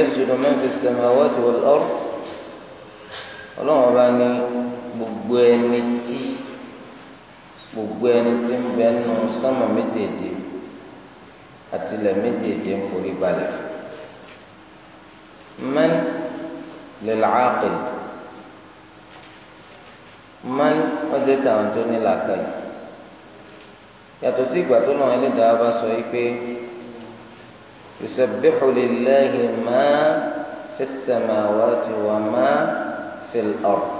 yasjudu man fi samawati wal ard ọlọ́run ọba ní gbogbo ẹni tí gbogbo ẹni tí ń bẹ nù sánmà méjèèjì àtìlẹ̀ méjèèjì ń forí balẹ̀ fún man lil aqil man ọjọ́ tàwọn tó ní làákàyè yàtọ̀ sí ìgbà tó náà ẹlẹ́dàá bá sọ yìí pé. يسبح لله ما في السماوات وما في الأرض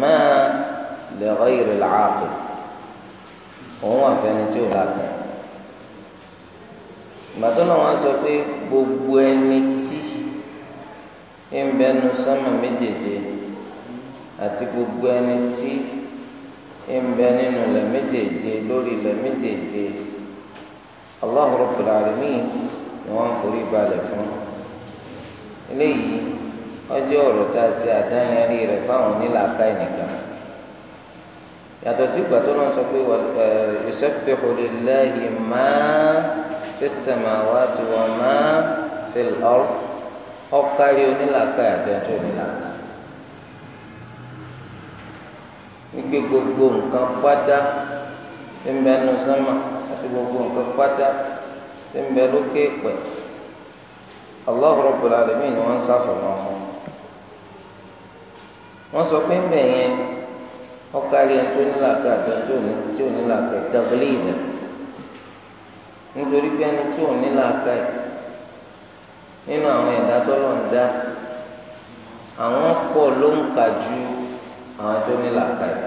ما لغير العاقل وهو فنجو لكن gbàtọ́nà wọn sọ pé gbogbo ẹni tí ń bẹnu sánmà méjèèje àti gbogbo ẹni tí ń bẹ nínú ilẹ̀ méjèèje lórí ilẹ̀ méjèèje Allahu Rabbul Alamin ni wọ́n ń forí balẹ̀ fún eléyìí ọjọ́ ọ̀rọ̀ tá a ṣe àdáyanrí rẹ̀ fáwọn onílàáká ẹnìkan yàtọ̀ sí ìgbà tó lọ́n sọ pé eh, yusabbihu lillahi ma fis samawati wa ma fil ard ọ̀kárí onílàáká àtẹ̀jọ́ onílàáká gbígbé gbogbo nǹkan pátá tí ń bẹnu àti gbogbo nǹkan pátá tí ń bẹ lókè pẹ̀ Allah Rabbul Alamin ni wọ́n ń sàfọ̀mọ́ fún wọ́n sọ pé ń bẹ̀ yẹn ọkàlì ẹni tó nílàkà àti ẹni tí ò nílàkà ìtàgélé ìdẹ nítorí pé ẹni tí ò nínú àwọn ẹ̀dá tọ́lọ̀ ń dá àwọn pọ̀ ló ń kà ju àwọn tó nílàkà ẹ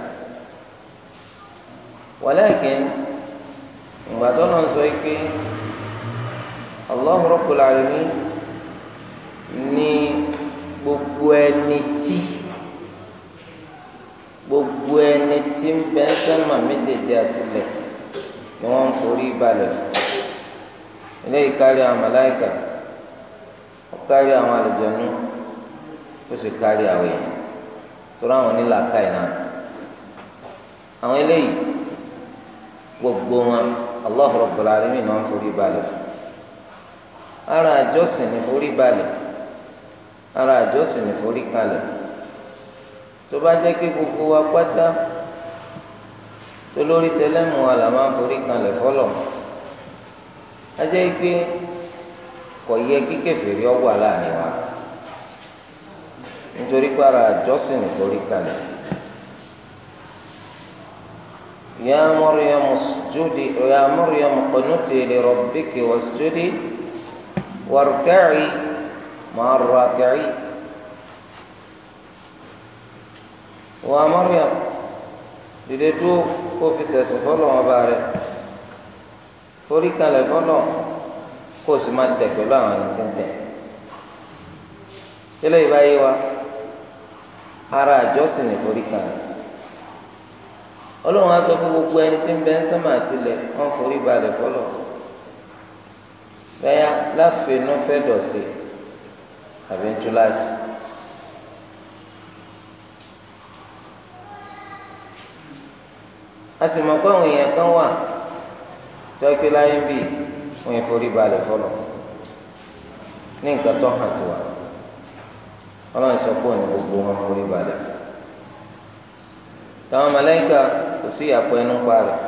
walakin ìgbà tó náà sọ pé Allahu Rabbul Alamin ní gbogbo ẹni tí gbogbo ẹni tí ń bẹ sẹ́mà méjèèjì àtìlẹ̀ ni wọ́n ń forí balẹ̀ fún ilé ìkárí àwọn màláíkà ó kárí àwọn àlùjànnú ó sì kárí àwọn èèyàn torí àwọn onílàákàyè náà àwọn eléyìí gbogbo wọn. allah rabbul alamin náà ń forí balẹ̀ fún ara àjọsìn ní forí ara àjọsìn ní forí kalẹ̀ tó bá jẹ́ pé gbogbo wa pátá tó lórí tẹlẹ́mù wa là máa ń forí kalẹ̀ fọlọ̀ a jẹ́ pé kò yẹ kí kèfèrí láàrin wa nítorí يا مريم اسجدي يا مريم قنتي لربك واسجدي واركعي مع الراكعين ومريم dídédú kó fi sẹ̀sìn fọlọ́ ọba rẹ̀ forí kalẹ̀ fọlọ́ kó o sì máa tẹ̀ pẹ̀lú àwọn ẹni tí ń tẹ̀. tẹ́lẹ̀ ìbáyé wa ara àjọsìn ní forí kalẹ̀ ọlọ́run á sọ pé gbogbo ẹni tí ń bẹ ń sánmà àtìlẹ̀ wọ́n forí balẹ̀ fọlọ́ bẹ́yà láfẹ̀ẹ́nú fẹ́ dọ̀sí àbí ń túláàsì. a sì mọ̀ pé àwọn èèyàn kan wà tó ẹ pé láyé ń bì wọ́n yẹn forí balẹ̀ fọlọ́ ní nǹkan tó hàn sí wa ọlọ́run sọ pé òní gbogbo wọn forí balẹ̀ fún táwọn màláíkà. kò sí ìyàpọ̀ ẹnu pa rẹ̀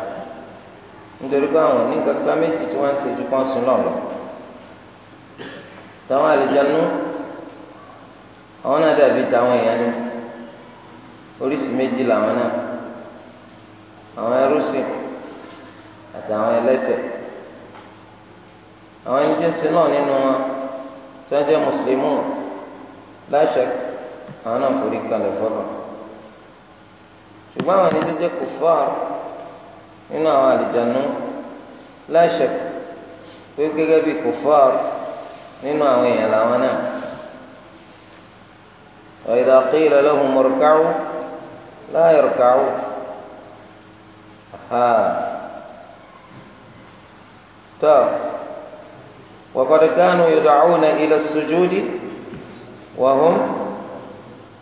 nítorí pé àwọn onígbàgbà méjì tí wọ́n ń ṣèjú kan sùn lọ́lọ́ táwọn àlejànú àwọn náà dàbí táwọn èèyàn ní oríṣi méjì làwọn náà àwọn ẹrúsìn àtàwọn ẹlẹ́ṣẹ̀ àwọn ẹni tí ń sin náà nínú wọn tí wọ́n jẹ́ mùsùlùmí láṣẹ àwọn náà forí ṣùgbọ́n àwọn ẹni kò fọ́ kufar nínú àwọn àlìjánu láṣẹ pé gẹ́gẹ́ bí kò fọ́ kufar nínú àwọn èèyàn làwọn náà wa idha qila lahum irka'u la yarka'u tó wa qad àwọn ilẹ̀ ila as-sujudi wa hum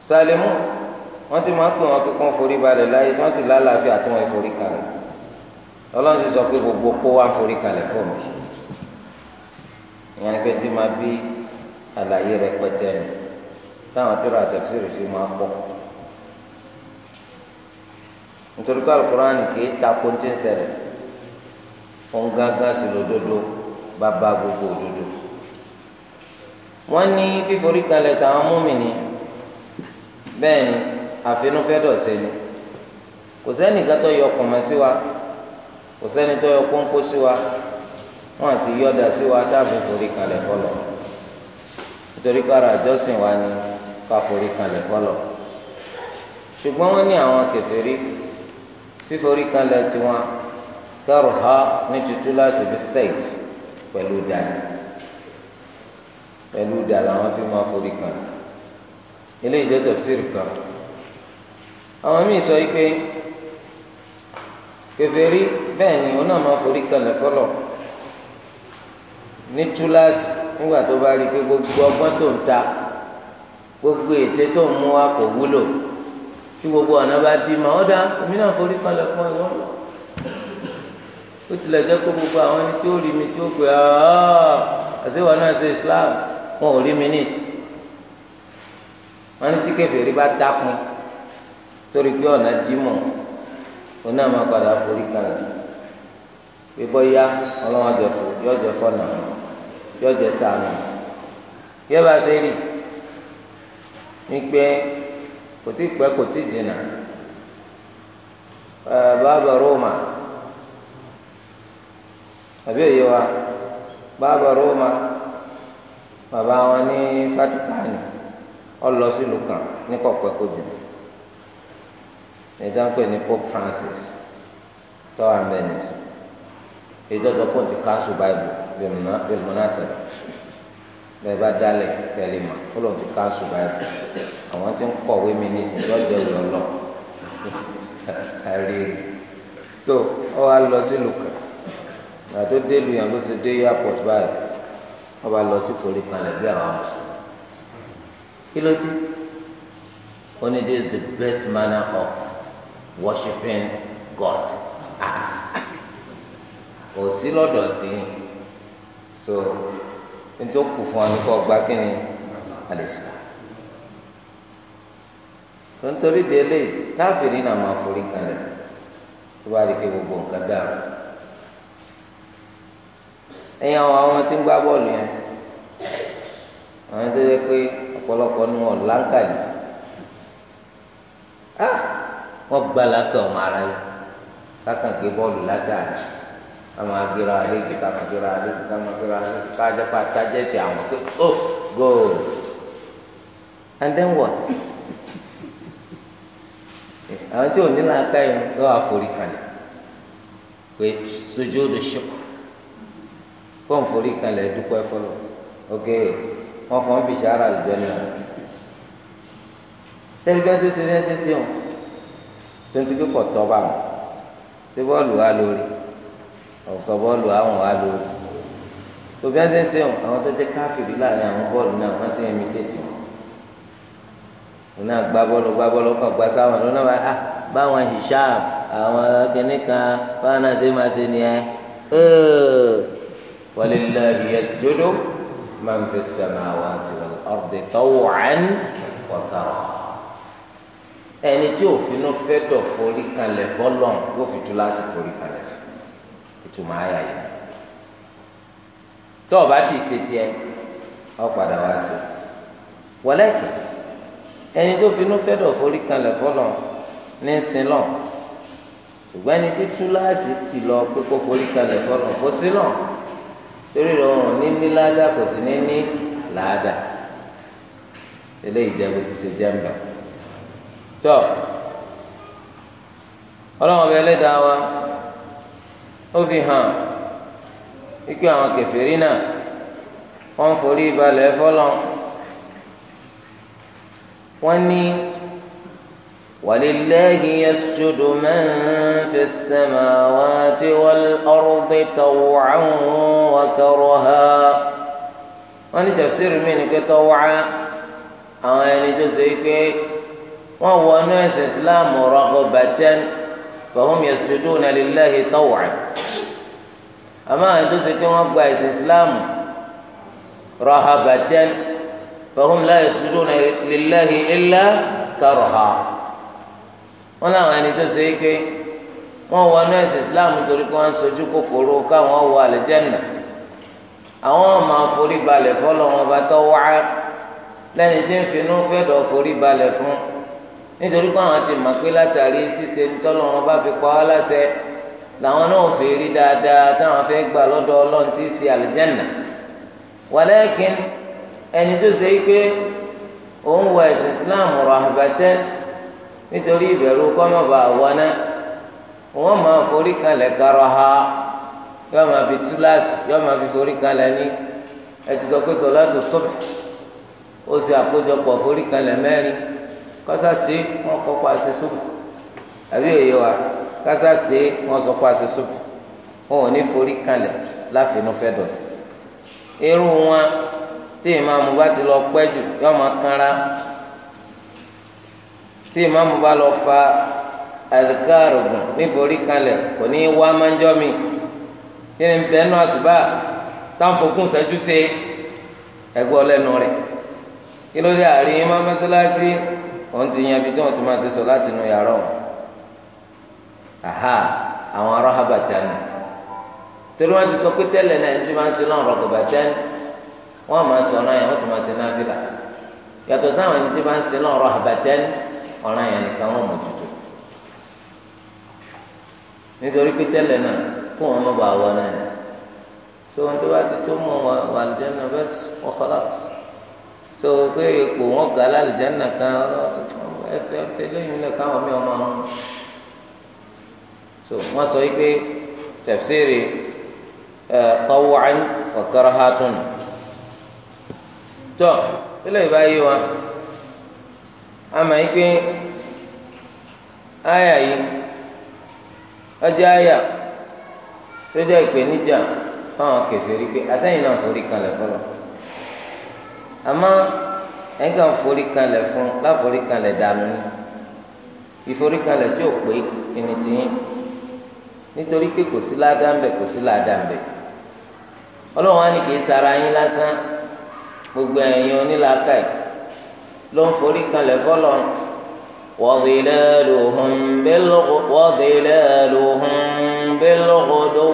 salimun. wọ́n ti máa ń pè wọ́n pé kó ń forí balẹ̀ láyé tí wọ́n sì lálàáfíà tí wọ́n ń forí kalẹ̀ ọlọ́run sì sọ pé gbogbo kó wá ń forí kalẹ̀ fún mi ìyẹn ni pé tí máa bí àlàyé rẹ pẹtẹ nù táwọn tí ra àtẹ̀fẹ́sẹ̀rẹ̀ fi máa pọ̀ nítorí pé alukur'an kì í ta kó tí ń ṣẹlẹ̀ òun gángan sì lódodo bàbá gbogbo òdodo wọ́n ní fíforí kalẹ̀ táwọn múmi ni bẹ́ẹ̀ ni àfinúfẹ́dọ̀sẹ̀ ni kò sẹ́nìkan tó yọ kùmọ̀ sí wa kò sẹ́ni tó yọ kónkó sí wa wọ́n sì yọ̀dà sí wa dáàbò forí kalẹ̀ fọlọ̀ nítorí kára àjọsìn wa ni ká forí kalẹ̀ fọlọ̀ ṣùgbọ́n wọ́n ní àwọn kèfèrí fíforí kalẹ̀ tiwọn kẹrù ha ní tutù láti fi sẹ́ẹ̀f pẹ̀lú dàní pẹ̀lú dàní làwọn fi máa forí kalẹ̀ eléyìí dé tẹ̀síìrì kan àwọn míì sọ pé kèfèrí bẹ́ẹ̀ ni òun náà máa forí kalẹ̀ fọlọ̀ ní túláàsì nígbà tó bá rí i pé gbogbo ọgbọ́n tó ń ta gbogbo ète tó ń mú wa kò wúlò tí gbogbo ọ̀nà bá di ma ọ̀dà èmi náà forí kalẹ̀ fún ẹ̀ lọ́wọ́ ó tilẹ̀ jẹ́ kó gbogbo àwọn ẹni tí ó rí mi tí ó gbé àṣewọ̀ náà ṣe Islam wọn ò rí mi nìyí wọn ní tí kèfèrí bá dákun. torí pé ọ̀nà dímọ̀ òun náà forí kalẹ̀ pé bọ́yá ọlọ́wọ́n jẹ̀fọ́ yọ jẹ̀fọ́ náà yọ jẹ̀ sàánà yẹ bá ṣe rí pé kò tí pẹ́ kò tí Roma àbí òye wa bàbá Roma bàbá wọn ní Fatikani lọ sílùú kan níta ń pè ní Pope Francis tọ́wọ́ àmẹ́ni ètò ìsọpọ̀ ti káńsù báìbù bẹ́ẹ̀ mọ́nà sẹ́lẹ̀ bẹ́ẹ̀ bá dálẹ̀ pẹ̀lú ìmọ̀ ó lọ́n ti káńsù báìbù àwọn tí ń kọ̀wé mi ní ìsìn lọ́jọ́ ìlú ọlọ́ àrírí so ọ wá lọ sí lùkà àti ó dé lu yàn ló ti dé airport báyìí ọ bá lọ sí forí kanlẹ̀ bí àwọn mùsùlùmí kí ló dé ó ní this is the best manner of. worshiping God ah. kò sí lọ́dọ̀ tí so nítorí kù fún wa ní kò kí ni alẹ́sà tó ń torí délé náà máa forí kalẹ̀ tó bá pé gbogbo nǹkan dára ẹ̀yin àwọn àwọn tí ń gbá bọ́ọ̀lù yẹn àwọn tó yẹ pé ọ̀pọ̀lọpọ̀ wọn wọ́n gba làákà ọmọ ara yìí kákan gbé bọ́ọ̀lù látàrí káma gbéra àlejò káma gbéra àlejò káma gbéra àlejò kájọ pa tájẹ́tì àwọn pé ó oh, goal and then what àwọn tí ò ní làákà yìí yóò àforí kalẹ̀ pé sujudu shukr kó n forí kalẹ̀ dúpẹ́ fọlọ́ ok wọ́n fọ́n bìṣára àlùjẹ́ náà tẹ́lifíẹ́nsì sí fẹ́ẹ́ sí sí wọn tó ń ti fi kọ̀ tọ́ bá wọn ṣé bọ́ọ̀lù wa lórí ọ̀sọ̀ bọ́ọ̀lù àwọn wa lórí tó bí wọ́n ṣe ń ṣe àwọn tó jẹ́ káfíìrì láàrin àwọn bọ́ọ̀lù náà wọ́n ti ẹ̀mí tètè wọn wọn náà gbá bọ́ọ̀lù gbá bọ́ọ̀lù kan gbá sáwọn lọ́nà ah, bá a báwọn hisham àwọn kìnnìkan báwọn náà ṣe máa ṣe nìyẹn walillahi yasjudu man fi samawati wal ardi taw'an wa karha ẹni tí òfin fẹ́ dọ̀ forí kalẹ̀ fọlọ́n yóò fi tú láti forí kalẹ̀ fún ìtumọ̀ ayà yìí tó o bá ti ṣe tiẹ̀ ọ padà wá sí wọlẹ́kì ẹni tó finú fẹ́ dọ̀ forí kalẹ̀ fọlọ́n ní sinlọ́n ṣùgbọ́n ẹni tí tú láti ti lọ pé kó forí kalẹ̀ fọlọ́n kó sílọ́n torí rẹ̀ ọ̀hún ní ní ládàá kò sí ní ní làádàá eléyìí jẹ́ bó ti ṣe jẹ́ mbà tọ́ ọlọ́wọ́n bẹ ẹlẹ́dàá wa ó fi hàn ikú àwọn kẹfìrí náà wọ́n forí balẹ̀ fọlọ́ wọ́n ní walillahi yasjudu man fi samawati wal ardi taw'an wa karaha wọ́n ní tafsir mi ní kẹtọ́ wá àwọn ẹni tó ṣe é pé wọ́n wọnú ẹ̀sìn islam raghbatan fahum yasjuduna lillahi taw'an àmọ́ àwọn tó ṣe pé wọ́n gba ẹ̀sìn islam rahabatan fahum la yasjuduna lillahi illa karha wọ́n láwọn ẹni tó ṣe é pé wọ́n wọnú ẹ̀sìn islam torí pé wọ́n sojú kòkòrò káwọn wọ àlìjẹ́nà àwọn máa forí balẹ̀ wọn bá tọ́ wá lẹ́ni tí ń finú fẹ́ dọ̀ fún nítorí pé àwọn ti mọ̀ pé látàrí ṣíṣe tọ́lọ́ wọn bá fi pa á láṣẹ làwọn náà fi rí dáadáa táwọn fẹ́ gbà lọ́dọ̀ ọlọ́run tí í ṣe àlìjẹ́nà wàlẹ́kìn ẹni tó ṣe pé òun wọ ẹ̀sìn Islam rahbatan nítorí ìbẹ̀rù kọ́mọ̀bà wọná wọ́n máa forí kalẹ̀ karọ̀ ha yóò máa fi túláàsì yóò máa fi forí kalẹ̀ ní ẹtùsọ̀kẹ́sọ̀ láti sọ́bẹ̀ ó ṣe àkójọpọ̀ forí kalẹ̀ mẹ́rin kásásí wọn kọ́ pa ṣe sóbì àbí òye wa kásásí wọn sọ pa ṣe sóbì wọn ò ní forí kalẹ̀ láfinú fẹ́ dọ̀sí. irú wọn tí ìmáàmù bá ti lọ pẹ́ jù yóò máa kánra tí ìmáàmù bá lọ fa àdìkárùgùn níforí kalẹ̀ kò ní wá mọ́njọ́ mi kí ni bẹ́ẹ̀ àṣùbà táwọn fokùn ṣẹ́jú ṣe ẹgbẹ́ ọlẹ́nu kí ló dé àárín mọ́ mọ́sálásí òun ti yan ibi tí wọn ti máa ṣe sọ láti inú yàrá òun aha àwọn ará habatan torí wọn ti sọ pé tẹ́lẹ̀ náà ẹni tí wọn ti lọrùn rọgọbatan wọn máa sọ ọ̀ràn yẹn wọn ti máa ṣe náfìlà yàtọ̀ sáwọn ẹni tí wọn ti lọrùn habatan ọ̀ràn yẹn nìkan wọn mọ tuntun nítorí pé tẹ́lẹ̀ náà kó wọn mọ bá wọn náà tó wọn tó bá ti tó mọ wàlùjẹ náà bẹ́ẹ̀ wọ́n kọ́ láti so pé ipò wọn gà lálùjáná kan ẹfẹ ẹfẹ lẹ́yìn lẹ káwọn mi ọmọ wọn so wọn sọ pé tafsiri ẹ tawucan ọkara hatun tọ tẹ́lẹ̀ ìbá yé wa ama yìí pé aya yìí ọjọ aya tó jẹ ìpèníjà fáwọn kẹfẹ rí pé asẹyìn náà forí kalẹ̀ fọlọ àmọ́ ẹ̀ka ìforíkalẹ̀ fún láforíkalẹ̀ dànù ni ìforíkalẹ̀ tí ò pé ẹni tí yín nítorí pé kò sí ládàmbẹ kò sí ládàmbẹ ọlọ́run á ní kì í sara yín lásán gbogbo ẹ̀yin onílàákàyè ló ń foríkalẹ̀ fọlọ́ وظلالهم وظلالهم بالغدو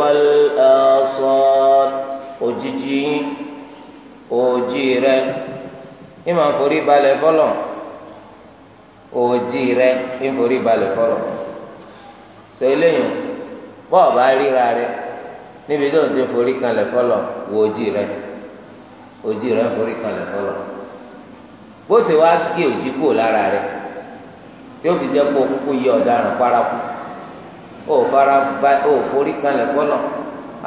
والآصال òjijì yín. òjì rẹ ní màá forí balẹ̀ fọlọ̀ òjì rẹ ní forí balẹ̀ fọlọ̀ sọ eléyìí bọ́ọ̀ bá ríra rẹ níbi tó ń ti forí kalẹ̀ fọlọ̀ wò òjì rẹ òjì rẹ fọlọ̀ bó sì wá gé òjì kúrò lára rẹ tí ó fi jẹ́ kó yi yí ọ̀daràn paraku ó fara ba ó forí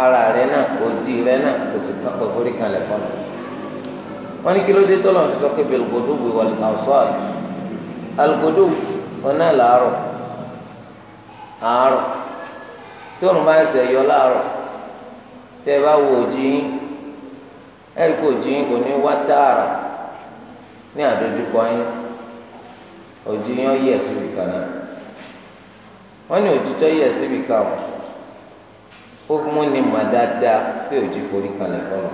ara rẹ náà òjì rẹ náà kò sì forí wọn ní kí ló dé tó lọ́n fi sọ pé bẹ̀lùgòdò wì wà lùmọ̀ọ́sọ́ọ̀l àlùgòdò wọn náà làárọ̀ àárọ̀ tó ń bá ẹsẹ̀ yọ láàárọ̀ tẹ́ ẹ bá wo òjì yín ẹ̀rí kò jí yín kò ní wá tààrà ní àdójúkọ yín òjì yín ọ yẹ síbi kan náà wọn ní òjì yẹ síbi kan ó múni mà dáadáa pé òjì forí kan lè fọlọ́.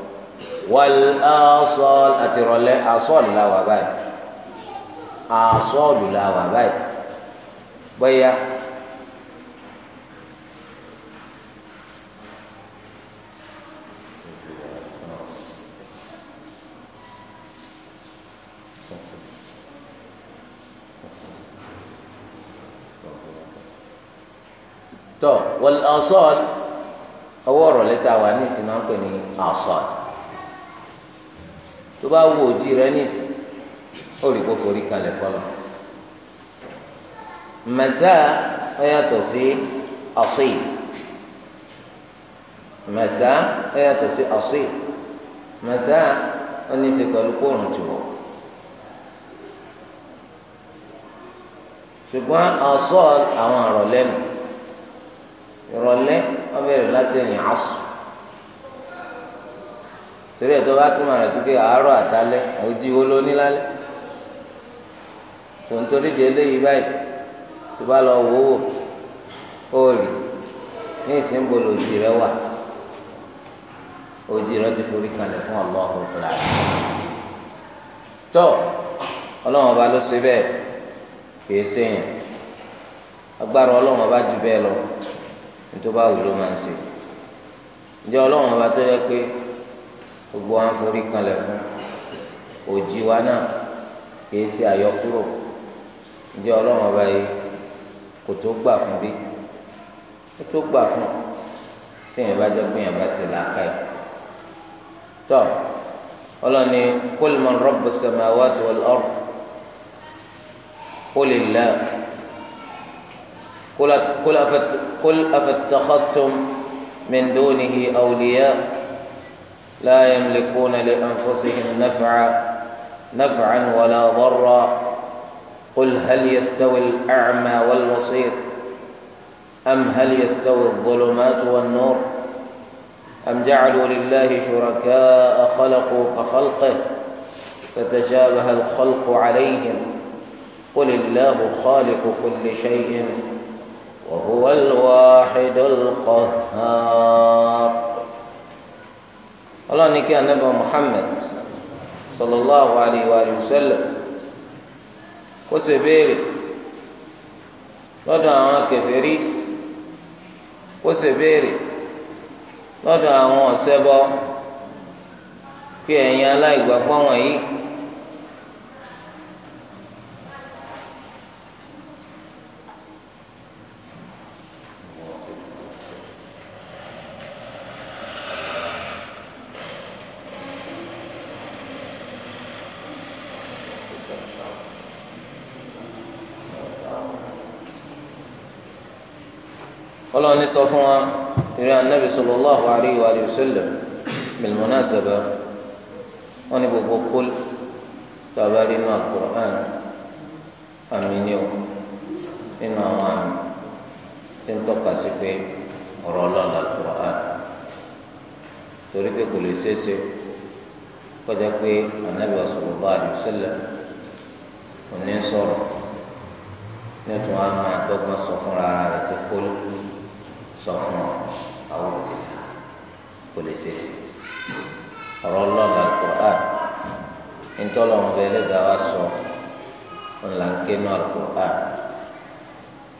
wal asọ́l àti rọlẹ́ asọ́l la wà báyìí asọ́ọ̀lù la wà báyìí bóyá tọ wọl asọ́ọ̀lù ọwọ́ ọ̀rọ̀ lẹ́tà ní ìsìn máa ń tó bá wo òjì rẹ nísì ó rí kó forí kalẹ̀ fọlọ́ mẹ́sà ó yàtọ̀ sí ọ̀sìn mẹ́sà ó yàtọ̀ sí ọ̀sìn mẹ́sà ó ní í ṣe pẹ̀lú kóòrùn tìwọ̀ ṣùgbọ́n ọ̀sọ́ àwọn àrọ̀lẹ́nu ìrọ̀lẹ́ wọ́n bẹ̀rẹ̀ láti ẹ̀yìn asùn. torí ẹ̀ tó bá túmọ̀ rẹ̀ sí pé àárọ̀ àtàlẹ́ òjì wo ló ní lálẹ́ tó ń torí di eléyìí báyìí tó bá lọ wò ó ó ní ìsìnbó lòdì rẹ wà òjì rẹ ti forí kalẹ̀ fún Allahu ọ̀gbìn àti tó ọlọ́run ọba ló ṣe bẹ́ẹ̀ kìí ṣèyàn agbára ọlọ́run ọba jù bẹ́ẹ̀ lọ nítorí báwo ló máa ń ṣe ǹjẹ́ ọlọ́run ọba tó yẹ pé. gbogbo wa ń forí kanlẹ̀ fún òjì wa náà kìí ṣe àyọkúrò ǹjẹ́ ọlọ́run ọba yìí kò tó gbà fún bí kò tó gbà fún téèyàn bá jẹ́ péyàn bá ṣe làákà yìí tọ́ ọlọ́ni kul man rabbu samawati wal ard qulillah qul afattakhadhtum min dunihi awliya. لا يملكون لانفسهم نفعا نفعا ولا ضرا قل هل يستوي الاعمى والبصير ام هل يستوي الظلمات والنور ام جعلوا لله شركاء خلقوا كخلقه فتشابه الخلق عليهم قل الله خالق كل شيء وهو الواحد القهار ọlọ́run ní kí anabi muhammed sallallahu alayhi wa sallam kó ṣe béèrè lọ́dọ̀ àwọn kèfèrí kó ṣe béèrè lọ́dọ̀ àwọn ọ̀sẹ́bọ pé ẹ̀yin aláìgbàgbọ́ wọ̀nyí. ọlọ́run ní sọ fún wa ìrìn anabi sallallahu alayhi wa sallam bil munasaba wọn ní gbogbo kúl bàbá rí inú al-Qur'an àmì ni o nínú àwọn àmì tí ń tọ́ka sí pé ọ̀rọ̀ ọlọ́run al-Qur'an torí pé kò lè ṣeé kọjá pé anabi sallallahu alayhi wa sallam òní sọ̀rọ̀ ní tún wá máa dọ́gbọ́n sọ fúnra rẹ̀ pé kúl sọ fún ọ àwọn òbí kò lè ṣe sí ọ̀rọ̀ lọ́la Qur'an ah, ntọ́lọ̀ ń bẹ lẹ́dàá wa sọ ńlá náà Qur'an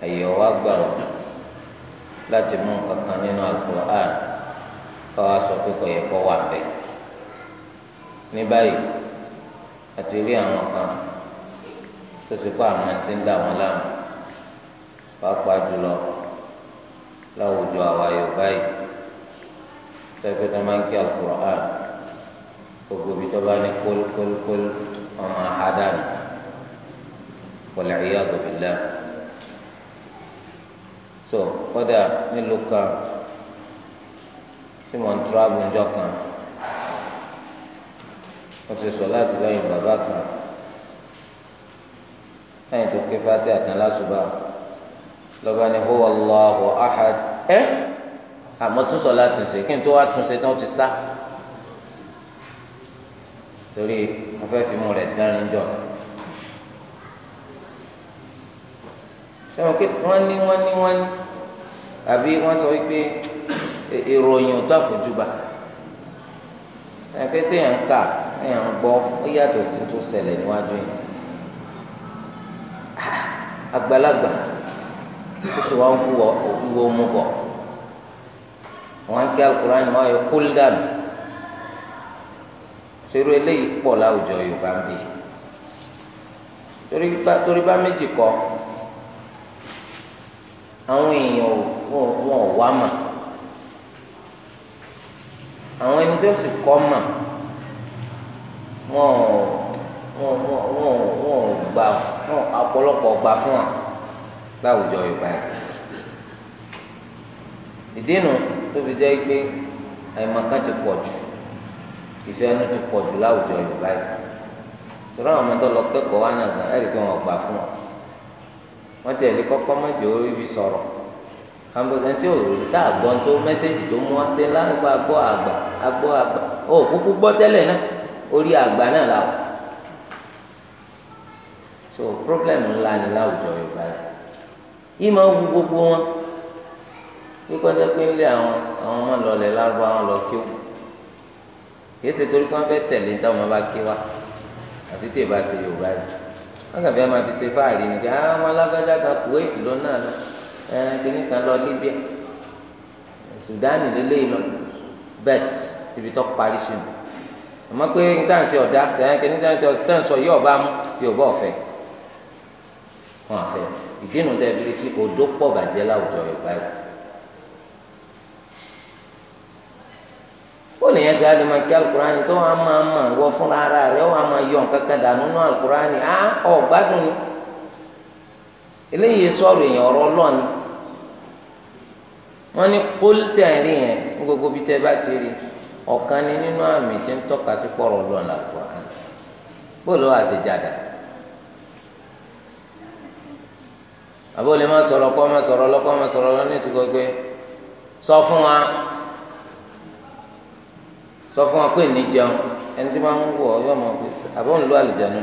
ẹ̀yẹ wa gbà ọ́ láti mú kankan nínú Qur'an ah, kọ́ wa sọ pé kò yẹ kó wà bẹ́ẹ̀ ní báyìí àti rí àwọn kan tó sì kó àwọn tí ń dà wọn láàmú pàápàá jùlọ láwùjọ àwa yorùbá yìí tẹ́gbẹ́ tó máa ń kí alukur'an gbogbo ibi tó bá ní kólkólkól ọmọ àádán wal iyadu billah so kódà nílùú kan tí mo ń tíráàbù ńjọ kan mo ti sọ láti lẹ́yìn bàbá kan lẹ́yìn tó ké fati àtàlásùbà. lọ́ba ni huwa Allahu ahad ẹ́ eh? àmọ́ ah, láti ṣe kí n tó wá tán ti sá torí mo fẹ́ fi mu rẹ̀ jọ. pé sọ wípé ìròyìn ò tó àfojúbà ẹ̀kẹ́ tí èèyàn ń kà èèyàn ń gbọ́ ó sì wọ́n kú ìwọ mú bọ̀ wọ́n kí alukurani wọ́n yọ kúl dànù sórí eléyìí pọ̀ láwùjọ yorùbá ń bì torí bá méjì kọ́ àwọn èèyàn wọn ò wá mà àwọn ẹni tó sì kọ́ mà wọn ò wọn ò wọn ò gbà wọn ọ̀pọ̀lọpọ̀ gbà fún wa láwùjọ yorùbá yìí ìdínú tó fi jẹ́ pé àìmọ̀kan ti pọ̀ jù ìfẹ́ ẹnu ti pọ̀ jù láwùjọ yorùbá yìí torí àwọn ọmọ tó lọ kẹ́kọ̀ọ́ wá náà gan ẹ̀rí pé wọ́n gbà fún ọ wọ́n ti ẹ̀rí kọ́kọ́ mọ́jọ ibi sọ̀rọ̀ àbùkàn tí òòrùn tá àgbọ̀ tó mẹ́sẹ̀jì tó mú wá ṣe láǹgbà àgbọ̀ àgbà àgbọ̀ àgbà ó kúkú gbọ́ tẹ́lẹ̀ náà orí àgbà náà làwọn so problem ńlá ni láwùjọ yorùbá yìí yìí máa wu gbogbo wọn pípọ́tẹ́ pé ń lé àwọn àwọn ọmọ lọlẹ̀ lárúbọ àwọn lọ kí ó kìí ṣe torí kí wọ́n fẹ́ tẹ̀lé níta wọn bá kí wa àti tí ìbá ṣe Yorùbá yìí wọ́n kàn fẹ́ máa fi ṣe fáàrí ni káà wọn ah, alágbájá kan Kuwait lọ náà lọ kìnnì kan lọ Libya Sudan lélẹ́yìn lọ bẹ́ẹ̀sì ibi tó parí sínú àmọ́ pé níta ń ṣe ọ̀dà kìnnì kan tó ń sọ yóò bá mú Yorùbá ọ̀fẹ́ fún àfẹ́ ìdínú tẹ́ fi kí odó pọ̀ bàjẹ́ láwùjọ yorùbá yìí. ó lè yẹn máa kí alukurani tó wọ fún ara rẹ̀ wàá máa yọ nǹkan dànù nínú alukurani á ọ gbádùn ni eléyìí èèyàn ọ̀rọ̀ ọlọ́ọ̀ni wọ́n ní yẹn ní gbogbo bá ti rí ni nínú àmì tí ń sí àbó lè má sọ̀rọ̀ kọ́ má sọ̀rọ̀ lọ́kọ́ má sọ̀rọ̀ lọ́ní ìsìnkú pé sọ fún wa sọ fún wa pé ní jẹun ẹni tí wọ́n ń wọ̀ ọ́ yọ̀ mọ́ pé àbó ń lo àlìjánu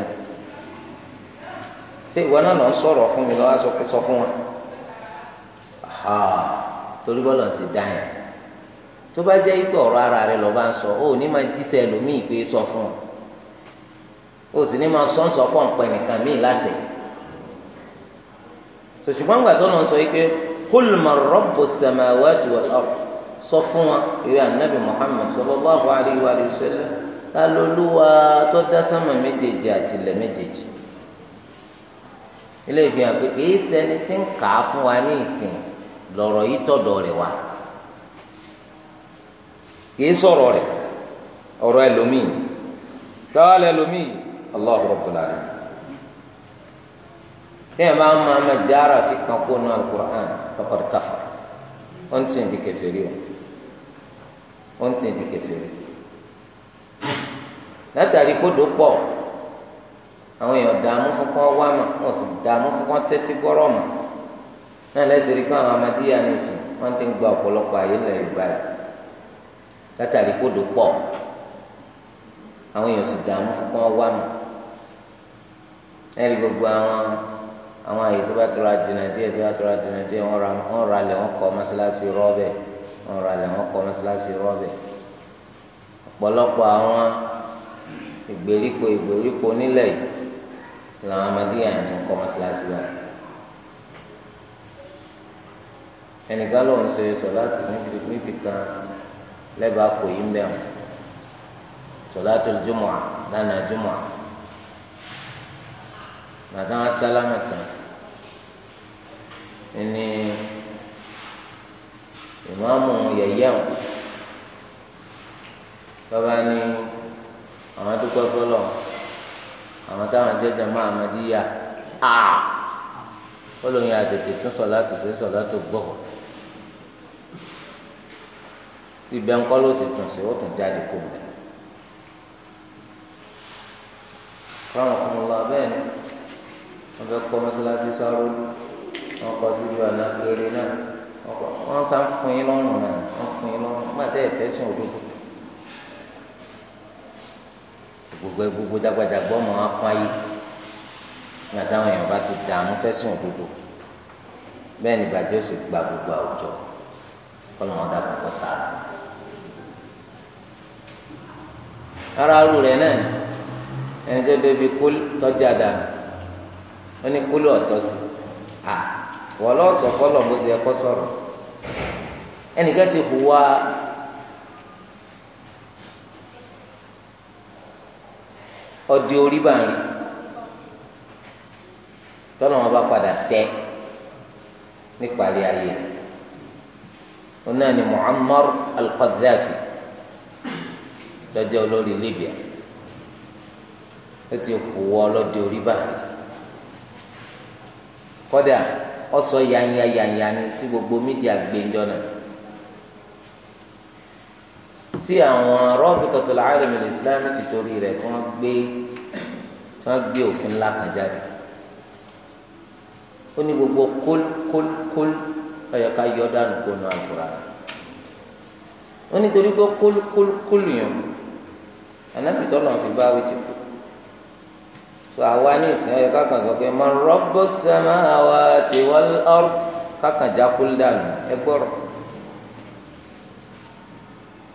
ṣé ìwọ náà lọ ń sọ̀rọ̀ fún mi lọ́wọ́ sọ pé sọ fún wa torí bọ́lá ń sì dá yẹn tó bá jẹ́ ìgbà ọ̀rọ̀ ara rẹ lọ́ba ń sọ ó ní máa jíṣẹ́ ẹlòmíì pé sọ fún ó sì ní máa sọ́nsọ́ pọ̀ ń pẹ́ nìkan míì lásìkò sòṣùgbọ́n gbàtọ́ náà sọ yìí pé kul man rabbu samawati wal ard sọ fún wa ìwé anabi muhammed sallallahu alayhi wa sallam lálólúwa tó dá sánmà méjèèjì àti ilẹ̀ méjèèjì ilé ìfihàn pé kìí ṣẹni tí ń kà á fún wa ní ìsìn lọ̀rọ̀ yìí tọ̀dọ̀ rẹ̀ wá kìí sọ̀rọ̀ rẹ̀ ọ̀rọ̀ ẹlòmíì táwa lẹ́lòmíì Allahu rabbul alamin téèyàn bá ń máa ma jára fi kan kó nu alukur'an faqad kafara wọ́n ti di kèfèrí o wọ́n ti di kèfèrí látàrí kódò pọ̀ àwọn èèyàn dààmú fún kán wá mà wọ́n sì dààmú fún kán tẹ́tí gbọ́rọ̀ mà náà lẹ́sìn rí kán àwọn amadíyà ní ìsìn wọ́n ti ń gba ọ̀pọ̀lọpọ̀ ayé ńlẹ̀ yorùbá yìí látàrí kódò pọ̀ àwọn èèyàn sì dààmú fún wá mà ẹ̀rí gbogbo àwọn. àwọn àyè tó bá tura jìnnà díẹ̀ tó bá tura jìnnà díẹ̀ wọ́n ra wọ́n ra lẹ̀ wọ́n kọ́ mọ́ṣáláṣí rọ́ọ̀bẹ̀ wọ́n ra lẹ̀ wọ́n kọ́ mọ́ṣáláṣí rọ́ọ̀bẹ̀ ọ̀pọ̀lọpọ̀ àwọn ìgbèríko ìgbèríko wa ẹnìkan ló ń láti níbi kan kò yí mẹ́wọ̀n sọ láti jùmọ̀ lánàá jùmọ̀ ẹni ìmáàmù yẹ̀yẹ́ o bàbá ni àwọn adúgbò fọlọ àwọn táwọn jẹjẹ máa Ahmadiyya a olóyin àtètè tún sọ̀látù sí sọ̀látù gbọ́ ibẹ̀ ńkọ́ ló ti tún sí ó tún jáde kó mẹ́ fáwọn ọmọ ọlọ́ abẹ́ẹ̀ ni wọ́n fẹ́ kọ́ mọ́sálásí sáró lù wọn kọ dúdú alágbèrè náà wọn sá fún yín lọ́rùn náà wọn fún yín lọ́rùn nígbà tẹ́ ẹ fẹ́ sùn òdodo gbogbo gbogbo dàgbàdàgbà ọmọ wọn pa yìí nígbà táwọn èèyàn bá ti dààmú fẹ́ òdodo bẹ́ẹ̀ ni ìbàjẹ́ ó sì gba gbogbo àwùjọ kọ́nà wọn dàgbà kọ́ sára ara aru rẹ̀ náà ẹni tó débi kúl tọ́jà dànù ó ní kúl ọ̀tọ̀ sí i wọ́n lọ sọ fọlọ́ bó ṣe yẹ kó sọ̀rọ̀ ẹnìkan ti hùwà ọdẹ orí bá ń rí tọ́nà wọn bá padà tẹ́ nípàdé ayé onáni Muammar al-Qaddafi tọ́jú olórí Libya ó ti hùwà ọlọ́dẹ orí bá ń rí kọ́dà ọsọ yanya yanya ni tí gbogbo mídíà gbẹjọ náà tí àwọn Rabitatul Alamin Islami ti torí rẹ̀ tí wọ́n gbé tí wọ́n gbé òfin ńlá kan jáde ó ní gbogbo kól kól kól ọyọ ká yọ dànù kó nu àgùrà ó nítorí pé kól kól kól yàn ànábìtọ́ lọ́n fi bá wí ti kú tó àwa ní ìsìn ọyọ kákan sọ pé man rabbus samawati wal ard kákan já kúlù dànù ẹ gbọ́rọ̀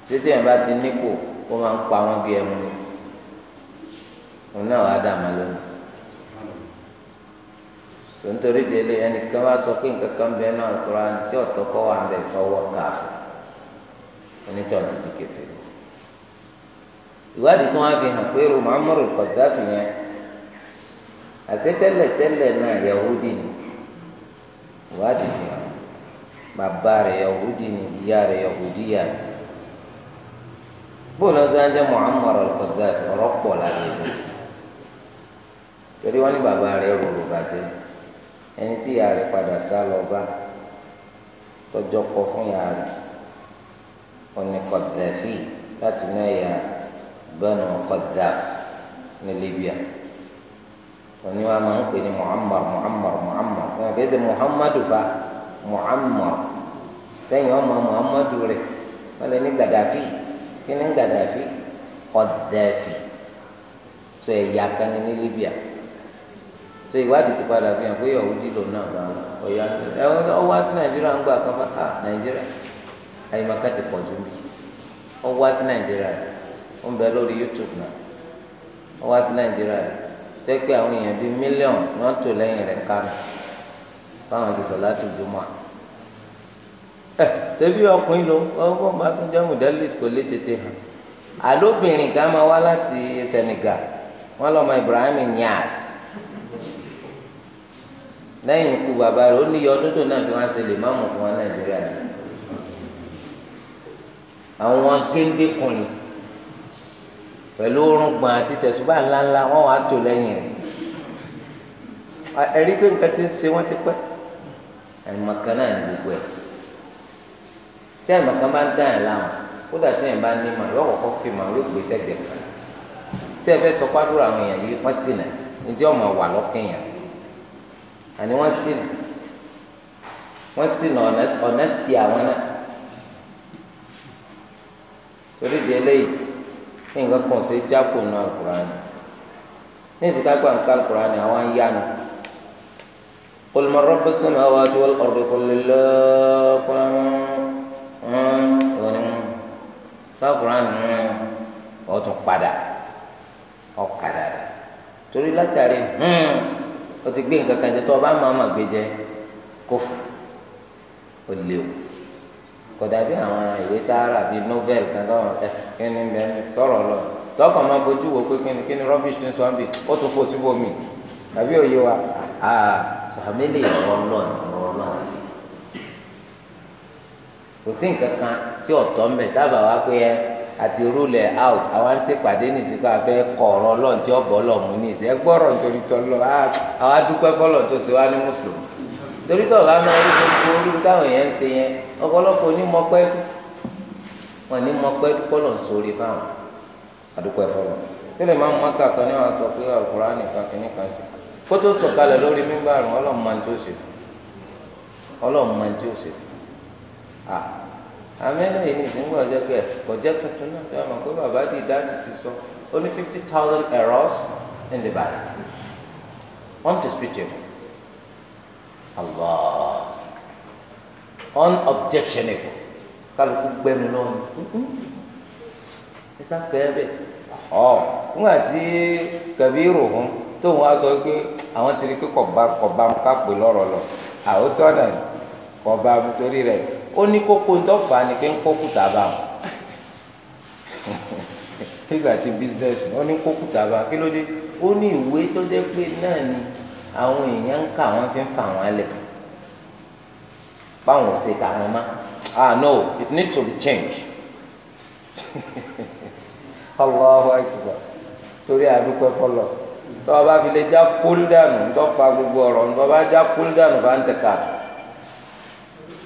títí ẹ̀ bá ti nípò ó máa ń pa wọn bí ẹmu ni òun náà wàá dààmú lónìí tontori délé ẹnìkan wá sọ pé nǹkan kan bẹ náà fúra tí ọ̀tọ̀ kọ́ wà ń bẹ̀ fọwọ́ káàfù onítọ̀ ti di kẹfẹ́ ìwádìí tí wọ́n á fi hàn pé rò Muammar al-Qaddafi yẹn àṣẹ tẹ́lẹ̀tẹ́lẹ̀ náà Yahudi ni ìwádìí fi hàn bàbá rẹ̀ Yahudi ni ìyá rẹ̀ Yahudi yà ni bóòlù ọ̀sán jẹ́ Muammar al-Qaddafi ọ̀rọ̀ pọ̀ láti ìlú torí wọ́n ní bàbá rẹ̀ rorò bàjẹ́ ẹni tí ìyá rẹ̀ padà sá lọ bá tọjọ́ kọ fún ìyá rẹ̀ ọ̀nì Qaddafi láti náà yà Banu ní Libya òní wa máa ń pè ní muhammad muhammad muhammad fún ọkẹ ṣe muhammadu fa muhammad tẹ̀yìn ọmọ muhammadu rẹ̀ wọ́n lè ní gàdáfì kí ni gàdáfì kọ́dáfì tó ẹ̀yà kan ní ní libya tó ìwádìí ti padà fi hàn pé yahudi lò náà bá ọ̀yà ẹ̀ ọ wá sí nàìjíríà ń gbà kan fà nàìjíríà àyèmọ̀ká ti pọ̀ jù mí ọ wá sí nàìjíríà ń bẹ lórí youtube náà ọ wá sí nàìjíríà tẹ́ pé àwọn èèyàn bíi mílíọ̀nù ni wọ́n tò lẹ́yìn rẹ̀ kánú báwọn ti sọ láti jùmọ̀ ẹ ṣebí ọkùnrin ló ọkọ máa tún jẹ́ mùdálìs kò lè tètè hàn àlóbìnrin kan máa wá láti Senegal wọn lọ́mọ Ibrahim Niass lẹ́yìn ikú bàbá rẹ̀ ó níyọ ọdún tó náà fi wá ṣe lè má mọ̀ fún wa Nàìjíríà àwọn géńdé kùnrin pẹ̀lú orungbọ̀n àti tẹ̀sùbà ńláńlá wọ́n wàá tò lẹ́yìn rẹ̀ ẹ̀rí pé nǹkan ti ń ṣe wọ́n ti pẹ́ àìmọ̀kan náà ní gbogbo ẹ̀ tí àìmọ̀kan bá ń dá ẹ̀ láwọn kódà tí ẹ̀ bá ní mà yọ kọ̀kọ́ fi mà yóò gbé sẹ́gbẹ̀ẹ́ kan tí ẹ fẹ́ sọ pàdúrà àwọn èèyàn yìí wọ́n sì nà ní tí ọmọ wà lọ́kẹ́yìn àní wọ́n sì nà wọ́n sì nà ọ̀nà sí àwọn náà torí di eléyìí ní nǹkan kan ṣe jápò nù alukurani ní ìsìká gbà nǹkan alukurani àwọn ayánu qul man rabbu samawati wal ardi qul lillah qul hmm, alukurani ọtún padà ọkadà rẹ torí látàrí hmm, ó ti gbé nǹkan kan jẹ tó o bá máa ma gbé jẹ kófù ó léwu. kọ̀dàbí àwọn ìwé tààrà bíi novel kan tó wọn kíni lọ tọkàn máa fojú wo pé kíni kíni rubbish ti ń sọ ó tún fò síbò mí tàbí òye wa sàmílì ọ̀rọ̀ náà náà kò sí nǹkan kan tí ọ̀tọ̀ rule out àwọn Ọlọ́run tí Ọlọ́run nítorí àwọn adúpẹ́ tó wá ní mùsùlùmí torí rí gbogbo olú táwọn èèyàn ń ọ̀pọ̀lọpọ̀ onímọ̀pẹ́ wọn ní mọ̀pẹ́ kọ́lọ̀ sórí fáwọn àdúgbò ẹ̀fọ́lọ́ tẹ́lẹ̀ máa ń mọ́ kàkà ní wọn sọ pé Al-Qur'an nìkan kìíní kan sí kó tó sọ̀kalẹ̀ lórí mímbà rùn ọlọ́run máa ń tí ó ṣe fún ọlọ́run máa ń tí ó ṣe fún à àmẹ́lẹ̀ yìí ní ìsìnkú ọjọ́ pé ọjọ́ tuntun náà tí wọ́n mọ̀ pé bàbá di dáàdì ti sọ ó ní fifty thousand errors in the Bible undisputable Allah unobjectionable kálukú gbẹnu lọ́nu ẹ sáà kẹ́ bẹ́ẹ̀ ọ nígbà tí kẹbíìrò hún tóun á sọ pé àwọn ti rí pé kọba kọba mu ká pè lọ́rọ̀ lọ àwòtọ́ náà kọba mu torí rẹ̀ ó ní kókó tó fà á ni pé ń kó kùtà bá wọn nígbà tí bísíǹsì ó ní kó bá kí ló dé ó ní ìwé tó jẹ́ pé náà ni àwọn èèyàn ń kà wọ́n fi ń fà wọ́n lẹ̀ báwọn ò ṣe tàwọn má ah no it needs to be changed Allahu akbar torí àdúpẹ́ fọlọ́ tọ́ ọba fi lè já kúldànù tó fa gbogbo ọ̀rọ̀ ní ọba já kúldànù fa ń tẹ káfí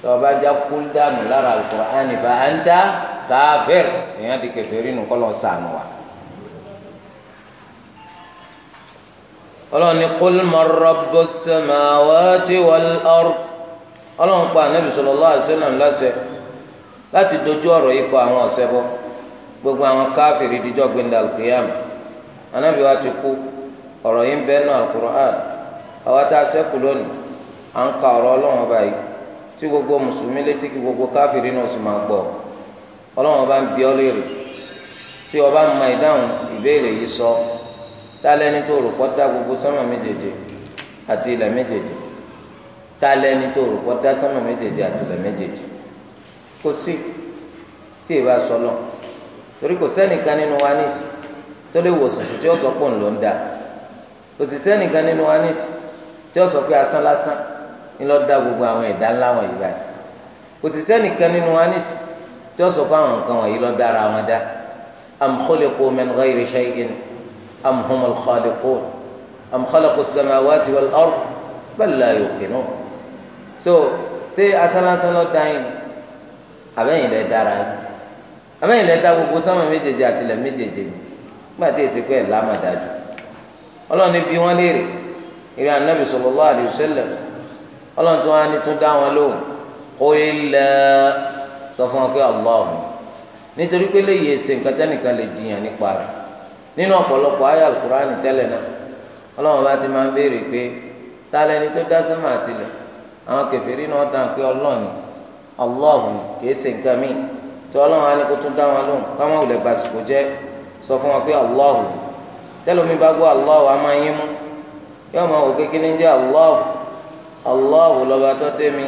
tọ́ ọba já kúldànù lára Al-Qur'ani fa ń ta káfíìr èèyàn di kẹfẹ́rì nù kọ́lọ́ sànù wa. ọlọ́ni qul man rabbus samawati wal ard ọlọ́run pa anabi sallallahu alaihi wasallam láṣẹ láti dojú ọ̀rọ̀ yìí kọ àwọn ọ̀ṣẹbọ gbogbo àwọn káfìrí díjọ́ gbẹ̀ndà alqiyam anabi wa ti kú ọ̀rọ̀ yìí ń bẹ́ẹ̀ nù al-Qur'an àwa tá a ṣẹ́kù lónìí à ń ka ọ̀rọ̀ ọlọ́run ọba yìí tí gbogbo mùsùlùmí létí kí gbogbo káfìrí náà sì máa gbọ́ ọlọ́run ọba ń bi ọ́ léèrè tí ọba ń ma ìdáhùn ìbéèrè yìí sọ dálẹ́ni tó rò gbogbo sánmà méjèèjì àti ilẹ̀ méjèèjì ta lẹni tó rò pọ̀ dá sánmà méjèèjì àtìlẹ̀ méjèèjì kò sí tí ì bá sọ lọ torí kò sẹ́nìkan nínú wa níìsì tó lè wòsàn sùn tí ó sọ pé òun ló ń da kò sì sẹ́nìkan nínú wa níìsì tí ó sọ pé asán lásán ń lọ da gbogbo àwọn ẹ̀dá ńlá wọn ìgbà yìí kò sì sẹ́nìkan nínú wa níìsì tí ó sọ pé àwọn nǹkan wọ̀nyí lọ dára wọn dá am khuliqu min ghayri shay'in am humul khaliqun am khalaqu as so ṣé asánlásán lọ da yín abẹ́yìn lẹ dára yín abẹ́yìn lẹ dá gbogbo sánmà méjèèjì àtìlẹ̀ méjèèjì nígbà tí èsì pé ẹ̀ lámà dájú ọlọ́run ní bí wọ́n léèrè ìrìn ànábì sallallahu alaihi wasallam ọlọ́run tí wọ́n á ní tún dá wọn lóhùn orí lẹ́ sọ fún wọn pé ọlọ́run nítorí pé léyìí nǹkan tẹ́nìkan lè jiyàn nípa rẹ̀ nínú ọ̀pọ̀lọpọ̀ ayé alukur'ani ti máa ń béèrè pé ta lẹni tó dá àtìlẹ̀ àwọn kẹfìrí náà dáhùn pé ọlọ́ọ̀ni ọlọ́run kìí ṣe nǹkan mi tí ọlọ́run á ní kó tún dá wọn lóhùn káwọn òlẹ̀ bàṣìkò jẹ́ sọ fún wọn pé ọlọ́run tẹ́lómi bá gbọ́ ọlọ́run á máa yín mú yóò máa wò kékeré ní jẹ́ ọlọ́run lọ́ba tó dé mi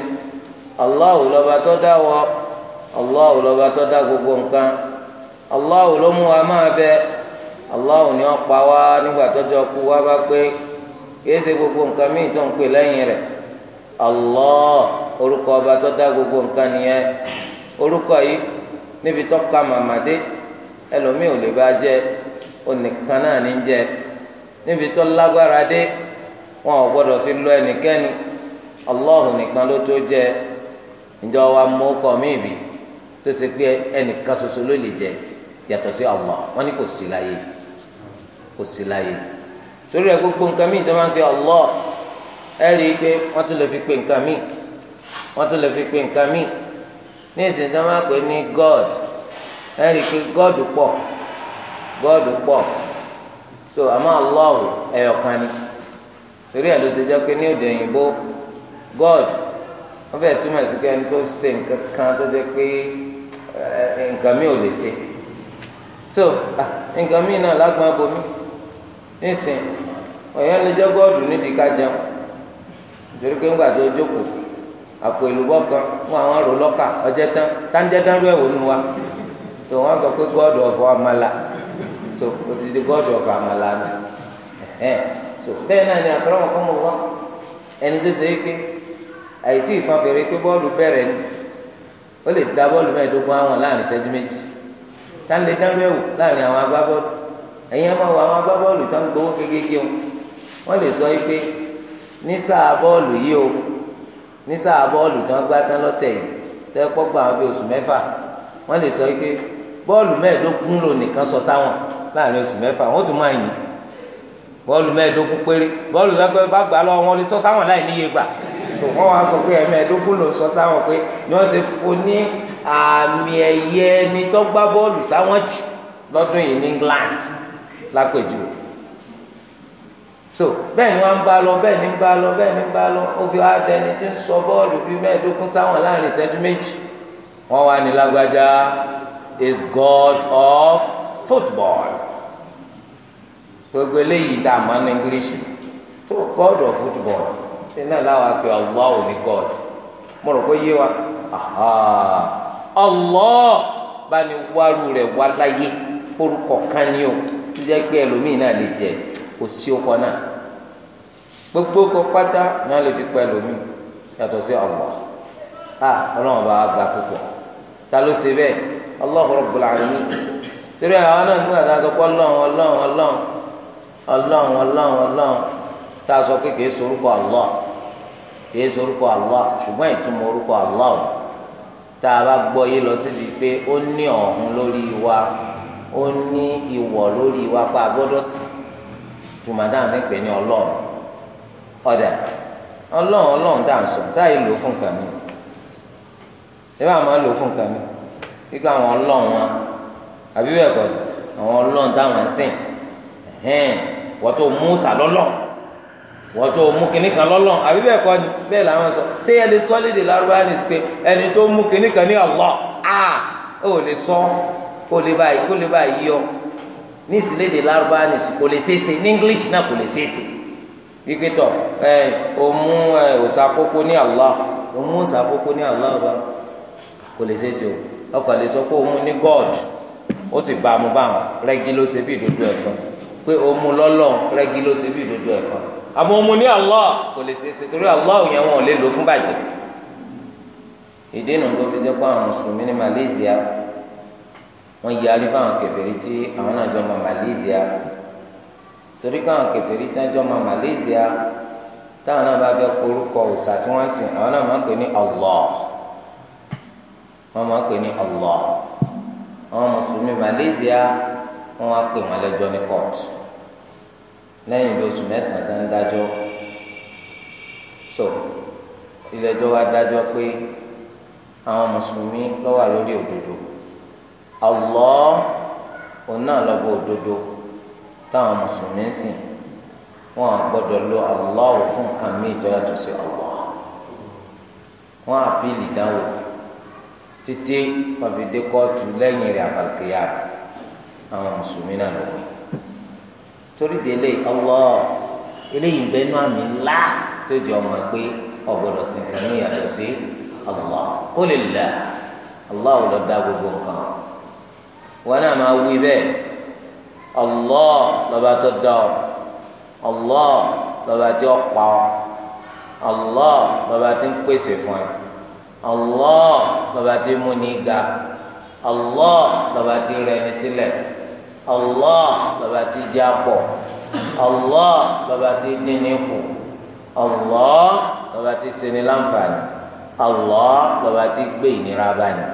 gbogbo nǹkan ló mú wa máa allah orúkọ ọba tó dá gbogbo nǹkan nìyẹn orúkọ yìí níbi tọ́ka màmàdé ẹlòmíì ò lè bá jẹ onìkan náà ní jẹ níbi tó lágbára dé wọn ò gbọdọ̀ fi lọ ẹnikẹ́ni ọlọ́hùn nìkan ló tó jẹ ǹjọ́ wa mú ọkọ mi bì tó ṣe pé ẹnìkan ṣoṣo ló lè jẹ yàtọ̀ sí Allah wọn ni kò sí láyé kò sí láyé torí ẹ gbogbo nǹkan mìíràn tó ń pe Allah. ẹ i pé wọ́n tún lè fi pe nǹkan míì wọ́n tún lè fi nǹkan ní ìsìn god god pọ̀ god pọ̀ so àmọ́ allah ẹ̀yọ̀kan ni torí ẹ̀ ló ṣe jẹ́ pé ní òde òyìnbó god wọ́n fẹ́ẹ̀ túmọ̀ sí pé ẹni tó ṣe nǹkan kan tó jẹ́ pé nǹkan so nǹkan mi náà lágbọ́n abomi nísìn ọ̀yọ́ lè jẹ́ nídìí ká jẹun torí pé ńgbà tó jókòó àpò ìlúbọ kan fún àwọn arò lọkà ọjẹ tán táńjẹ dánrú ẹwò nu wa so wọn sọ pé god of amala so o ti di god of amala ni ẹ so bẹ́ẹ̀ náà ni àkọrọ ekpe kọ mọ wọn ẹni tó ṣe é pé àìtí ìfanfèrè pé ni ó lè da bọ́ọ̀lù mẹ́ẹ̀ẹ́dógún àwọn láàrin ìṣẹ́jú méjì tá ń lè dánrú láàrin àwọn máa ní sáà bọ́ọ̀lù yìí o ní sáà bọ́ọ̀lù tí wọ́n gbá tán lọ́tẹ̀ yìí tẹ́ pọ́gbà àwọn bíi oṣù mẹ́fà wọ́n lè sọ pé bọ́ọ̀lù mẹ́ẹ̀ẹ́dógún ló nìkan sọ sáwọn láàrin oṣù mẹ́fà wọ́n tún máa yìn bọ́ọ̀lù mẹ́ẹ̀ẹ́dógún péré bọ́ọ̀lù mẹ́ẹ̀ẹ́dógún bá gbà lọ́wọ́ wọn lè sọ sáwọn láì níye gbà tó wọ́n wá sọ pé ẹ̀mẹ́ẹ̀ẹ́dógún ló sọ sáwọn pé ni wọ́n ṣe fún ní àmì ẹ̀yẹ ẹni tó gbá bọ́ọ̀lù sáwọn jù lọ́dún yìí ní England lápèjúwe so bẹ́ẹ̀ ni wọ́n ń bá lọ bẹ́ẹ̀ bá lọ bẹ́ẹ̀ bá lọ fi tí ń sọ bọ́ọ̀lù bíi mẹ́ẹ̀ẹ́dógún sáwọn láàrin ìṣẹ́jú méjì wọ́n wá ní lágbájá is god of football gbogbo eléyìí tá a ní english tó god of football ṣe náà ò ní god mo rò pé yé wa allah bá ní wárú rẹ̀ wá láyé orúkọ kan ní o tó jẹ́ pé náà lè jẹ kò sí náà. gbogbo kọ pátá ní wọn lè fi pẹ lómi yàtọ̀ sí Allah a ah, Ọlọ́run bá ga púpọ̀ ta ló ṣe bẹ́ẹ̀ Allahu Rabbul àwọn náà nígbà tá a sọ pé Ọlọ́run tá a sọ pé kìí sorúkọ Allah kìí sorúkọ Allah ṣùgbọ́n ìtumọ̀ orúkọ Allah tá a bá gbọ́ yé lọ síbi pé ó ní lórí wa ó ní lórí wa pa a sí ní ọ̀dà ọlọ́run ọlọ́run dà ń sọ sáyé lò fún nǹkan mi máa lò fún nǹkan mi àwọn ọlọ́run wa àbí bẹ́ẹ̀ kọ́ àwọn ọlọ́run táwọn ń sìn wọ́n tó mú sàlọ́lọ́ wọ́n tó mú kinní lọ́lọ́ àbí bẹ́ẹ̀ kọ́ bẹ́ẹ̀ làwọn sọ ṣé ẹni sọ́lídì lárúbá ni pé ẹni tó mú kinní ní Allah a ò lè sọ kó lè bá kó lè bá yí ní ìsìlédè lárúbá ni kò lè ṣeéṣe ní English náà kò lè ṣeéṣe ìgbẹ́tọ̀ ẹ òmú ẹ òsàkókó ní Allah òmú òsàkókó ní Allah ọba kò lè ṣeéṣe o ọkọ̀ lè sọ pé òmú ní God ó sì bá a mú bá wọn rẹ́gí ló ṣe bí ìdodo ẹ̀fọn pé òmú lọ́lọ́ rẹ́gí ló ṣe bí ìdodo ẹ̀fọn àmọ́ òmú ní Allah kò lè ṣeéṣe torí Allah yẹn wọn ò lè lò fún bàjẹ́ ìdí nu tó fi jẹ́ pé àwọn mùsùlùmí ní Malaysia wọ́n yarí fáwọn kèfèrí tí àwọn náà jọ mọ Malaysia torí káwọn kẹfẹ́rí jájọ́ máa Malaysia táwọn náà bá fẹ́ korúkọ òòṣà tí wọ́n sìn àwọn náà máa ń pè ní Allah wọ́n máa ń pè ní Allah àwọn mùsùlùmí Malaysia wọ́n wá pè ní court bí oṣù so ilé wa dájọ́ pé àwọn mùsùlùmí ló wà lórí òdodo Allah táwọn mùsùlùmí ń sìn wọn gbọ́dọ̀ lo Allah fún nǹkan míì tó yàtọ̀ sí wọn àpìlì dánwò títí pàfidé kóòtù lẹ́yìn rẹ̀ àfàlùkìyà àwọn mùsùlùmí náà ló wí torí délé eléyìí bẹ nú àmì ńlá tó di ọmọ pé ọgbọ́dọ̀ sìn kan ní sí ó Allah lọ́ba tó dá ọ Allah lọ́ba tí ó pa ọ Allah lọ́ba tí ń pèsè fún ẹ Allah lọ́ba tí mú ní ga Allah lọ́ba tí rẹ ní sílẹ̀ Allah lọ́ba tí já pọ̀ Allah lọ́ba tí níní kù Allah lọ́ba tí ṣeni láǹfààní Allah lọ́ba tí gbé ìnira báni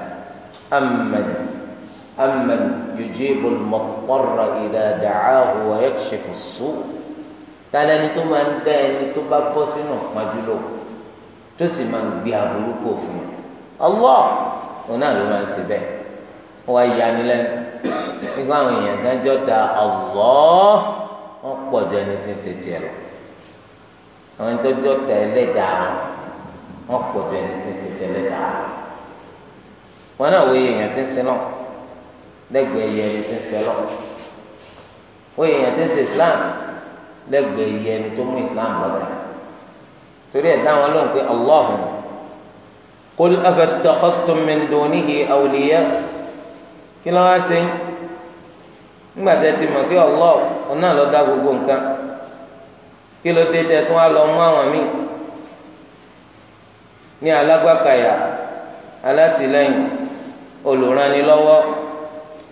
amẹ́ni. أمن يجيب المضطر إذا دعاه ويكشف السوء tala ni tó máa ń dá ẹni tó bá bọ́ sínú ìpọ́njú lò tó sì máa ń gbé aburú kò fún un Allah òun náà ló máa ń ṣe bẹ́ẹ̀ ó wá yani lẹ́nu nígbà àwọn èèyàn dájọ́ ta Allah wọ́n pọ̀ jọ ẹni tí ń ṣe tiẹ̀ lọ àwọn ẹni tó jọ ta ẹlẹ́dàá wọ́n pọ̀ jọ ẹni tí ń ṣe tiẹ̀ lẹ́dàá wọn náà wọ èèyàn tí ń sin náà lẹ́gbẹ̀ẹ́ yẹ ẹni tí ń sẹlọ wọn èèyàn tí ń ṣe islam lẹ́gbẹ̀ẹ́ yẹ ẹni tó mú islam lọ́dà torí ẹ̀ dáhùn lóhùn pé allah qul afattakhadhtum min dunihi awliya kí ló wá sí ńgbà tẹ́ ti mọ̀ pé allah ọ̀nà ló dá gbogbo nǹkan kí ló dé tẹ́ tún wá lọ mú àwọn míì ní alágbàkàyà alátìlẹ́yìn olùrànilọ́wọ́.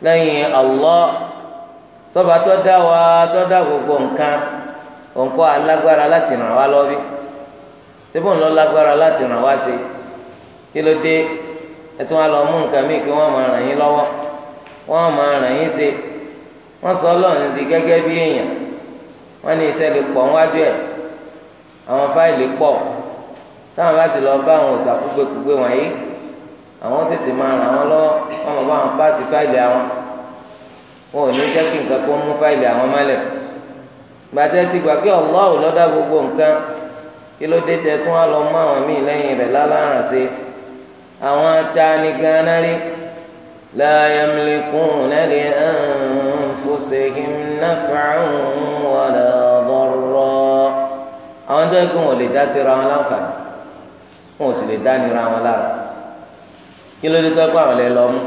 lẹ́yìn ọlọ́ tọ́ba tó dá wa tó dá gbogbo nǹkan òǹkọ́ alágbára láti ràn wá lọ́wọ́ bí síbò ń lọ lágbára láti ràn wá sí kí ló dé ẹ tún wá lọ mú nǹkan míì kí wọ́n máa ràn yín lọ́wọ́ wọ́n máa ràn yín sí wọ́n sọ Ọlọ́run di gẹ́gẹ́ bí èèyàn wọ́n ní iṣẹ́ lè pọ̀ níwájú ẹ̀ àwọn fáìlì àwọn tètè máa ràn wọn lọ́wọ́ wọn mọ̀ bá wọn páàsì fáìlì àwọn wọn ò ní jẹ́ kí nǹkan kó mú fáìlì àwọn mọ́lẹ̀ gbàtẹ́ ti gbà kí Allah ló dá gbogbo nǹkan kí ló dé tẹ tún á lọ mú àwọn míì lẹ́yìn rẹ̀ láláràn sí àwọn tani ganan rí la yamlikuna li anfusihim naf'an wala darra àwọn jẹ́ kí wọn ò lè dá síra wọn láǹfààní wọn ò sì lè dá nira wọn lára kí ló dé tó kó àwọn lẹ lọ mú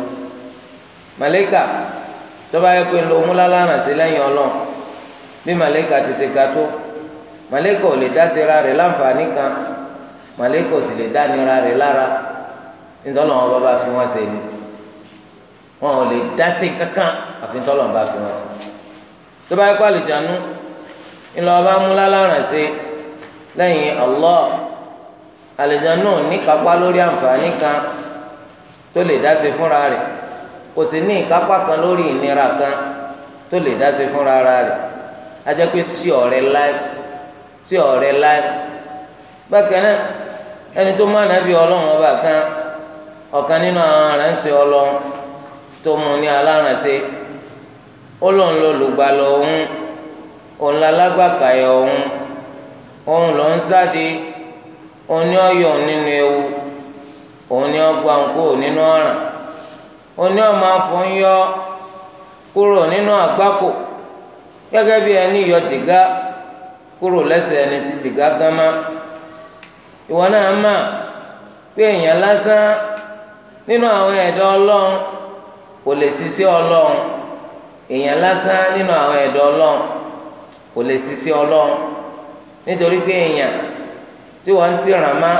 màlẹ́kà tó bá yẹ pé lòun lálàrán sí lẹ́yìn ọlọ́run bí màlẹ́kà ti ṣe ga tó màlẹ́kà ò lè dá síra rẹ̀ láǹfààní kan màlẹ́kà ò sì lè dá nira rẹ̀ lára nítorí àwọn bàbá fi wọ́n ṣe ni wọn ò lè dá sí kankan àfi nítorí àwọn fi wọ́n ṣe tó bá yẹ pé àlùjánu ńlọ ọba mú lálàrán sí lẹ́yìn Allah àlùjánu ò ní kápá lórí àǹfààní kan. tó lè dá ṣe fúnra rẹ̀ kò sì ní ìkápá kan lórí ìnira kan tó lè dá fúnra rẹ̀ a pé sí ọ̀rẹ́ láì sí ọ̀rẹ́ láì bákan náà ẹni tó má nàbí ọlọ́run ọba kan ọ̀kan nínú àwọn aránṣẹ́ ọlọ́run tó mú ní aláránṣẹ́ ó lọ lùgbàlọ̀ ewu. òun ni ọgbà ńkó nínú ọ̀ràn òun ni ọmọ afọ̀n yọ kúrò nínú àgbákò bí ẹni yọ tìgá kúrò lẹ́sẹ̀ ẹni ti tìgá gámá ìwọ náà mà pé èèyàn lásán nínú àwọn ẹ̀dá ọlọ́run kò lè ṣiṣẹ́ ọlọ́run èèyàn lásán nínú àwọn ẹ̀dá ọlọ́run kò lè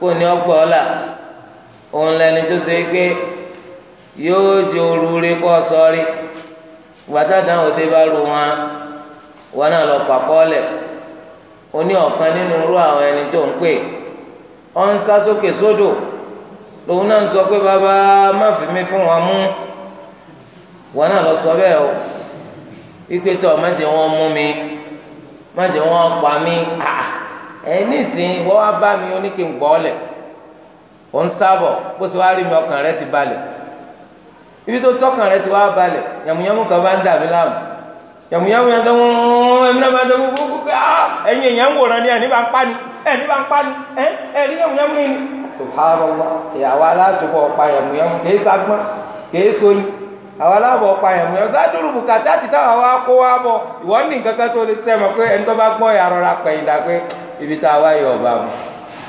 kó ní ọgbà ọ̀la òun lẹni tó ṣe pé yóò di olùrí kó sọrí òde bá ru wọn wọn náà lọ pàpọ́ ó ní ọ̀kan nínú irú àwọn ẹni tó ń pè ọ ń sá sókè sódò lòun náà ń sọ pé bàbá má fi mí fún wọn mú wọn náà lọ sọ bẹ́ẹ̀ o má ẹ̀yin nísìnyí wọ́n wá bá mi oníkì ń gbọ́ ń sábọ̀ bó wá ọkàn rẹ ti balẹ̀ ibi tó tọkàn rẹ ti wá balẹ̀ yàmùyàmù kan bá ń dà mí yàmùyàmù yẹn sọ wọ́n náà máa ni bá ń pa ni bá ń pa ni ni. subhanallah ìyàwó ọ̀pá yàmùyàmù kì í kì í àwọn aláàbọ̀ ọ̀pá sádùrù bùkátà ti táwọn ibi tá a wá yìí ọba mu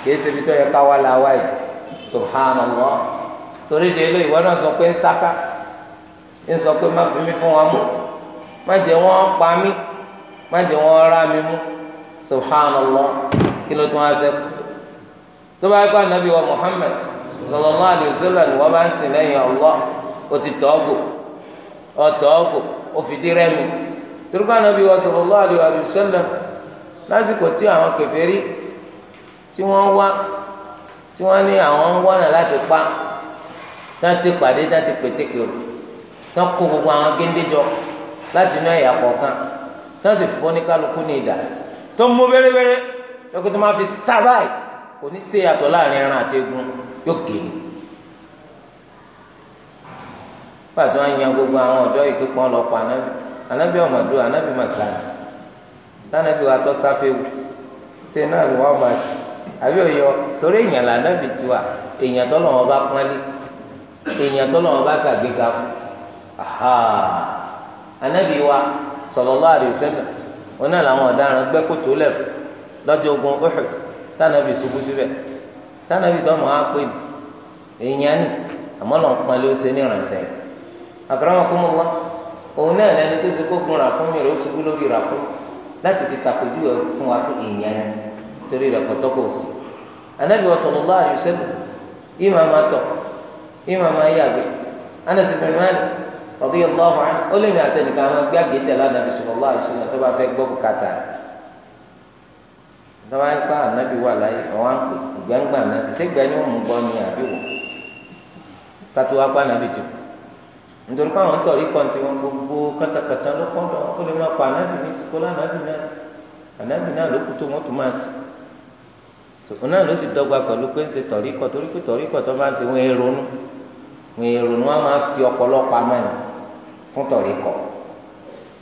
kìí ṣe ibi tó yẹ ká wá la wá yìí subhanallah torí de ilé ìwọ náà sọ pé ń sáká ń sọ pé má fi mí fún wọn mú má jẹ wọn pa mí má jẹ wọn rá mi mú subhanallah kí ló tún wá sẹ́kù tó bá gbọ́ anabi wa muhammad sallallahu alayhi wa sallam wọ́n bá ń sìn lẹ́yìn allah o ti tọ́gò ọ tọ́gò o fìdí rẹ́mi torí gbọ́ anabi wa sallallahu alayhi wa sallam lásìkò tí àwọn kèfèrí tí wọ́n wá tí wọ́n ní àwọn ń wọnà láti pa tá a ṣe pàdé tá a ti pètèkè o tá a kó gbogbo àwọn géńdé jọ láti inú ẹ̀yà kọ̀ọ̀kan tá a sì fọ́ ní kálukú ní ìdá tó ń mú bérebére lọ́kọ́ tó máa fi sábàì kò ní ṣe yàtọ̀ láàrin ẹran àti egun yóò gèlè. pàtó àyàn gbogbo àwọn ọ̀dọ́ ìpínpọ̀ ọlọ́pàá anábì ọ̀mọ̀dó anábì màsáà tánàbí wa tọ́ sáfẹ́wù ṣe náà ló wá bá sí àbí òyọ torí èèyàn lànàbì tiwa èèyàn tọ́lọ̀ wọn bá pọ́nlé èèyàn tọ́lọ̀ wọn bá ṣàgbéga fún ànábì wa sallallahu alaihi wasallam wọn náà làwọn ọ̀daràn gbẹ́ kótó lẹ̀ fún lọ́jọ́ ogun Uhud tánàbì ṣubú síbẹ̀ tánàbì tó mọ̀ á pè ní èèyàn ni àmọ́ lọ́n pọ́nlé ó ṣe ní ìrànṣẹ́ akramakumullah òun náà lẹni tó ṣe kó gun ràkúnmí rẹ̀ ó ṣubú lórí ràkúnmí láti fi ṣàpèjúwe fún wa pé èèyàn ni torí rẹ̀ pọ̀tọ́ kò sí. anabi wa sallallahu alaihi wasallam ìmọ̀ àmà tọ̀ ìmọ̀ àmà yàgbẹ́ Anas ibn Malik radiyallahu anhu ó lè ní àtẹnìkan àwọn ẹgbẹ́ àgẹ́tẹ̀ lánàbì sallallahu alaihi wasallam tó bá fẹ́ gbọ́ bùkátà rẹ̀ tọ́wá ń pa ànábì wà láyé àwọn àpè ìgbàǹgbà ànábì ṣé gbẹ́ni ó mú gbọ́ ni àbí wò kátó wá pa ànábì tó kù nítorí pé àwọn ń tọ̀rí kan tí wọn gbogbo kátàkátà ló kọ́ dọ̀ ó lè máa pa ànábì ní sikola ànábì náà ànábì náà ló kú tó wọn tún máa sì tòun náà ló sì dọ́gba pẹ̀lú pé ń ṣe tọ̀rí kọ torí pé tọ̀rí kọ tó máa ń ṣe wọn èrònú wọn èrònú wọn máa fi ọ̀pọ̀lọpọ̀ amẹ́ fún tọ̀rí kọ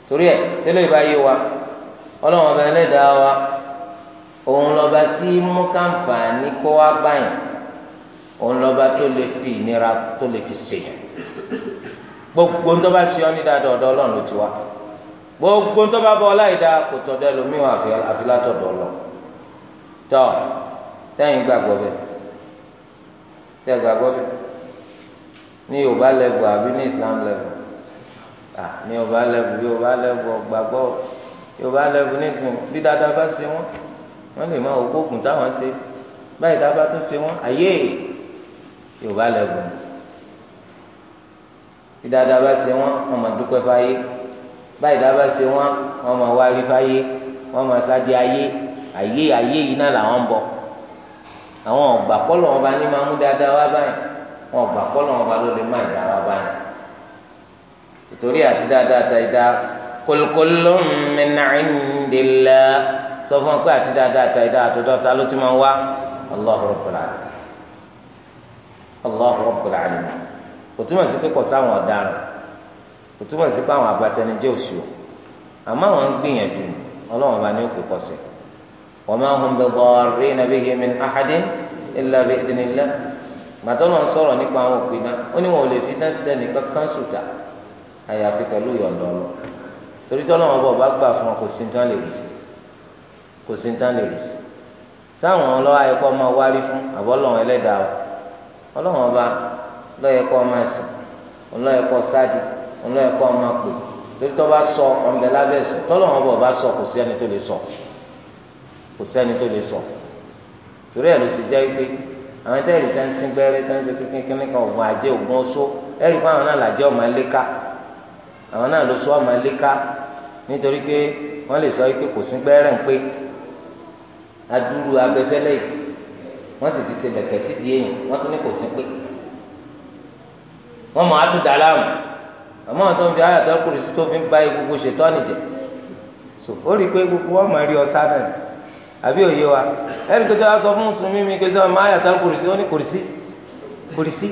torí ẹ tẹ́lẹ̀ ìbá yé wa ọlọ́wọ́n ọba ẹlẹ́dàá wa òun lọ́ba tí mú káǹfààní kó wá báyìí òun lọ́ba tó lè fi ìnira tó lè fi ṣèyàn gbogbo ń tó bá ṣe ọ́ ní dáadáa ọ̀dọ̀ ọlọ́run ló ti wá gbogbo ń tó bá bọ́ ọláì dáa kò tọ́jú ẹlòmíràn àfi ọlọ́ tọ́ sẹ́yìn gbàgbọ́ bẹ́ẹ̀ sẹ́yìn gbàgbọ́ bẹ́ẹ̀ ní yorùbá lẹ́gùn àbí ní islam lẹ́gùn à ní yorùbá lẹ́gùn yorùbá lẹ́gùn ọgbàgbọ́ yorùbá lẹ́gùn nífin bí dáadáa bá ṣe wọ́n wọ́n lè máa ògbógun táwọn ṣe báyìí dáadáa bá tún ṣe wọ́n àyè yorùbá lẹ́gùn ìdáadáa bá ṣe wọn wọn máa dúpẹ́ fáyé báyìí dáa bá ṣe wọn wọn máa wárí fáyé wọn máa sáde ayé ayé ayé yìí náà làwọn ń bọ̀ àwọn ọgbà kọlọ wọn bá ní máa mú dáadáa wá báyìí wọn ọgbà kọlọ wọn bá ló lè má ìdá wá báyìí torí àti dáadáa ta ìdá kulkullun min sọ fún wọn pé àti dáadáa ta ìdá àtọ̀dọ̀ ló ti máa wá Allahu Rabbul alamin Allahu Rabbul alamin. kò túmọ̀ sí pé kò sáwọn ọ̀daràn kò túmọ̀ sí pé àwọn abatẹnijẹ́ òṣù àmọ́ àwọn ń gbìyànjú ọlọ́wọ́n bá ní òkè kọsẹ̀ wa ma hum rịị na min ahadin illa bi idhnillah gbàtọ́ náà sọ̀rọ̀ nípa àwọn òpin náà ó ní wọn ò lè fi náà sẹ́ni kankan sùtà àyàfi pẹ̀lú ìyọ̀ǹda ọlọ́ torí lọ́yẹ kọ́ ọmọ ẹ̀sìn òun lọ́yẹ kọ́ sáàdì òun lọ́yẹ kọ́ ọmọ pè torí bá sọ ọ̀nbẹ lábẹ́ ẹ̀sùn tọ́lọ́wọ́n bọ̀ bá sọ kò sí ẹni tó lè sọ kò sí ẹni tó lè sọ torí ẹ̀ ló sì jẹ́ pé àwọn gbẹ́rẹ́ kan oṣó ẹ̀rí àwọn náà làjẹ́ ọmọ ẹlẹ́ka àwọn náà ló sọ ọmọ ẹlẹ́ka wọ́n mọ̀ àtúndà aláàmù àmọ́ àwọn tó ń fi àyàtọ̀ kùrì sí tó fi ń ba egungun ṣètọ́nì jẹ so ó rí i pé egungun wọn mọ̀ rí ọ̀sá náà àbí òye wa ẹnì kejì wa sọ fún mùsùlùmí mi kejì wa mọ àyàtọ̀ kùrì sí ó ní kùrì sí kùrì sí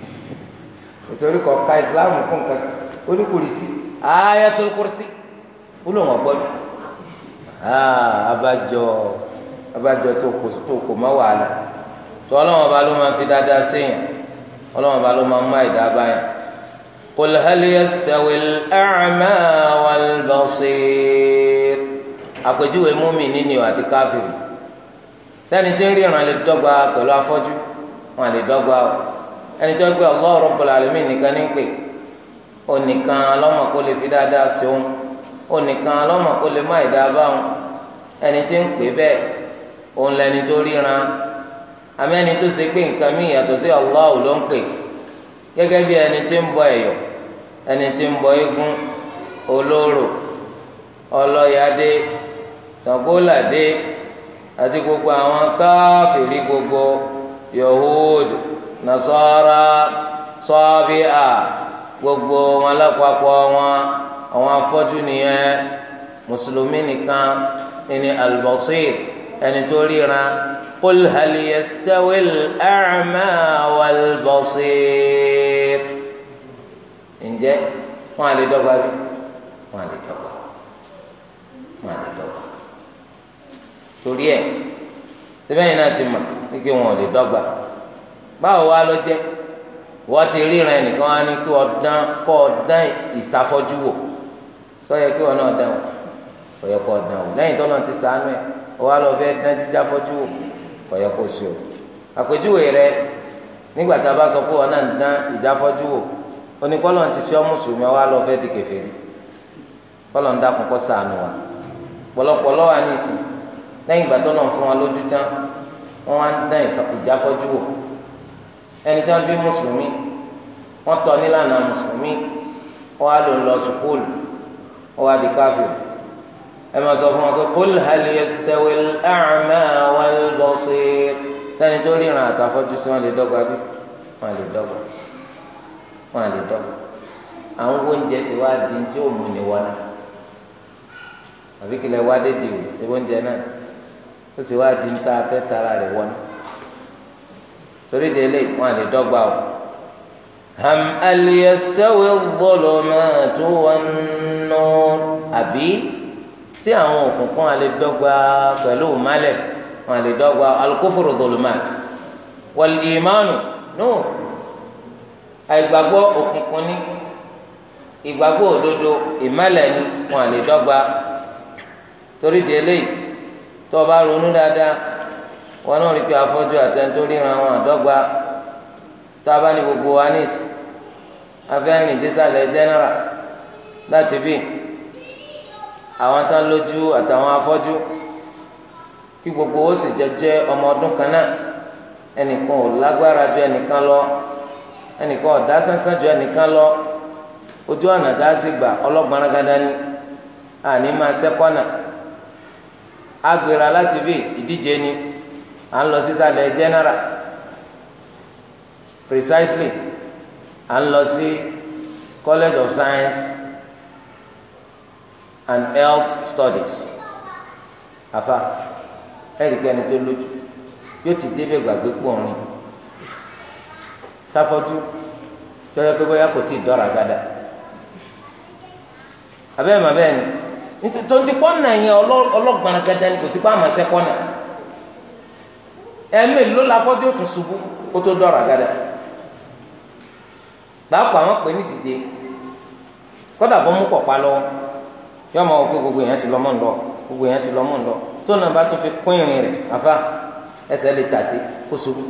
nítorí kò ka ìsìláàmù kún kankan ó ní kùrì sí àyàtọ̀ kùrì sí ó lò wọ́n gbọ́dọ̀ abájọ abájọ tó kò má wàhálà tọ́lọ́wọ́n ló máa fi dáadáa séyìn ọlọ́wọ́n bá ló máa mú àìdá báyìí. قل هل يستوي الأعمى والبصير àpèjúwe múmìnì ni àti káfíìn sẹ́ni tí ń ríran lè dọ́gba pẹ̀lú afọ́jú wọn lè dọ́gba o ẹni tó gbé Allah Rabbul Alamin nìkan ní pè onìkan lọ́mọ kó lè fi dáadáa sí òun onìkan lọ́mọ kó lè má ìdá bá òun ẹni tí ń pè bẹ́ẹ̀ òun lẹni tó ríran amẹ́ni tó ṣe pé nǹkan mí ìyàtọ̀ sí Allah ló ń pè gẹ́gẹ́ bí ẹni tí ń bọ ẹ̀yọ̀ ẹni tí ń bọ olóró ọlọ́yàdé àti gbogbo àwọn káfìrí gbogbo yahood nasara sọ́bíà gbogbo wọn lápapọ̀ wọn àwọn afọ́jú nìyẹn mùsùlùmí nìkan ẹni ẹni tó قل هل يستوي الأعمى والبصير ǹjẹ́ wọ́n á lè dọ́gba bí wọ́n á lè dọ́gba wọ́n á lè dọ́gba torí ẹ̀ sẹ́fẹ̀yìn náà ti mọ̀ wípé wọn ò lè dọ́gba báwo wá ló jẹ́ wọ́n ti ríran ẹnìkan á ní kí ọ̀dán kọ́ ọ̀dán ìsáfọ́jú wò sọ yẹ kí wọn náà dán o ọ̀yọ̀kọ̀ ọ̀dán o lẹ́yìn tó lọ́n ti sàánú ẹ̀ wọ́n á lọ fẹ́ dán jíjá fọ́jú wò kọ̀yọ́ kó sí o àpèjúwe rẹ nígbà tá a bá sọ pé wọn náà ń dán ìjà fọ́jú wò oníkọ́lọ̀ ti sí ọ mùsùlùmí ọwọ́ àlọ́ fẹ́ di kèfèrí kọ́lọ̀ ń dákun kọ́ sànù wa pọ̀lọpọ̀ lọ́wọ́ àníìsì lẹ́yìn ìgbà tó náà fún wọn lójú tán wọ́n wá ń dán ìjà fọ́jú wò ẹni tí wọ́n bí mùsùlùmí wọ́n tọ́ nílànà mùsùlùmí wọ́n á lò ń lọ sùkúlù wọ́n á di káfíìn ẹ máa sọ fún wọn pé qul hal yastawil a'ma wal basir sẹ́ni tó ríran àtàfọ́jú sí wọn lè dọ́gba bí wọn lè dọ́gba wọn lè dọ́gba àwọn oúnjẹ sì wá di tí ò mú ni wọn náà àbí kìlẹ̀ wá dédìí o ṣe oúnjẹ náà ó sì wá di níta fẹ́ tara rẹ̀ wọn torí délé wọn lè dọ́gba o. ham al yastawi adh-dhulumatu wan-nur àbí sí àwọn òkùnkùn a lè dọ́gba pẹ̀lú ìmálẹ̀ wọn a lè dọ́gba alukófòrò dolomat wal ìmánu no àìgbàgbọ́ òkùnkùn ni ìgbàgbọ́ òdodo ìmálẹ̀ ni wọn a lè dọ́gba torí délé tó o bá ronú dáadáa wọn náà rí pé afọ́jú àtẹnitórí ran wọn àdọ́gba tá a bá ní gbogbo wa ní ìsìn afẹ́rìn désàlẹ̀ general láti bíi àwọn tán lójú àtàwọn afọ́jú kí gbogbo ó sì jẹjẹ ọmọ ọdún kan náà ẹnìkan ò lágbára ju ẹnìkan lọ ẹnìkan ò dá sánsán ju ẹnìkan lọ ojú ọ̀nà tá a sì gbà ọlọ́gbọ́n rágádá ni àní máa sẹ́kọ́nà agbèrè láti bí ìdíje ni à ń lọ sísàlẹ̀ general precisely à ń lọ sí college of science and health studies afa ẹ̀rí pé ẹni tó lójú yóò ti débẹ̀ gbàgbé pọ̀ ọ̀run táfọ́tú tọ́jọ́ pé bóyá kò tí ì dọ́ra gada abẹ́rẹ́ màá bẹ́ẹ̀ tó ń ti kọ́nà yẹn ọlọ́gbọ̀nrán gada ni kò sí pé àmọ́ sẹ́kọ́nà ẹ̀mí ló la fọ́jú ṣubú kó tó dọ́ra gada báà kọ́ àwọn pè ní dìde kọ́dà bọ́ mú pọ̀ pa lọ́wọ́. yọ ọmọ wọn pé gbogbo èèyàn ti lọ mọ́ ń lọ gbogbo èèyàn ti lọ mọ́ ń lọ tó náà bá tún fi kún ìrìn rẹ̀ àfa ẹsẹ̀ lè tà sí kó ṣubú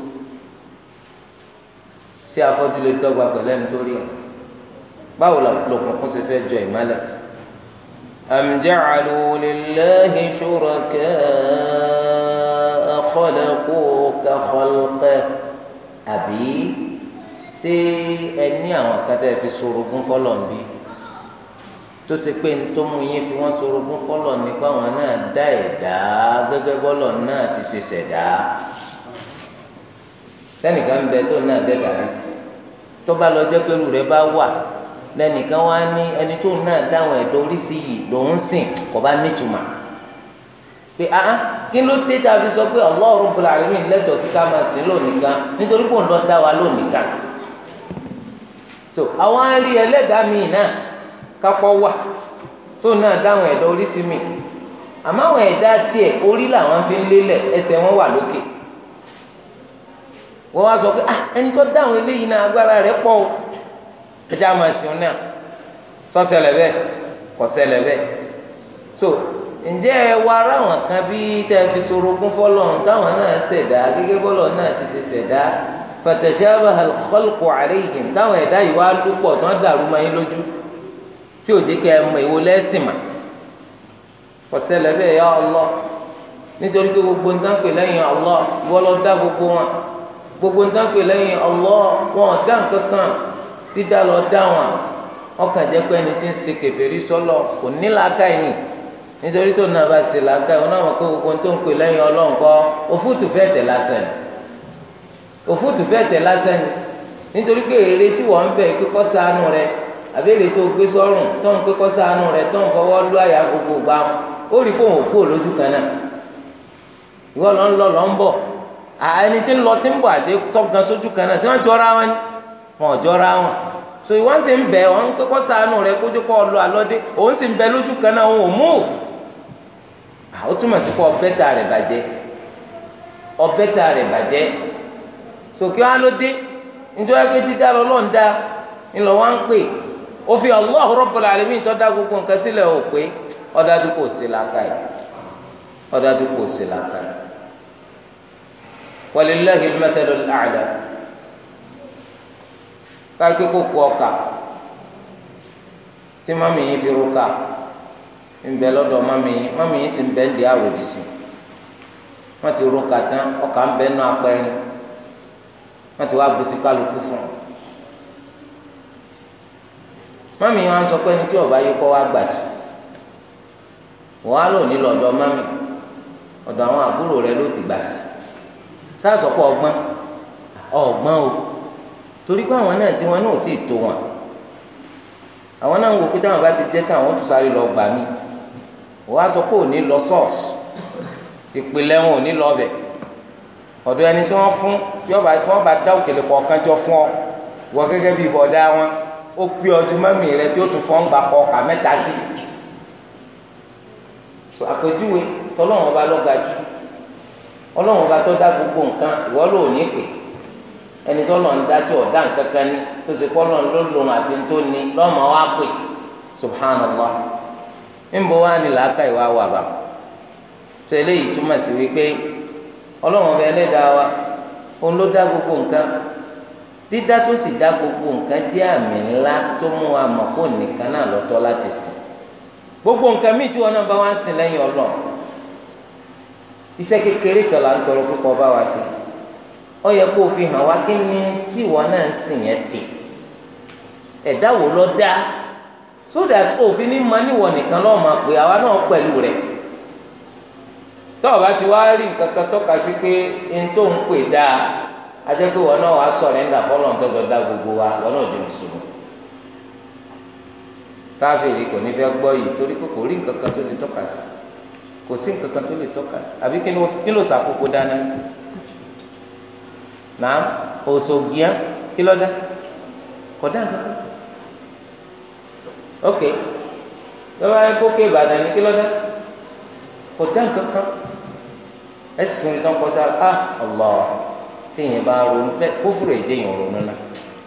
ṣé afọ́jú lè dọ́gba pẹ̀lú ẹni tó rí ọ báwo lòkùnkùn ṣe fẹ́ jọ ìmọ́lẹ̀ am ja'alu lillahi shuraka'a khalaqu ka khalqihi àbí ṣé ẹni àwọn akátá ẹ fi sorogún fọlọ́ ń tó ṣe pé ní tó mú yín fi wọ́n sorogún fọ́lọ̀ nípa àwọn náà dá ẹ̀dá gẹ́gẹ́ bọ́lọ̀ náà ti ṣe ṣẹ̀dá lẹ́nìkan bẹ tó náà dẹ́dà rí tó bá lọ jẹ́ pẹ̀lú rẹ bá wà lẹ́nìkan wá ní ẹni tó náà dáhùn ẹ̀dọ́ oríṣi yìí lòún sìn kò bá nítumọ̀ pé ah kí ló dé tàbí sọ pé Allah Rabbul Alamin lẹ́tọ̀ọ́ sí ká máa sìn lónìkan nítorí pé òun lọ dá wa lónìkan tó àwọn á ẹlẹ́dàá míì náà kápọ̀ wà tó náà dáhùn ẹ̀dá oríṣi mi àmọ́ àwọn ẹ̀dá tiẹ̀ orí làwọn fi ń lélẹ̀ ẹsẹ̀ wọn wà lókè wọ́n wá sọ pé ah ẹni tó dáhùn eléyìí náà agbára rẹ̀ pọ̀ o ẹja máa sùn náà sọ́sẹ̀lẹ̀ bẹ́ẹ̀ kọ̀sẹ̀lẹ̀ bẹ́ẹ̀ so ǹjẹ́ ẹ ara wọn kan bí tẹ́ fi sorogún fọlọ́run táwọn náà ṣẹ̀dá gẹ́gẹ́ bọ́lọ̀ náà ti ṣe ṣẹ̀dá fatashabaha al-khalqu táwọn ẹ̀dá yìí wá lúpọ̀ tí wọ́n dàrú mọ́ yín lójú. tí ò jẹ́ kẹ́ ẹ mọ èwo lẹ́sìn mà kọ̀sẹ́lẹ̀ bẹ́ẹ̀ yá Allah nítorí pé gbogbo ń lẹ́yìn ìwọ gbogbo wọn gbogbo ń lẹ́yìn wọn dá dídá lọ dá wọn ọkàn jẹ́ pé ẹni tí ń kò ni nítorí tó bá làákàyè gbogbo tó ń pè lẹ́yìn Ọlọ́run kọ́ òfútù lásán ni òfútù ni nítorí pé àbẹ́lẹ̀ tó gbé sọ́rùn tó ń pé kọ́ sànù rẹ̀ tó ń fọwọ́ lú àyà gbogbo gbà ó rí O òkú lójú kan náà ìwọ lọ ń lọ lọ ń bọ̀ ẹni tí ń lọ tí ń bọ̀ àti tọ́gan sójú kan náà wọ́n jọra wọn wọn jọra wọn so ìwọ́n sì ń bẹ̀ wọ́n ń kọ́ rẹ̀ kójú kọ́ àlọ́dé òun ó fi allah Rabbul Alamin tó dá gbogbo nǹkan sílẹ̀ ò pé ọ̀dájú kò sí làákà yìí ọ̀dájú kò sí làákà yìí walillahi al-mathalul káàkiri ọkà tí mami yìí fi ruka ńbẹ lọdọ mami yìí mami yìí sì ń bẹ ń di àwòdì sí wọn ti ruka tán ọkà ń bẹ nù wọn ti wá fún un. mami wa ń sọ pé ẹni tí ọba yìí kọ́ wa gbà sí wọ́n á lò ní lọ́dọ̀ mami ọ̀dọ̀ àwọn àbúrò rẹ ló ti gbà sí sáàsọ̀pọ̀ ọgbọ́n ọgbọ́n o torí pé àwọn náà tí wọn náà tí ì tó wọn àwọn náà ń wò pé táwọn bá ti jẹ́ káwọn tún sáré lọ gbà mí wọ́n á sọ pé òní lọ sọ́ọ̀sì ìpìlẹ̀ wọn òní lọ ọbẹ̀ ọ̀dọ̀ ẹni tí wọ́n fún yọba tí wọ́n bá dá òkèlè kọ̀ọ̀kan jọ fún ọ wọ gẹ́gẹ́ bí bọ̀dá wọn ó pi ọdún mẹ́mìí rẹ tí ó tún fọ́n gbà kọ ọkà mẹ́ta sí i àpèjúwe bá jù ọlọ́wọ́n bá tọ́ dá gbogbo nǹkan ìwọ́ ló ní pè ẹni tọ́lọ́ ń dá tí ọ̀dá nǹkan kan ní tó sì wa pè subhanallah làákà ìwà wà bá tó eléyìí túmọ̀ sí wípé ọlọ́wọ́n bá ẹlẹ́dàá wa òun ló dá gbogbo nǹkan. dídá tó sì dá gbogbo nǹkan jẹ́ àmì ńlá tó mú wa mọ̀ kó nìkan náà lọ́tọ́ láti sìn gbogbo nǹkan míì tí wọn náà bá wá ń sìn lẹ́yìn Ọlọ́run iṣẹ́ kékeré kan là ń tọrọ púpọ̀ bá wa ọ yẹ kó o fi hàn wá kí ni tí náà ń so that òfin ní ma níwọ nìkan lọ́ọ́ àwa náà pẹ̀lú rẹ̀ ti wá rí nǹkan pé n ń pè ajẹ́ pé wọn náà wàá sọ̀rẹ́ńdà fọlọ́n tó gbọdá gbogbo wa wọn náà di mùsùlùmí káfíìrì kò ní fẹ́ gbọ́ yìí torí pé kò rí nǹkan kan tó lè tọ́ka sí kò sí nǹkan kan tó lè tọ́ka sí àbí kí ló sàkókò dáná náà òṣògìá kí ló dá kò dá nǹkan ok lọ́wọ́ ayé kókè ìbàdàn ni kí ló dá kò dá nǹkan kan ẹ̀sìn tó ń kọ́ sára ah Allah. téèyàn bá ronú bẹ́ẹ̀ kófòrò èjè yàn ronú náà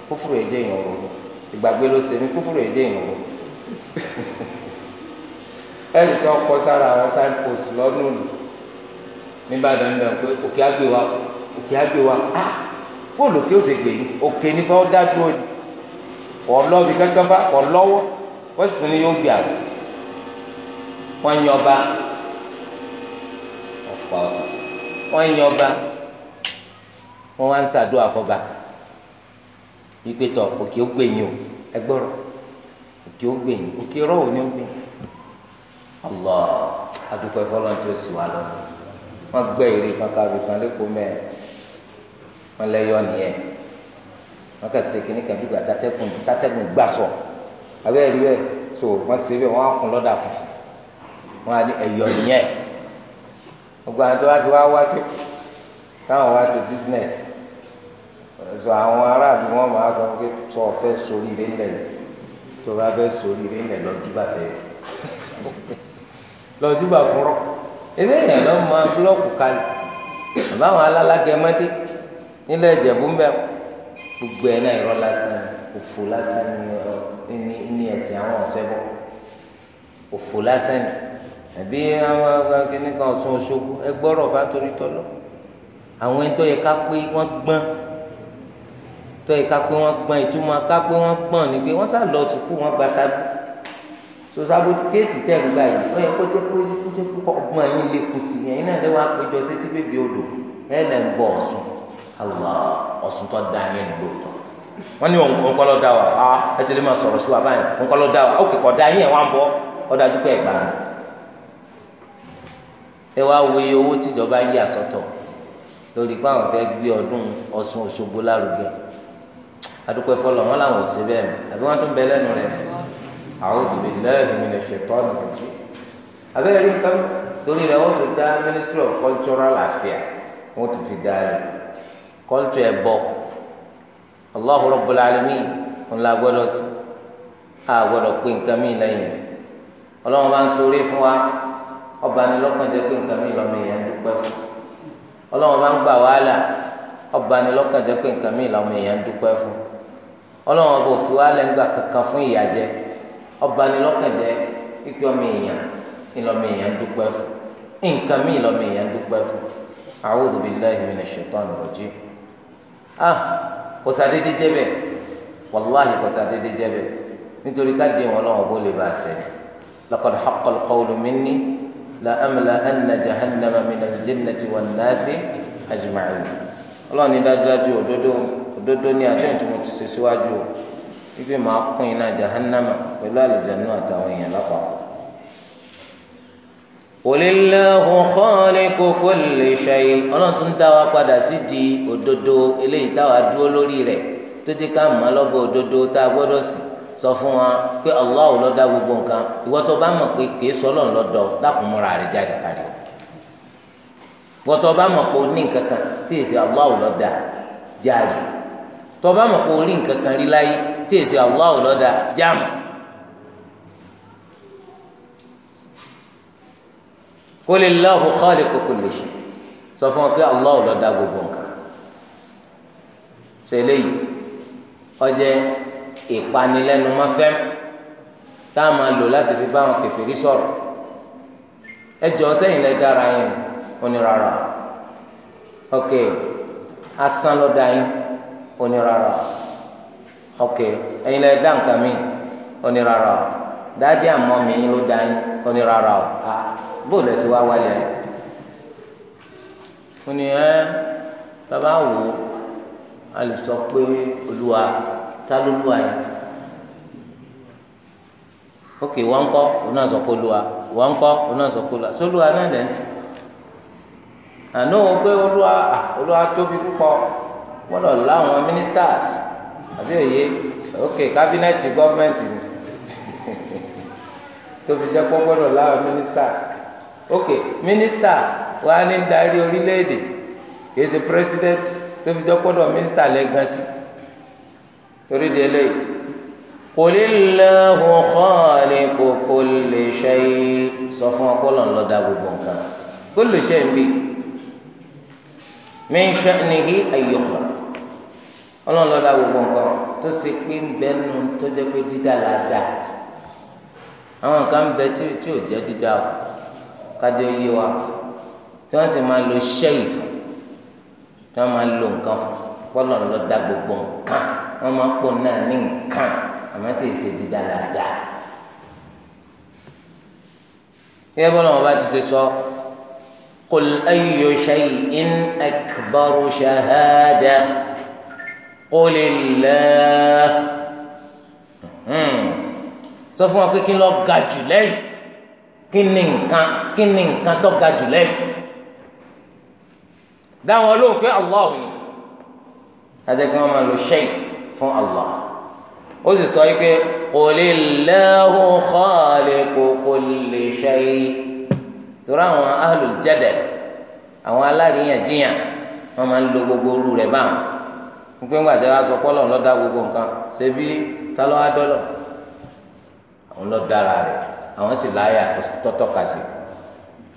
kófòrò èjè yàn ronú ìgbàgbé ló ṣe mí kófòrò èjè ronú ẹnì kọ sára àwọn sign post lọ́nù nù nígbàdàn náà pé òkè àgbè wa òkè àgbè wa á bóòlù kí ó ṣe òkè nípa ó ni kankan bá wọn wá ń sàdó fọba wípé tọ òkè ó gbẹ̀yìn o ẹ òkè ó òkè ní ó gbẹ̀yìn Allah adúpẹ́ tó sì wà lọ wọn kankan wọn nìyẹn wọn kà sí kíní kan gbà sọ so wọ́n ṣe bẹ́ẹ̀ wọ́n kún lọ́dà funfun nìyẹn gbogbo àwọn tó ti sọ àwọn aráàlú wọn máa sọ pé sọ fẹ́ sórí ilé ńlẹ̀ tó bá fẹ́ sórí ilé ńlẹ̀ lọ́dúbà fẹ́ lọ́dúbà fúnrọ́ ebe yẹn lọ máa búlọ́ọ̀kù kalẹ̀ àbá àwọn alálágẹmọdé nílẹ̀ ìjẹ̀bú ń bẹ gbogbo ẹ̀ náà irọ́ lásán òfò lásán ní ní ẹ̀sìn àwọn ọ̀sẹ̀ bọ̀ òfò lásán ni àbí àwọn akẹ́kẹ́ kan ọ̀sán Òṣogbo ẹgbọ́rọ̀ bá torí tọ́lọ́ àwọn ẹni tó yẹ ká pé wọ́n gbọ́n tọ́ ìka pé wọ́n gbọ́n ìtumọ̀ ká pé wọ́n gbọ́n ni pé wọ́n sá lọ sùkúù wọ́n gba sábú so sabotikéètì tẹ̀ ń gbà yìí ọ̀yẹ́ kó jẹ́ kó jẹ́ kó ọgbọ́n yín lè kù sí yẹn iná lẹ́wọ̀n àpéjọ sétí bèbí odò ẹ̀ lẹ́ ń bọ̀ ọ̀sùn àlọ́ ọ̀sùn tó da yẹn lóòótọ́ wọ́n ní òǹkọ́lọ́ da wa á ẹsẹ̀ lè máa sọ̀rọ̀ sí wa báyìí òǹkọ́lọ́ da wa ókè kọ̀ọ̀dá yín ẹ̀ wá ń bọ̀ ọ̀dájú pé ẹ̀gbà mi ẹ wá wo iye owó tíjọba yí àsọtọ̀ lórí pé àwọn fẹ́ gbé ọdún Ọ̀ṣun Òṣogbo lárugẹ adúpẹ́ fọlọ́ wọn làwọn ò sí bẹ́ẹ̀ mọ́ àbí wọ́n tún bẹ lẹ́nu rẹ̀ a'udhu billahi minash shaitani rajim abẹ́rẹ́ rí nǹkan torí rẹ̀ wọ́n tún dá ministry of cultural affairs wọ́n tún fi dá rẹ̀ culture ẹ̀bọ Allahu rabbul alamin ńlá gbọ́dọ̀ sí a gbọ́dọ̀ pé nǹkan mí lẹ́yìn ọlọ́run bá ń sọrí fún wa ọba ni lọ́kàn jẹ́ pé nǹkan mí lọ́mọ èèyàn dúpẹ́ fún ọlọ́run bá ń wàhálà ọba ni lọ́kàn jẹ́ pé nǹkan míì làwọn èèyàn ń dúpẹ́ fún ọlọ́run ọba òfin wa lẹ́ngbà kankan fún ìyà jẹ ọba ni lọ́kàn jẹ́ pípẹ́ ọmọ èèyàn ìlọmọ èèyàn ń dúpẹ́ fún nǹkan míì lọ́mọ èèyàn ń dúpẹ́ fún a'udhu billahi minash shaitani rajim ah kò sàdédé jẹ́ bẹ́ẹ̀ wàláhì kò sàdédé jẹ́ bẹ́ẹ̀ nítorí ká wọn lọ́wọ́ bó lè bá a sẹ́yìn laqad haqqal qawlu la amla anna jahannama minal jinnati wan nasi ajma'in ọlọ́ọ̀ni dájúdájú òdodo òdodo ní àdéhùn tí mo ti ṣe síwájú o wípé màá pín iná jahannama pẹ̀lú àlùjánu àtàwọn èèyàn lápapọ̀. Qulillahu khaliqu kulli shay ọlọ́run tún dá wa padà sí di òdodo eléyìí táwa dúró lórí rẹ̀ tó ti ká mọ́ lọ́gbọ̀ òdodo tá a gbọ́dọ̀ sí sọ fún wa pé Allah ló dá gbogbo nǹkan ìwọ́n bá mọ̀ pé kìí sọ́lọ́ọ̀ lọ́dọ̀ dákùnmọ́ra rẹ̀ jáde kárí o bọ́tọ̀ ọba mọ̀ pé o ní nǹkan kan tí èsì aláwọ̀ lọ́ da jáàyè tọba mọ̀ pé o rí nǹkan kan rí láyé tí èsì aláwọ̀ lọ́ da jáàmù. qul Allahu khaliqu kulli shay sọ fún ọ pé aláwọ̀ lọ́ gbogbo nǹkan. sọ eléyìí ọjẹ ìpanilẹ́numọ́fẹ́ tá a máa lò láti fi bá àwọn kèfèrí sọ̀rọ̀ ẹ jọ sẹ́yìn lẹ́ yẹn nù onírara ok asán ló da yín onírara ok ẹ̀yin lẹ dá nǹkan mi onírara o dáadé àmọ́ mi yín ló da yín onírara o ah bó lẹ́sìn wá wálé ẹ̀ ó ní ẹ́ bàbá wò ó a lè sọ pé olúwa ta ló lúwa yìí ok wọn kọ òun náà sọ pé olúwa wọn kọ òun náà sọ pé olúwa sólúwa náà lẹ́sìn àná wọn pé olúwa olúwa tóbi púpọ̀ gbọ́dọ̀ láwọn ministers àbí òye ok kábínẹ̀tì gọ́ọ̀mẹ̀ntì ni tóbi jẹ́ pọ́ gbọ́dọ̀ láwọn ministers ok minister wa ni ń darí orílẹ̀-èdè kìí ṣe president tóbi jẹ́ pọ́dọ̀ minister lẹ́gàn sí torí di eléyìí kulillahu khaliqu kulli shay sọ fún ọpọlọ ńlọdà gbogbo nǹkan kulli shay ń bíi min sha'nihi an yukhlaq ọlọ́run lọ́dà gbogbo nǹkan tó ṣe pé ń bẹ nu tó jẹ́ pé dídá la dá àwọn nǹkan bẹ tí tí ò jẹ́ dídá o kájọ yé wa tí wọ́n sì máa lo ṣẹ́yì fún tí wọ́n máa lo nǹkan fún ọlọ́run gbogbo nǹkan wọ́n máa pò náà ní nǹkan àmọ́ tí ì ṣe dídá la dá. ẹ bọ́lá wọn bá ti ṣe sọ. So, قل أي شيء أكبر شهادة قل الله hmm. sọ fún wa pé kí n lọ ga jù lẹ́yìn kí ni nǹkan kí ni nǹkan tó ga jù lẹ́yìn dáwọn olóhùn pé allah ni adékun wọn máa lo shay fún allah ó sì sọ yìí pé qulillahu khaliqu kulli shay torí àwọn ahlul jadal àwọn aláríyànjiyàn wọn máa ń lo gbogbo orú rẹ̀ báwọn wípé ńgbà tí wọn sọ pọlọ lọdá gbogbo nǹkan ṣe bí tálọ adọlọ àwọn lọdára rẹ̀ àwọn sì láyà tọtọka sí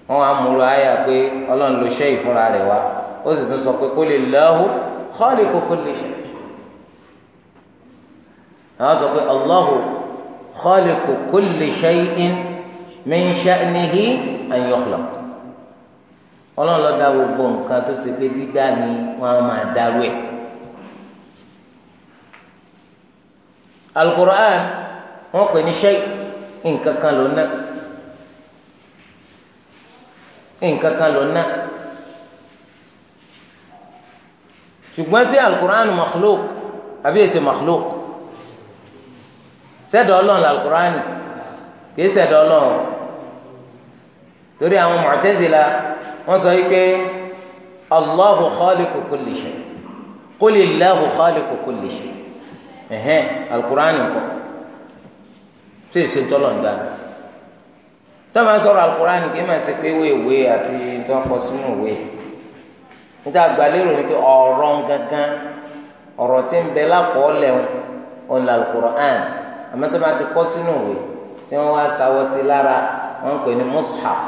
wọn wàá múlò àyà pé Ọlọ́run ló ṣe ìfúnra rẹ̀ wá ó sì tún sọ pé kó lè lọ́hùn kọ́ọ̀lì kókó lè ṣe àwọn sọ pé Allahu khaliqu kulli shay'in min sha'nihi an yukhlaq ọlọ́run ló dá gbogbo nǹkan tó ṣe pé dídá ni wọ́n á máa dárú ẹ̀. alukur'an wọ́n pè ní shay nǹkan kan ló ná nǹkan kan ló ná ṣùgbọ́n sí alukur'an makhluk àbí èsè makhluk sẹ́dọ̀ ọlọ́run alukur'an kì í sẹ́dọ̀ ọlọ́run torí àwọn Mu'tazila wọ́n sọ wípé Allahu khaliqu kulli shay qulillahu khaliqu kulli shay ẹ̀hẹ́n alukur'ani kọ́ tó èsè tọ́lọ̀ ń dáná tọ́ba sọ̀rọ̀ alukur'ani kì í máa ṣe pé wéèwé àti tí wọ́n kọ sínú ìwé níta àgbàlérò ni pé ọ̀rọ̀ gangan ọ̀rọ̀ tí ń bẹ lápọ̀ọ́lẹ̀ ọ̀nà alukur'ani àmọ́ tó bá ti kọ́ sínú ìwé tí wọ́n wá sáwọ́ sí lára wọ́n pè ní mushaf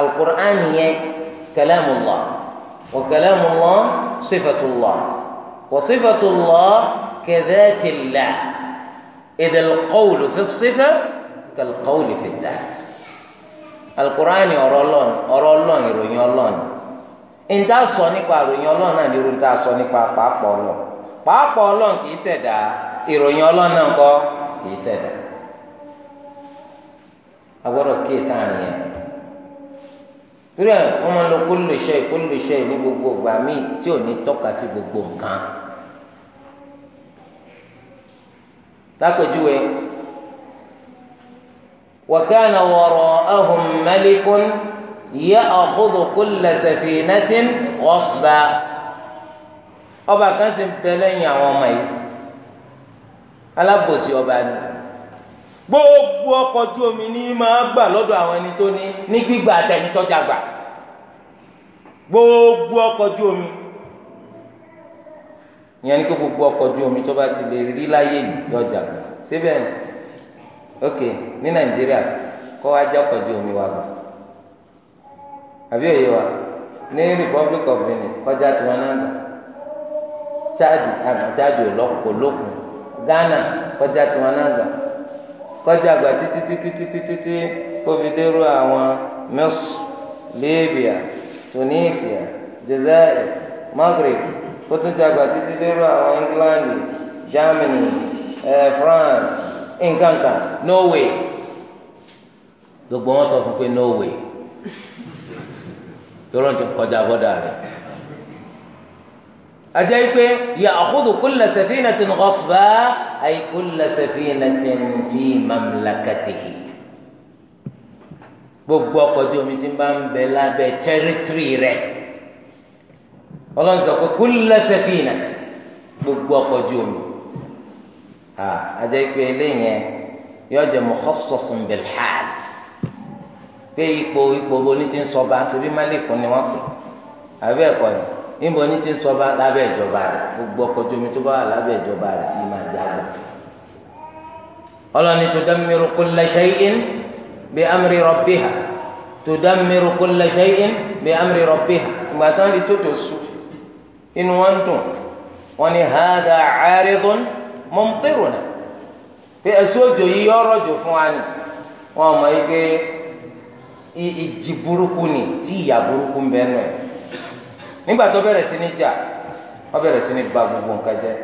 alukur'an yẹn kalamullah wa kalamullah sifatullah wa sifatullah kadhatillah idhal qawlu fi sifa kal qawli fi dhat alukur'an ọ̀rọ̀ Ọlọ́run ọ̀rọ̀ Ọlọ́run ìròyìn Ọlọ́run nta sọ nípa ìròyìn Ọlọ́run náà ní irú nta sọ nípa pàápọ̀ Ọlọ́run pàápọ̀ Ọlọ́run kì í ṣẹ̀dá ìròyìn Ọlọ́run náà kọ́ kì í ṣẹ̀dá agbọ́dọ̀ kíyè sáàrin yẹn torí ẹ wọn máa ń lo kullu shay kullu shay ní gbogbo ìgbà míì tí ò ní tọ́ka sí gbogbo nǹkan lápèjúwe wa kana wara'ahum malikun ya'khudhu kulla safinatin ghasba ọba kan sì ń bẹ lẹ́yìn àwọn yìí alábòsí ọba ni gbogbo ọkọ̀ ojú omi ní máa gbà lọ́dọ̀ àwọn ẹni tó ní ní gbígbà àtẹnitọ́jà gbà gbogbo ọkọ̀ ojú omi ìyẹn ni pé gbogbo ọkọ̀ ojú omi tó bá ti lè rí láyé yìí yọjà gbà síbẹ̀ ok ní nàìjíríà kọ́ wa jẹ́ ọkọ̀ ojú omi wa gbà àbí òye wa ní republic of benin kọjá tiwọn náà gbà ṣáàjì àgbàjáde olókùn ghana kọjá tiwọn náà gbà kọjá àgbà títí títí títí títí kó fi dérú àwọn Misr Libya Tunisia Jazair Maghreb kó tún dàgbà títí dérú àwọn England Germany eh, France nkankan Norway gbogbo wọn sọ fún pé Norway tó lóun ti kọjá bọ́dà rẹ̀ ajẹ́ pé ya'khudhu kulla safinatin ghasba ay kulla safinatin fi mamlakatihi gbogbo ọkọ̀ tí omi ti bá ń bẹ lábẹ́ tẹ́rítírì rẹ̀ ọlọ́run sọ pé kulla safinatin gbogbo ọkọ̀ tí omi ajẹ́ pé eléyẹn yóò jẹ́ mukhassasun bil pé ipò ipò bo ti ń sọ ṣe bí malikun ni wọ́n pè àbẹ́ ẹ̀kọ́ ni níbo ní ti ń sọba lábẹ́ ìjọba rẹ̀ gbogbo ọkọ̀ ojú omi tó bá wà lábẹ́ ìjọba rẹ̀ ni máa já lọ. ọlọ́ni tudammiru kulla shay'in bi amri rabbiha tudammiru kulla shay'in bi amri rabbiha ìgbà tó ń di tó tó su inú wọn dùn wọn ni hadha 'aridun mumtiruna pé ẹ̀sùn òjò yìí ọ̀rọ̀ jò fún wa ni wọn mọ̀ yìí ìjì burúkú ni tí ìyà burúkú ń bẹ́ẹ̀ náà nígbà tó bẹ̀rẹ̀ sí ní jà wọ́n bẹ̀rẹ̀ sí ní gba gbogbo nǹkan jẹ́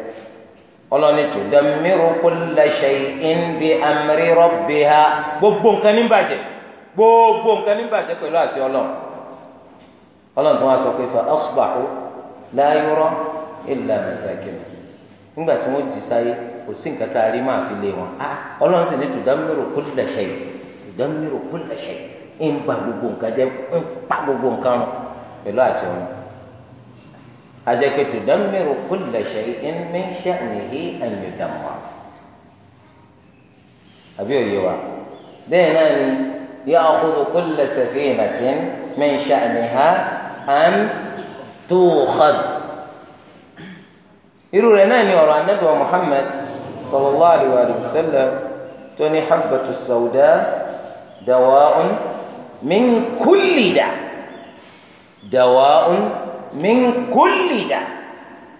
ọlọ́ni tó damiru kulla shay'in bi amri rabbiha gbogbo nǹkan ní bàjẹ́ gbogbo nǹkan ní bàjẹ́ pẹ̀lú àṣẹ ọlọ́run ọlọ́run tó wá sọ pé fa asbahu la yura illa masakin nígbà tí wọ́n jí sáyé kò sí nǹkan tá a rí máa fi lé wọn a ọlọ́run sì ní tó damiru kulla shay'in tó damiru kulla shay'in ń ba gbogbo nǹkan jẹ́ ń pa gbogbo nǹkan pẹ̀lú àṣẹ ọlọ́run هذاك تدمر كل شيء من شأنه أن يدمر أبيو يوا أيوة. بينان يأخذ كل سفينة من شأنها أن توخذ يرو لناني وراء النبي محمد صلى الله عليه وآله وسلم توني حبة السوداء دواء من كل داء دواء min kulli da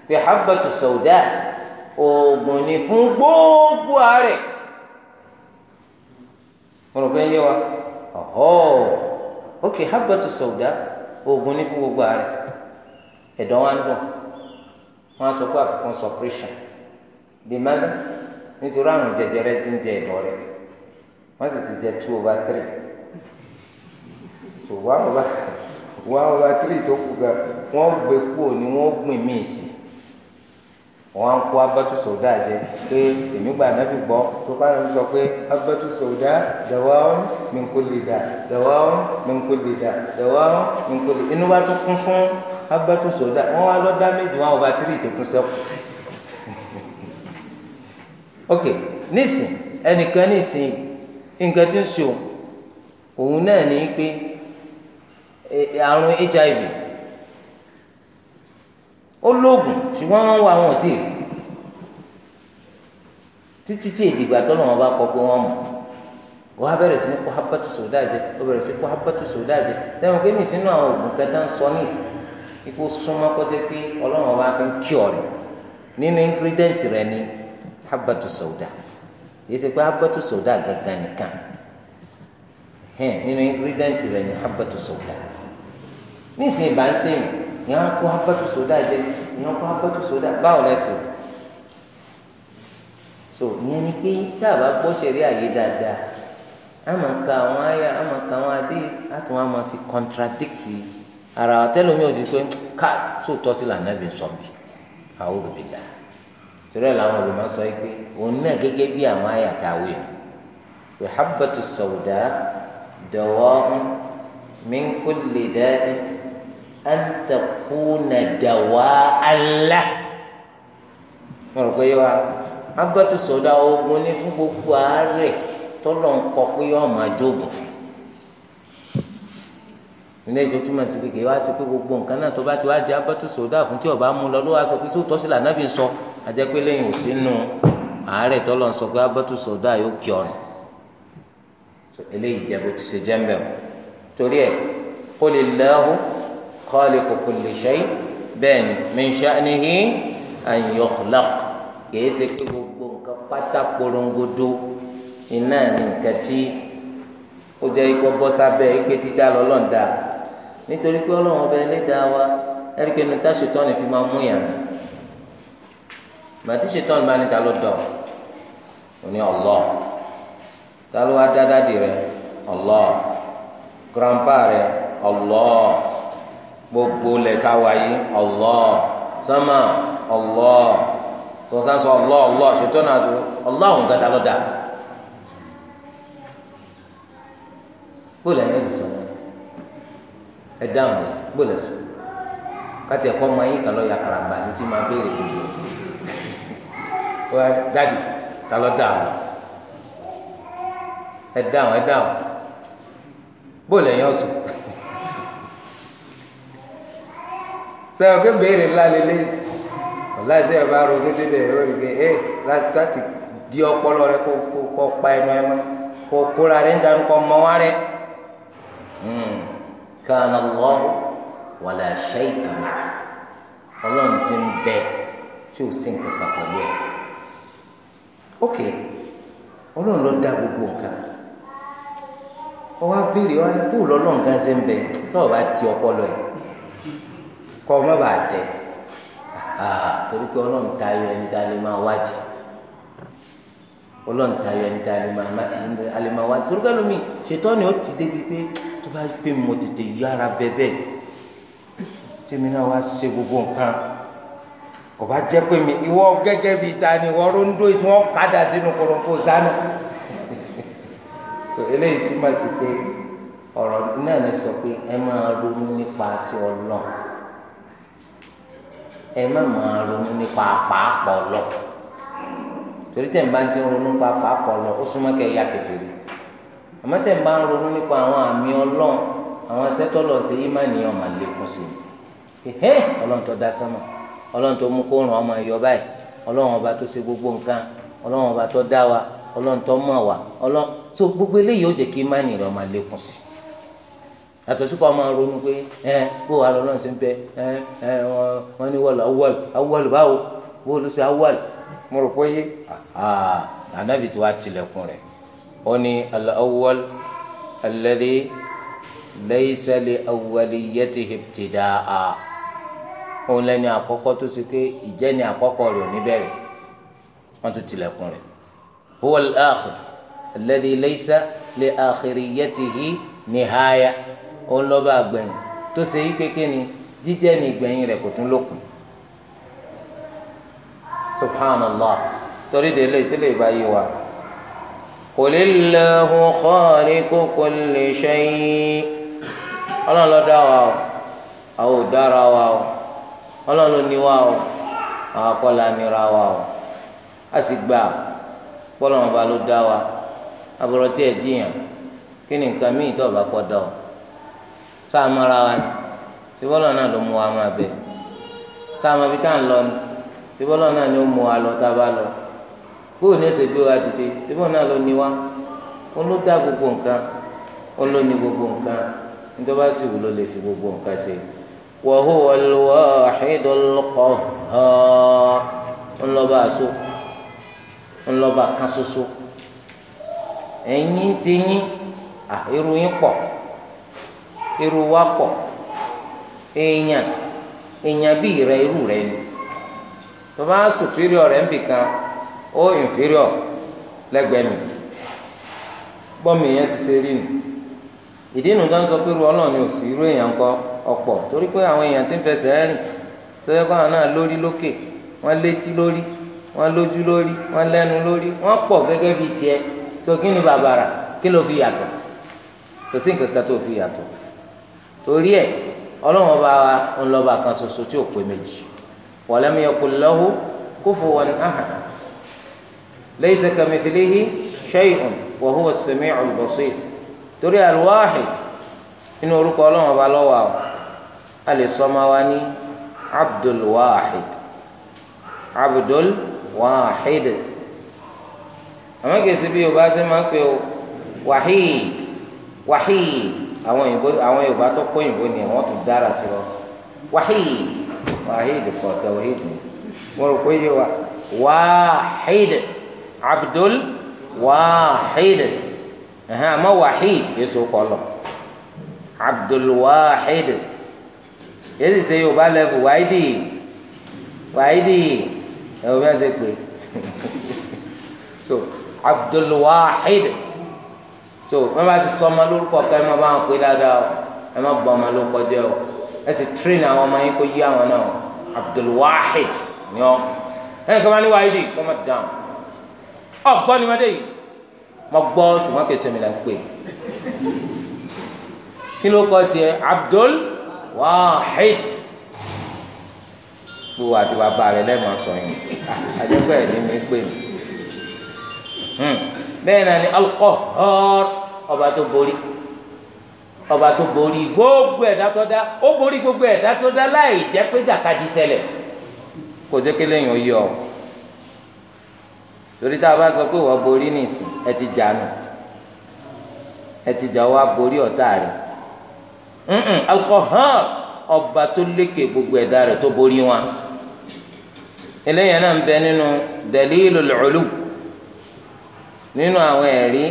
bi habbatu sauda oògùn ni fún gbogbo àárẹ̀ mo rò pé ń yé wa ọ̀họ́ ok habbatu sauda oògùn ni fún gbogbo àárẹ̀ ẹ̀dọ̀ wa ń dùn wọn á sọ pé suppression di mẹ́ta nítorí àrùn jẹjẹrẹ ti ń jẹ ẹ̀dọ̀ rẹ̀ wọ́n sì ti jẹ two over three so wá bàbá one over three tó kù gan wọ́n gbé kúrò ni wọ́n gbìn míì sí wọ́n á kó abẹ́tù sọ̀dá jẹ pé èmi gba ànábì gbọ́ tó bá sọ pé abẹ́tù sọ̀dá dawa'un min kulli da dawa'un min kulli da dawa'un min kulli inú bá tún kún fún abẹ́tù sọ̀dá wọ́n wá lọ dá méjì one over three tó kún sẹ́kù. ok nísìn ẹnìkan nísìn nǹkan tí ń sùn òun náà ní pé àrùn hiv ó lóògùn ṣùgbọ́n wọ́n ń wá àwọn òtí títí tí ìdìgbà tó lọ́wọ́ bá kọ́ pé wọ́n mọ̀ wọ́n á bẹ̀rẹ̀ sí kó hápẹ́tù sòdá jẹ ó bẹ̀rẹ̀ sí kó hápẹ́tù sòdá jẹ sẹ́wọ̀n sínú àwọn kẹta ń sọ níìsì ipò súnmọ́ pé fi ń kí ọ̀rẹ́ nínú ingredient rẹ ní hápẹ́tù sòdá yìí ṣe pé sòdá nìkan inú ingredient rẹ̀ ní habatu soda nísìnyí bá ń sìn yẹn á kó habatu soda jẹ yẹn á kó habatu soda báwo lẹ fò so ìyẹn ni pé tá a bá gbọ́ sẹ̀rí àyè dáadáa a máa ka àwọn àyà a máa ka àwọn adé a tún a máa fi contradict ara wa tẹ́lẹ̀ mi ò fi pé ká tó tọ́ lànà bí sọ̀bi àwọn olùbíjà torí ẹ̀ làwọn olùmọ̀ sọ yìí pé òun náà gẹ́gẹ́ bí àwọn àyà tá a habatu soda. دواء من كل داء أن تكون دواء له ọ̀rọ̀ wa abẹ́tù sọ̀dá ogun ní fún gbogbo àárẹ̀ tọ́lọ̀ ń kọ pé yóò máa jóògùn fún ilé ìjọ túmọ̀ sí kékeré wá sí pé gbogbo nǹkan náà tó bá ti wá di abẹ́tù sọ̀dá fún tí ọba mú lọ ló wá sọ pé sóòtọ́ sí lànà bí sọ àjẹpẹ́ lẹ́yìn òsínú àárẹ̀ tọ́lọ̀ ń sọ pé abẹ́tù sọ̀dá yóò kí ọ̀rùn eléyìí jẹ́ bó ti ṣe jẹ́ mbẹ́ o torí ẹ̀ qulillahu khaliqu kulli shay bẹ́ẹ̀ ni min sha'nihi an yukhlaq kìí ṣe pé gbogbo nǹkan pátá porongodo iná ní nǹkan tí ó jẹ́ ikọ́ bọ́ sábẹ́ ìpè dídá lọ́lọ́ǹda nítorí pé ọlọ́run ọba ẹlẹ́dàá wa ẹ̀ríkẹ́ ní tá ṣètọ́ni fi máa mú yàn màtí ṣètọ́ni bá níta ló dọ̀ òní Allah ta ada wá dá Allah grandpa rẹ Allah gbogbo lẹ̀ tá a wáyé Allah sánmà Allah sọ̀sán sọ Allah Allah ṣètò náà sọ Allah òun gàdá lọ́dà boleh ẹ̀yìn ẹ̀sìn sọ̀rọ̀ ẹ̀ dáhùn ẹ̀sìn bóòlù ẹ̀sìn kátì ẹ̀kọ́ ya karamba ní tí máa béèrè gbogbo dájú ta lọ́ọ́ ẹ dáhùn ẹ dáhùn bó lẹ́yìn ọ̀sùn sẹ́wọ̀n kí béèrè ńlá dédé eh, láti di ọpọlọ rẹ kó kó kó pa ẹnu ẹ mọ́ kó kóra rẹ ń jánu kó mọ́ wá rẹ. Hmm. kana Allah wala shay'a ọlọ́run ti ń bẹ tí ò sí nǹkan kan gbogbo nǹkan ọwọ́ abéèrè wa ni kó lọ́lọ́run gan ṣe ń bẹ tó o bá ti ọpọlọ yìí kọ́ ọ má bàa tẹ̀ torí pé ọlọ́run ta ayọ̀ ẹni tá a lè máa wádìí ọlọ́run ta ayọ̀ ẹni tá a lè máa wádìí torí pé lómi ṣètò ni ó ti débi pé tó bá pè mo tètè yára bẹ́ẹ̀ tèmi náà wá ṣe gbogbo nǹkan kò bá jẹ́ pé mi ìwọ gẹ́gẹ́ bíi ta ni ìwọ ló ń dó ìtumọ̀ padà sínú kòròfò sánú tó eléyìí túmọ̀ sí pé ọ̀rọ̀ náà ni sọ pé ẹ máa ronú nípa sí ọlọ́ ẹ má máa ronú nípa pàápàá ọlọ́ torí tẹ̀ ń bá ti ronú nípa pàápàá ọlọ́ ó súnmọ́ kẹ́ ya kẹfìrí àmọ́ tẹ̀ ń bá ronú nípa àwọn àmì ọlọ́ àwọn sẹ́tọ́lọ̀ sí yìí má nìyàn máa lékún sí i ẹ ọlọ́run tó dá sánmà ọlọ́run tó mú kó ràn ọmọ yọ báyìí ọlọ́run ọba tó ṣe gbogbo nǹkan ọlọ́run ọba tó dá wa ọlọ́run tó mọ̀ wá ọlọ́run tó gbogbo eléyìí ó jẹ́ kí imáàni rẹ̀ máa lékún sí àtọ̀ sí kó máa ronú pé ẹ bó wàá lọ́run sí ń bẹ ẹ ẹ wọ́n ní wọ́ọ̀lù awọ́ọ̀lù awọ́ọ̀lù báwo bó ló ṣe awọ́ọ̀lù mo rò pé yé ànábì tí wàá tilẹ̀kùn rẹ̀ ó ní al-awwal alladhi laysa li awwaliyyatihi ibtida'a òun lẹ́ni àkọ́kọ́ tó ṣe pé ìjẹ́ni àkọ́kọ́ rẹ̀ ò ní bẹ̀rẹ̀ wọ́n tún tilẹ̀kùn rẹ̀ huwa al-akhir alladhi laysa li akhiriyatihi nihaya òun lọ́ba àgbẹ̀yìn tó ṣe yí pé kíni jíjẹ́ ní ìgbẹ̀yìn rẹ̀ kò tún lókun subhanallah torí délé tí lè bá yí wa. Qul Allahu khaliqu kulli shay' ọlọ́run ló dá wa o àwọn ò dára wa o ọlọ́run ló ní wa o àwọn akọ́lá nira wa o a sì gbà. bọ́lọ́mọ bá ló dá wa tí kí ni nǹkan míì tó bá pọ̀ dá o wa ni tí bọ́lọ́ náà ló mú wa máa bẹ̀ sáà mọ́ bí tá ń lọ ni tí náà mú wa lọ tá a bá lọ ní gbé wa dìde tí náà ló ní wa ó ló dá gbogbo nǹkan ó ló ní gbogbo nǹkan nítorí sì lè fi gbogbo nǹkan ṣe ńlọ́ba àṣọ. ńlọba kan soso ẹ̀yin ti yín à irú yín pọ̀ irú wa pọ̀ èèyàn rẹ irú rẹ ni tó bá superior rẹ ń inferior lẹ́gbẹ̀ẹ́ mi bọ́ọ̀mù èèyàn ti ṣe rí nu ìdí nu tó ń sọ pé irú ọlọ́run ni ò sí irú èèyàn kọ ọ̀pọ̀ torí pé àwọn èèyàn ti ń wọ́n lójú lórí wọ́n lẹ́nu lórí wọ́n pọ̀ gẹ́gẹ́ bíi tiẹ̀ tó kí ni bàbàrà kí ló fi yàtọ̀ kò sí nǹkan kan tó fi yàtọ̀ torí ẹ̀ ọlọ́run ọba wa ń lọ́ba kan ṣoṣo tí ò pé méjì walam yakul lahu kufuwan ahad laysa kamithlihi shay'un wa huwa as-sami'ul basir torí al inú orúkọ ọlọ́run ọba lọ́wọ́ àwọn a lè wa ní abdul wahid abdul wàhíd àmọ́ kìsì bí yorùbá ṣe máa ń pè ó wàhíd wàhíd àwọn òyìnbó àwọn yorùbá tó kó òyìnbó ni wọ́n tún dára sí lọ wàhíd wàhíd kọ̀ tawhid ni wọ́n rò pé yé wa wàhíd abdul wàhíd ẹ̀hán àmọ́ wàhíd yéṣu kọ́ lọ abdul wàhíd yéṣu ṣe yorùbá lẹ́fù wàhídì wàhídì ẹ wọ́n fẹ́ ṣe pé so Abdulwahid so wọ́n bá ti sọ ọmọ lórúkọ ká ẹ má bá wọn pé dáadáa o ẹ má bọ ọmọ lórúkọ jẹ o ẹ sì train àwọn ọmọ yín kó yí àwọn náà o Abdulwahid ni ọ ẹnì kan bá ní wáyé dì kọ́ mọ̀ dáhùn ọ gbọ́ ni wọ́n dé yìí mo gbọ́ ṣùgbọ́n kì í ṣe mi là ń pè kí ló kọ́ tiẹ̀ Abdulwahid kó àti bàbá rẹ lẹ́ẹ̀mọ sọ̀yìn àjẹpẹ́ ẹ̀mí mi pè mí. Hmm. bẹ́ẹ̀ náà ni alukọ́họ́r ọba tó borí ọba tó borí gbogbo ẹ̀dá tó dá ó borí gbogbo ẹ̀dá tó dá láì jẹ́ pé jàkadì ṣẹlẹ̀ kò jẹ́ kí lẹ́yìn ó yọ ọ́ torí tá a bá sọ pé wọ́n borí nìsín ẹ ti jà nù ẹ ti jà wá borí ọ̀tá rẹ̀ alukọ́họ́r ọba tó lékè gbogbo ẹ̀dá rẹ̀ tó borí wọn. eléyìí náà ń bẹ nínú dalilu lọ́lù nínú àwọn ẹ̀rí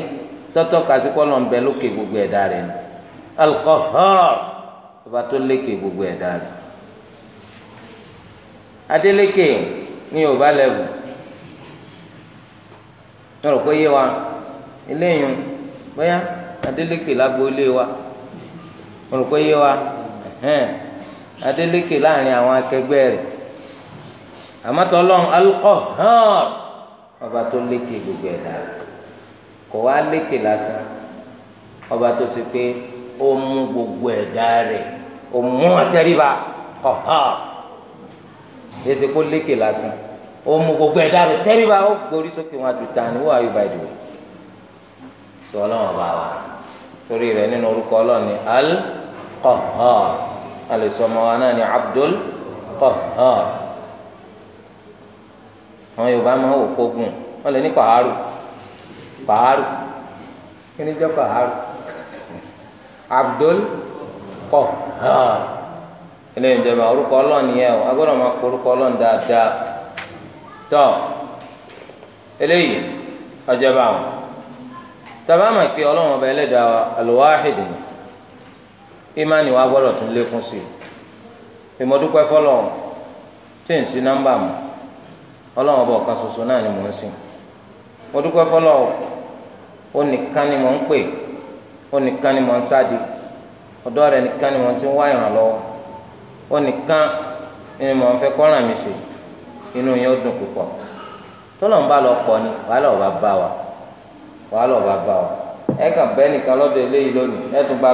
tọ́tọ́ kásìkọ́lọ̀ ń bẹ lókè gbogbo ẹ̀dá rẹ̀ ni alqahar ọba tó lékè gbogbo ẹ̀dá rẹ̀ Adeleke ní yorùbá lẹ́wù lọ́rọ̀ pé yé wa eléyìí bóyá adélékè lágbóolé wa lọ́rọ̀ pé yé wa láàrin àwọn akẹgbẹ́ àmọ́tọ́ ọlọ́run alukọ́ hàn ọba tó lékè gbogbo ẹ̀dá kò wá lékè lásán ọba tó ṣe pé ó mú gbogbo ẹ̀dá rẹ̀ ó mú àtẹríba hàn yẹsẹ kó lékè lásán ó mú gbogbo ẹ̀dá rẹ̀ tẹríba ó gborí sókè wọn àdùtà ni wọ́n ayọ̀ báyìí dùn sọ ọlọ́run ọba wa torí rẹ̀ nínú orúkọ ọlọ́run ni al-Qahhar alẹ́ sọmọ wa náà ni Abdul Qahhar àwọn yorùbá máa wò kógun wọn lè ní pàhárù pàhárù kí ni jẹ́ pàhárù Abdul Qahhar eléyìí jẹ́ máa orúkọ ọlọ́ọ̀ni yẹn o agbọ́dọ̀ máa kó orúkọ ọlọ́ọ̀ni dáadáa tọ́ eléyìí ọjọ́ bá wọn tàbá máa pe ọlọ́run ọba ẹlẹ́dàá wa al-Wahid ni ìmánì wa gbọ́dọ̀ tún lékún sí i ìmọ̀dúpẹ́ fọlọ́run tí ń sí nọ́mbà mọ́ ọlọ́run ọba ọka soso náà ni mò ń sìn mo dúpẹ́ fọlọ́ ó nìkan ni mò ń pè ó nìkan ni mò ń rẹ̀ nìkan ni mò ń ti wá ìrànlọ́wọ́ ó nìkan ni mò ń fẹ́ lọ pọ̀ ni wàhálà ọba bá wa wàhálà ọba bá wa ẹ kàn bẹ́ẹ̀ nìkan lọ́dọ̀ eléyìí lónìí ẹ tún bá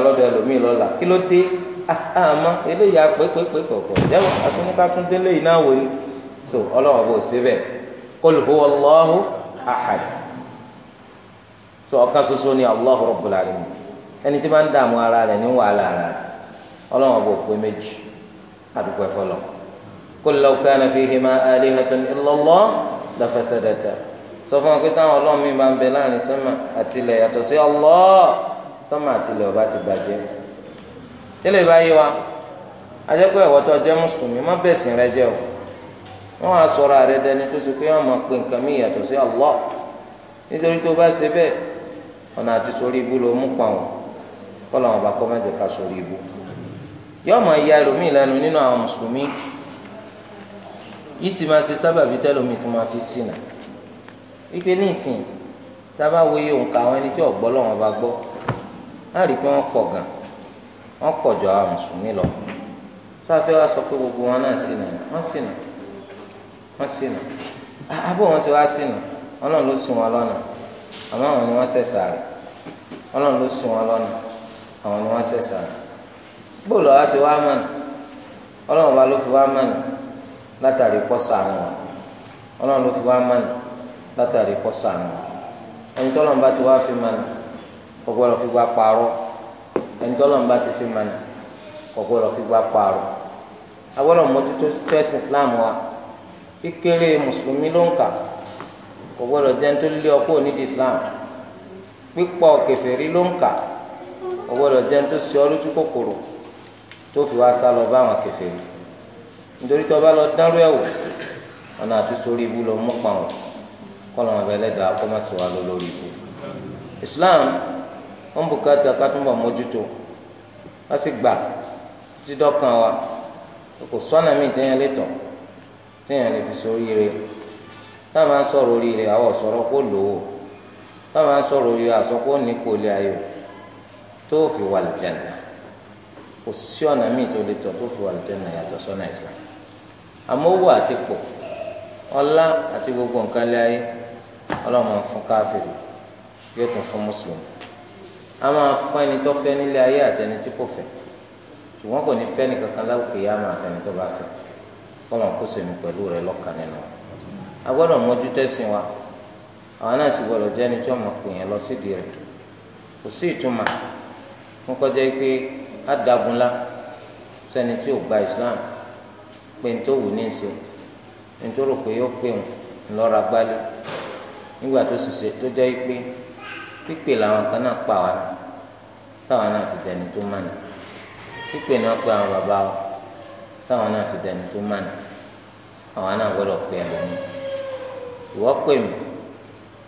so ọlọ́wọ́n bò síbẹ̀ qul huwa Allahu ahad so ọ̀kan ṣoṣo ni Allahu rabbul alamin ẹni tí máa ń dààmú ara rẹ̀ ní wàhálà ara rẹ̀ ọlọ́wọ́n bò pé méjì àdúgbò ẹ̀fọ́ lọ qul law kana fihima alihatun illa Allah lafasadata sọ fún wọn pé táwọn ọlọ́run mi máa ń bẹ láàrin sánmà àtìlẹ̀ yàtọ̀ sí Allah sánmà àtìlẹ̀ ọba ti bàjẹ́ tẹ́lẹ̀ báyìí wa ajẹ́kọ̀ọ́ ẹ̀wọ́tọ̀ jẹ́ mùsùlùmí má bẹ̀sìn rẹ jẹ́ o. wọn á sọ̀rọ̀ àrẹ dẹni tó ti pé wọn máa pe nǹkan mi yàtọ̀ sí Allah nítorí tó bá ṣe bẹ́ẹ̀ ọ̀nà àti sórí ibú ló mú pa wọn kọ́lá wọn bá kọ́ má ká yọ ọmọ ìyá ẹlòmíì lẹ́nu nínú àwọn mùsùlùmí yìí sì máa ṣe sábàbí tẹ́lómi tó máa fi ṣìnà wípé níìsín tá wo iye òǹkà àwọn ẹni tí ọ̀gbọ́ bá gbọ́ rí i pé wọ́n pọ̀ gan wọ́n pọ̀ jọ àwọn wọ́n sínú abó ah, wọn sì wá sínú ọlọ́run ló sùn wọn lọ́nà àmọ́ àwọn ni wọ́n sẹ̀sà rẹ̀ ọlọ́run ló sùn wọn lọ́nà àwọn ni wọ́n sẹ̀sà rẹ̀ bóòlù ọ̀há sì wá mọ̀nà ọlọ́run bá ló fi wá mọ̀nà látàrí pọ́sọ̀ àrùn wọn ọlọ́run ló fi wá mọ̀nà látàrí pọ́sọ̀ àrùn wọn ẹni tọ́lọ́run bá ti wá fi mọ̀nà kò gbọ́dọ̀ fi gbá parọ́ ẹni tọ́lọ́run bá ti fi mọ̀nà kò gbọ́dọ̀ fi gbá parọ́ agbọ́dọ̀ mọ́tútù tẹ́sí Islam wa kíkéré mùsùlùmí ló ń kà kò gbọdọ̀ jẹ́ nítorí lé ọkọ onídìí islam pípọ̀ kèfèrí ló ń kà kò gbọdọ̀ jẹ́ nítorí sí ọ lójú kòkòrò tó fi wá sá lọ bá àwọn kèfèrí nítorí tó bá lọ dánrú ẹ̀ wò ọ̀nà àti sórí ibú ló mú pa wọn kọ́ lọ́wọ́ bẹ́ẹ̀ lẹ́dàá kó má sì wá lọ lórí ibú islam wọn bùkátà ká túnbọ̀ mójútó wọ́n sì gbà títí dọ́kan wa kò sọ́nà míì tẹ́yẹn létọ̀ọ́ téèyàn lè fi sóríire táwọn máa ń sọ̀rọ̀ oríire àwọn ọ̀sọ̀rọ̀ kó lòó táwọn máa ń sọ̀rọ̀ oríire àsọpọ̀ ní kò lè ayò tó fi wà lìjẹ̀nà kò sí ọ̀nà míì tó lè tọ̀ tó fi wà lìjẹ̀nà yàtọ̀ sọ́nà Islam àmọ́ owó àti pọ̀ ọlá àti gbogbo nǹkan lé ayé ọlọ́run fún káfíìrì yóò tún fún mùsùlùmí a máa fún ẹni tó fẹ́ nílé ayé àtẹni tí kò fẹ́ ṣùgbọ́n kò ní fẹ́ nìkankan láwùjọ yá máa fẹ́ ẹni tó bá fẹ́ kọ́lọ̀ kó sèmi pẹ̀lú rẹ lọka nínú wa a gbọ́dọ̀ mójú wa àwọn náà sì gbọ́dọ̀ jẹ́ ẹni tí wọ́n yẹn lọ sídìí rẹ̀ kò sí fún kọjá adagunla sẹ́ni tí gba Islam pé n wù ní n pé yóò pè ń gbálẹ̀ nígbà tó sì ṣe tó jẹ́ pé pípè làwọn kan náà pa wa táwọn náà táwọn náà fi dẹni tó mánà àwọn náà gbọ́dọ̀ pè ẹlòmíì ìwọ pè mí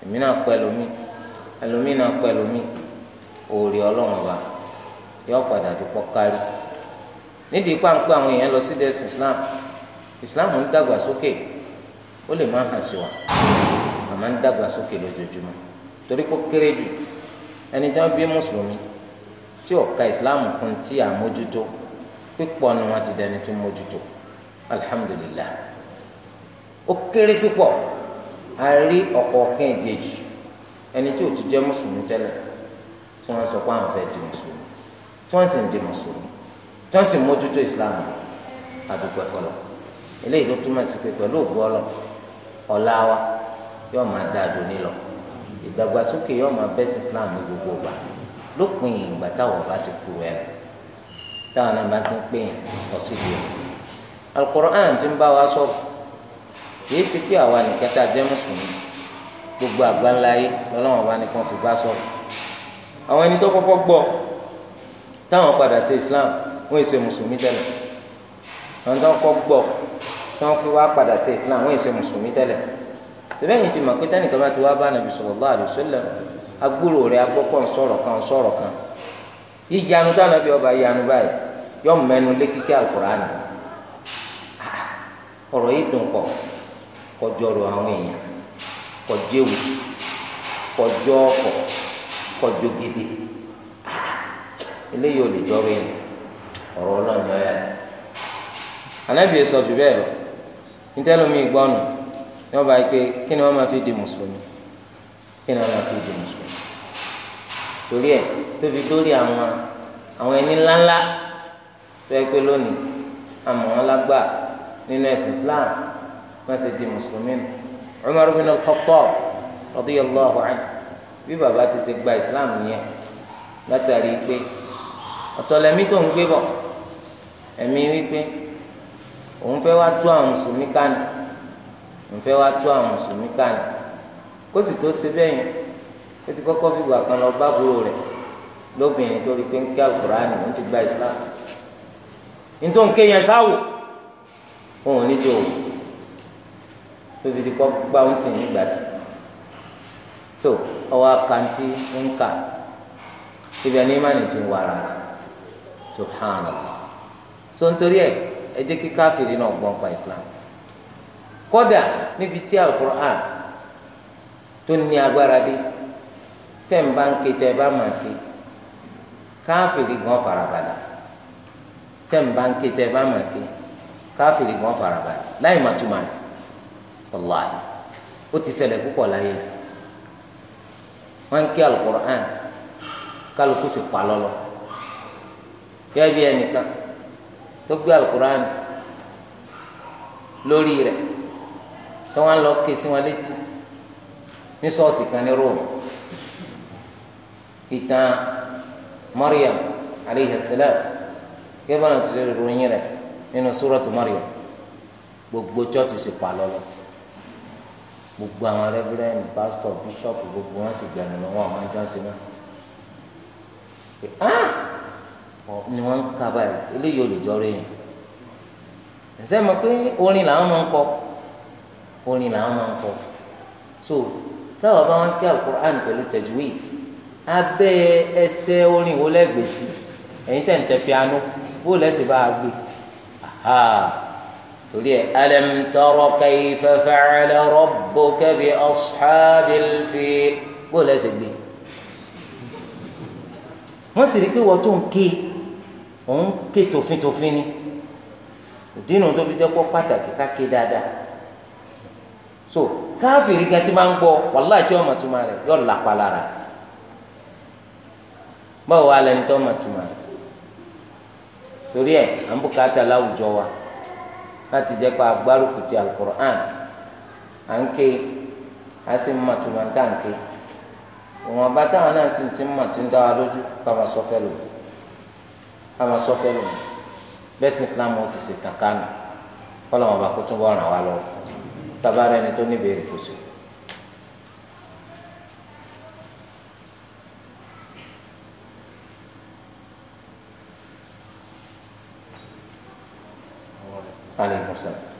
èmi náà pè ẹlòmíì ẹlòmíì náà pè ẹlòmíì òòrè Ọlọ́run ọba yọ padà tó pọ̀ kárí nídìí pàǹpẹ́ àwọn èèyàn lọ sí dẹ́sí Islam Islam ń dàgbà sókè ó lè má hàn sí wa àmọ́ ń dàgbà sókè lójoojúmọ́ torí pé kéré jù ẹni tí bí mùsùlùmí tí ó ka Islam kún tí àmójútó pípọ̀ ni wọ́n ti dẹni tó mójútó alhamdulillah ó kéré pípọ̀ a rí ọ̀kọ̀ọ̀kan ìjejì ẹni tí ò ti jẹ́ mùsùlùmí tẹ́lẹ̀ tí wọ́n sọ pé àwọn fẹ́ di mùsùlùmí tí wọ́n sì ń di mùsùlùmí tí wọ́n sì mójútó islam àdúgbò ẹ̀fọ́lọ́ eléyìí tó túmọ̀ sí pé pẹ̀lú òbú ọlọ́ ọ̀la wa yóò máa dáa jù nílọ ìdàgbàsókè yóò máa bẹ́sẹ̀ islam ní gbogbo ìgbà lópin ìgbà táwọn ọba ti kú ẹnu táwọn náà bá ti ń pè yàn lọ síbi rẹ alukur'an ti ń bá wa sọ̀rọ̀ kìí ṣe pé àwa nìkan tá a jẹ́ mùsùlùmí gbogbo àgbáńlá yé lọ́lọ́wọ́n bá nìkan fi bá sọ̀rọ̀ àwọn ẹni tó kọ́kọ́ gbọ́ táwọn padà ṣe islam wọ́n èsè mùsùlùmí tẹ́lẹ̀ àwọn tó kọ́kọ́ gbọ́ tí wọ́n fi wá padà ṣe islam wọ́n èsè mùsùlùmí tẹ́lẹ̀ tẹ́lẹ̀ yìí ti mọ̀ pé tẹ́nìkan bá ti wá bá nàbì sallallahu alaihi wasallam agbúrò rẹ̀ agbọ́pọ̀ ń sọ̀rọ̀ kan sọ̀rọ̀ kan ìyanu táwọn ẹbí ọba ìyanu báyìí yọ mẹnu lé kíkẹ́ àkùránì ọ̀rọ̀ yìí dùn pọ̀ kọjọrò àwọn èèyàn kọjẹwò kọjọ ọkọ kọjọ gidi eléyìí ò lè jọrọ yẹn ọ̀rọ̀ Ọlọ́run yọ yàtọ̀ anabi sọ jù bẹ́ẹ̀ lọ nítẹlómi gbọnù ní wọn kí ni wọn máa fi di mùsùlùmí kí ni wọn máa fi di mùsùlùmí torí ẹ̀ tó fi dórí àwọn àwọn ẹni ńláńlá tó yẹ pé lónìí àmọ́ wọn lágbà nínú ẹ̀sìn Islam wọn sì di mùsùlùmí nù Umar bin al-Khattab radiyallahu anhu bí bàbá ti ṣe gba Islam nìyẹn látàrí pé ọ̀tọ̀lẹ́mí tó ń gbé bọ̀ ẹ̀mí wípé òun fẹ́ wá tó àwọn mùsùlùmí kánì òun fẹ́ wá tó àwọn mùsùlùmí kánì kó sì tó ṣe bẹ́ẹ̀ yẹn ó ti kọ́kọ́ fìgbà kan lọ bá àbúrò rẹ̀ lóbìnrin tó rí pé ń kí alukurani ó ti gba islam nítorí nǹkan yẹn sáwò òun ò ní jò wò tó fi di kọ́ gbá ń tì nígbà tí so ọwọ́ akanti ń kà ibi ẹni má ní ti ń wàrà subhanallah so nítorí ẹ ẹ jẹ́ kí káfíìrì náà gbọ́n pa islam kódà níbi tí alukur'an tó ní agbára dé tẹ̀ ń bá ń ké tẹ́ ẹ bá máa ké káfìrí gan farabalẹ̀ tẹ̀ ń bá ń ké tẹ́ ẹ bá máa ké káfìrí gan farabalẹ̀ láì má túmọ̀ rẹ̀ wàláyé ó ti ṣẹlẹ̀ púpọ̀ láyé wọ́n ń ké alukur'an kálukú sì pa lọ́lọ́ yẹ bí ẹnìkan tó gbé alukur'an lórí rẹ̀ tó wọ́n lọ ké sí wọn létí ní ṣọ́ọ̀ṣì kan ní Róòmù ìtàn Maryam aleyhi salam gẹ́gẹ́ náà ti lè ròyìn rẹ̀ nínú súrọ̀tù Maryam gbogbo chọ́ọ̀tù sì pa lọ́lọ́ gbogbo àwọn rẹ́fúrẹ́ǹdì pásítọ̀ bíṣọ̀pù gbogbo wọn sì gbẹ̀rù lọ́wọ́ àwọn ẹja sí náà ah! ni wọ́n ń kaba ẹ̀ eléyìí ò lè jọrọ èèyàn ǹsẹ́ mọ̀ pé orin làwọn máa ń kọ orin làwọn máa ń kọ so táwọn bá wọn kí Al-Qur'an pẹ̀lú tajwid abẹ́ ẹsẹ̀ orin wo lẹ́gbẹ̀ẹ́ sí ẹ̀yin tẹ̀ ń tẹ piano bó lẹ́sẹ̀ bá a gbé torí ẹ alam tara kayfa fa'ala rabbuka bi ashabil fil bó lẹ́sẹ̀ gbé wọ́n sì rí pé wọ́n tó ń ké òun ké tòfintòfin ni ìdínà tó fi jẹ́ pọ́ pàtàkì ká ké dáadáa so káfíìrì gan ti máa ń gbọ́ wàláì tí tó máa rẹ̀ yọ̀ lápá lára rẹ̀ báwo wá lẹni tó mọ̀ tuma rẹ̀ torí ẹ̀ à ń bùkátà láwùjọ wa láti jẹ́ kó agbárùkù ti alukur'an à ń ké a sì ń mọ̀ tuma tá à ìwọ̀n bá táwọn náà sì ti ń mọ̀ wa lójú ká máa lò ká máa lò bẹ́ẹ̀ sì Islam ó ti ṣètàn kánú kọ́ làwọn bá kó túnbọ̀ ràn wá lọ tabarẹ́ni tó níbẹ̀rẹ̀ kò sí. عليه السلام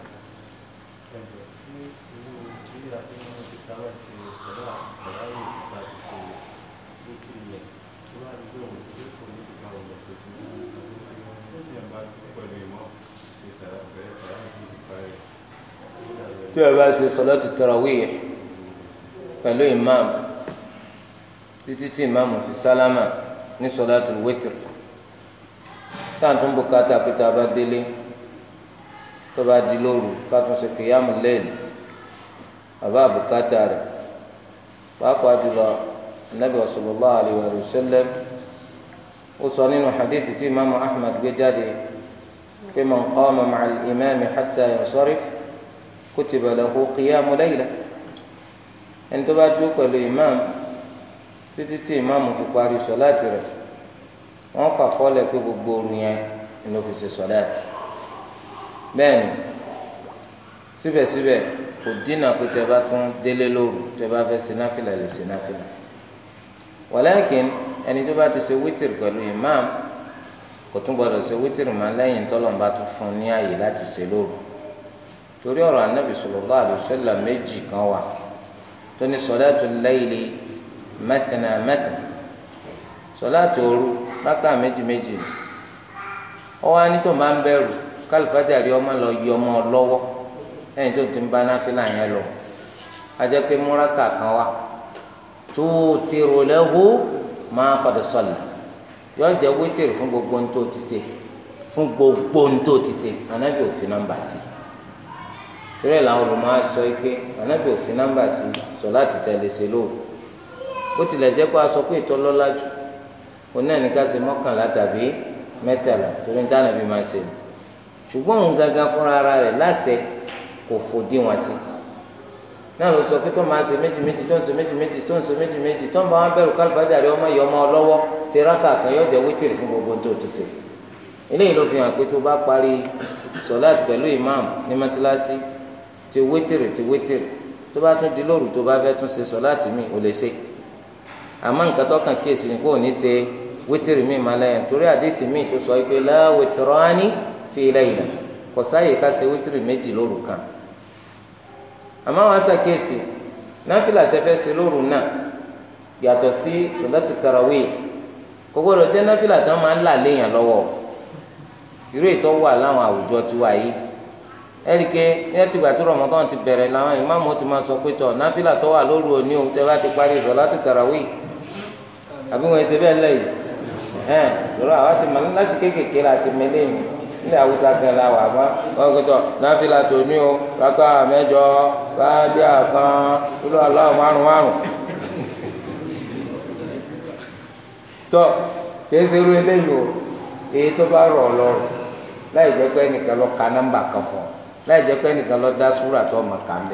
tí o bá ṣe sọlọ́tù tarawih pẹ̀lú imam títí tí imam fi sálámà ní sọlọ́tù wítìrì táà tún bùkátà pété abá délé tó bá di lóru ká tún ṣe kìyàmù lẹ́yìn bàbá àbùkátà rẹ̀ pàápàá jùlọ anabi sallallahu alayhi wa sallam ó sọ nínú hadith tí imaamu ahmed gbé jáde pé man qama ma'a al-imami hatta yansarif kutiba lahu qiyamu layla ẹni tó bá dúró pẹ̀lú imam títí tí imam fi parí sọláàtì rẹ̀ wọ́n kọ́ àkọọ́lẹ̀ pé gbogbo òru yẹn ni ó fi ṣe sọláàtì bẹ́ẹ̀ ni síbẹ̀síbẹ̀ kò dínà pé tẹ bá tún délé lóru tẹ bá fẹ́ sináfìlà lè sináfìlà wàlẹ́kìn ẹni tó bá ti ṣe wítìrì pẹ̀lú imam kò tún gbọdọ̀ ṣe wítìrì máa lẹ́yìn tọ́lọ́mùbá tún fún ní àyè láti ṣe lóru torí ọ̀rọ̀ anábì sallallahu alaihi wasallam méjì kan wà tó ní salatul layli mẹ́tẹ̀nà mẹ́tẹ̀nà sọ̀dáàtì òru bákà méjì méjì ó wá ní tó máa ń bẹ̀rù kálífàjà rí ọmọ lọ yọ ọmọ lọ́wọ́ lẹ́yìn tó ti ń bá náfìlà yẹn lọ ajẹ́ pé múrákà kan wá tó ti rò lẹ́hu máa padà sọ̀lá yọ jẹ́ wítìrì fún gbogbo ohun tó ti ṣe fún gbogbo ohun tó ti ṣe anábì òfin nọ́mbà sí torí ẹ̀ làwọn olùmọ̀ á sọ pé anábì òfin nọ́mbà sí sọ láti tẹ̀lé ṣe lóòrùn bó tilẹ̀ jẹ́ pé a sọ pé ìtọ́lọ́lá jù onáà ní ká ṣe mọ́kànlá tàbí mẹ́tàlá torí ní tànàbí máa ṣe ni ṣùgbọ́n òun gangan fúnra ara rẹ̀ láṣẹ kò fòdí wọn sí náà ló sọ pé tó máa ń ṣe méjì méjì tó ń ṣe méjì méjì tó ń ṣe méjì méjì tó ń bá wọn bẹ̀rù kálífàjà rẹ ọmọ yọmọ ọlọ́wọ́ ṣe rákà kan yóò jẹ wítìrì fún gbogbo tó ti ṣe eléyìí ló fi hàn pé tó bá parí sọláàtì pẹ̀lú ìmáàmù ní mọ́ṣáláṣí ti wítìrì ti wítìrì tó bá tún di lóru tó bá fẹ́ tún ṣe sọláàtì mi ò lè ṣe àmọ́ nǹkan tó kàn kíyèsí ni kò ní ṣe wítìrì mi máa lẹ́yìn torí àdéhìí mi tó sọ pé láwùtìrọ́ánì fi layla kò sáàyè ká ṣe wítìrì méjì lóru kan àmọ́ wọn ṣàkíyèsí náfìlà tẹ́fẹ́ ṣe lóru náà yàtọ̀ sí sọ̀látù tarawih kò gbọ́dọ̀ jẹ́ náfìlà tí wọ́n máa ń là léèyàn lọ́wọ́ irú ètò wà láwọn àwùjọ tiwa yìí ẹ̀ríkẹ́ yẹn ti gbà tó Ramadan ti bẹ̀rẹ̀ làwọn ìmáàmù ti máa sọ pé tọ̀ náfìlà tó wà lóru òní òun tẹ́ bá ti parí sọ̀látù tarawih àbí wọn ṣe bẹ́ẹ̀ lẹ́yìn ẹ̀ lọ́rọ̀ àwa ti mọ̀ láti kéékèèké láti mẹ́lẹ́yìn ilẹ̀ haúsá kan la wà ma wọn kò sọ náfìlà o bàtà mẹ́jọ bàtì àkàn lórí tọ o èyí tó bá rọ̀ láì jẹ́ ẹnìkan lọ ka nọ́mbà kan fọ ọ láì jẹ́ ẹnìkan lọ dá súrà tó ọmọ kà ń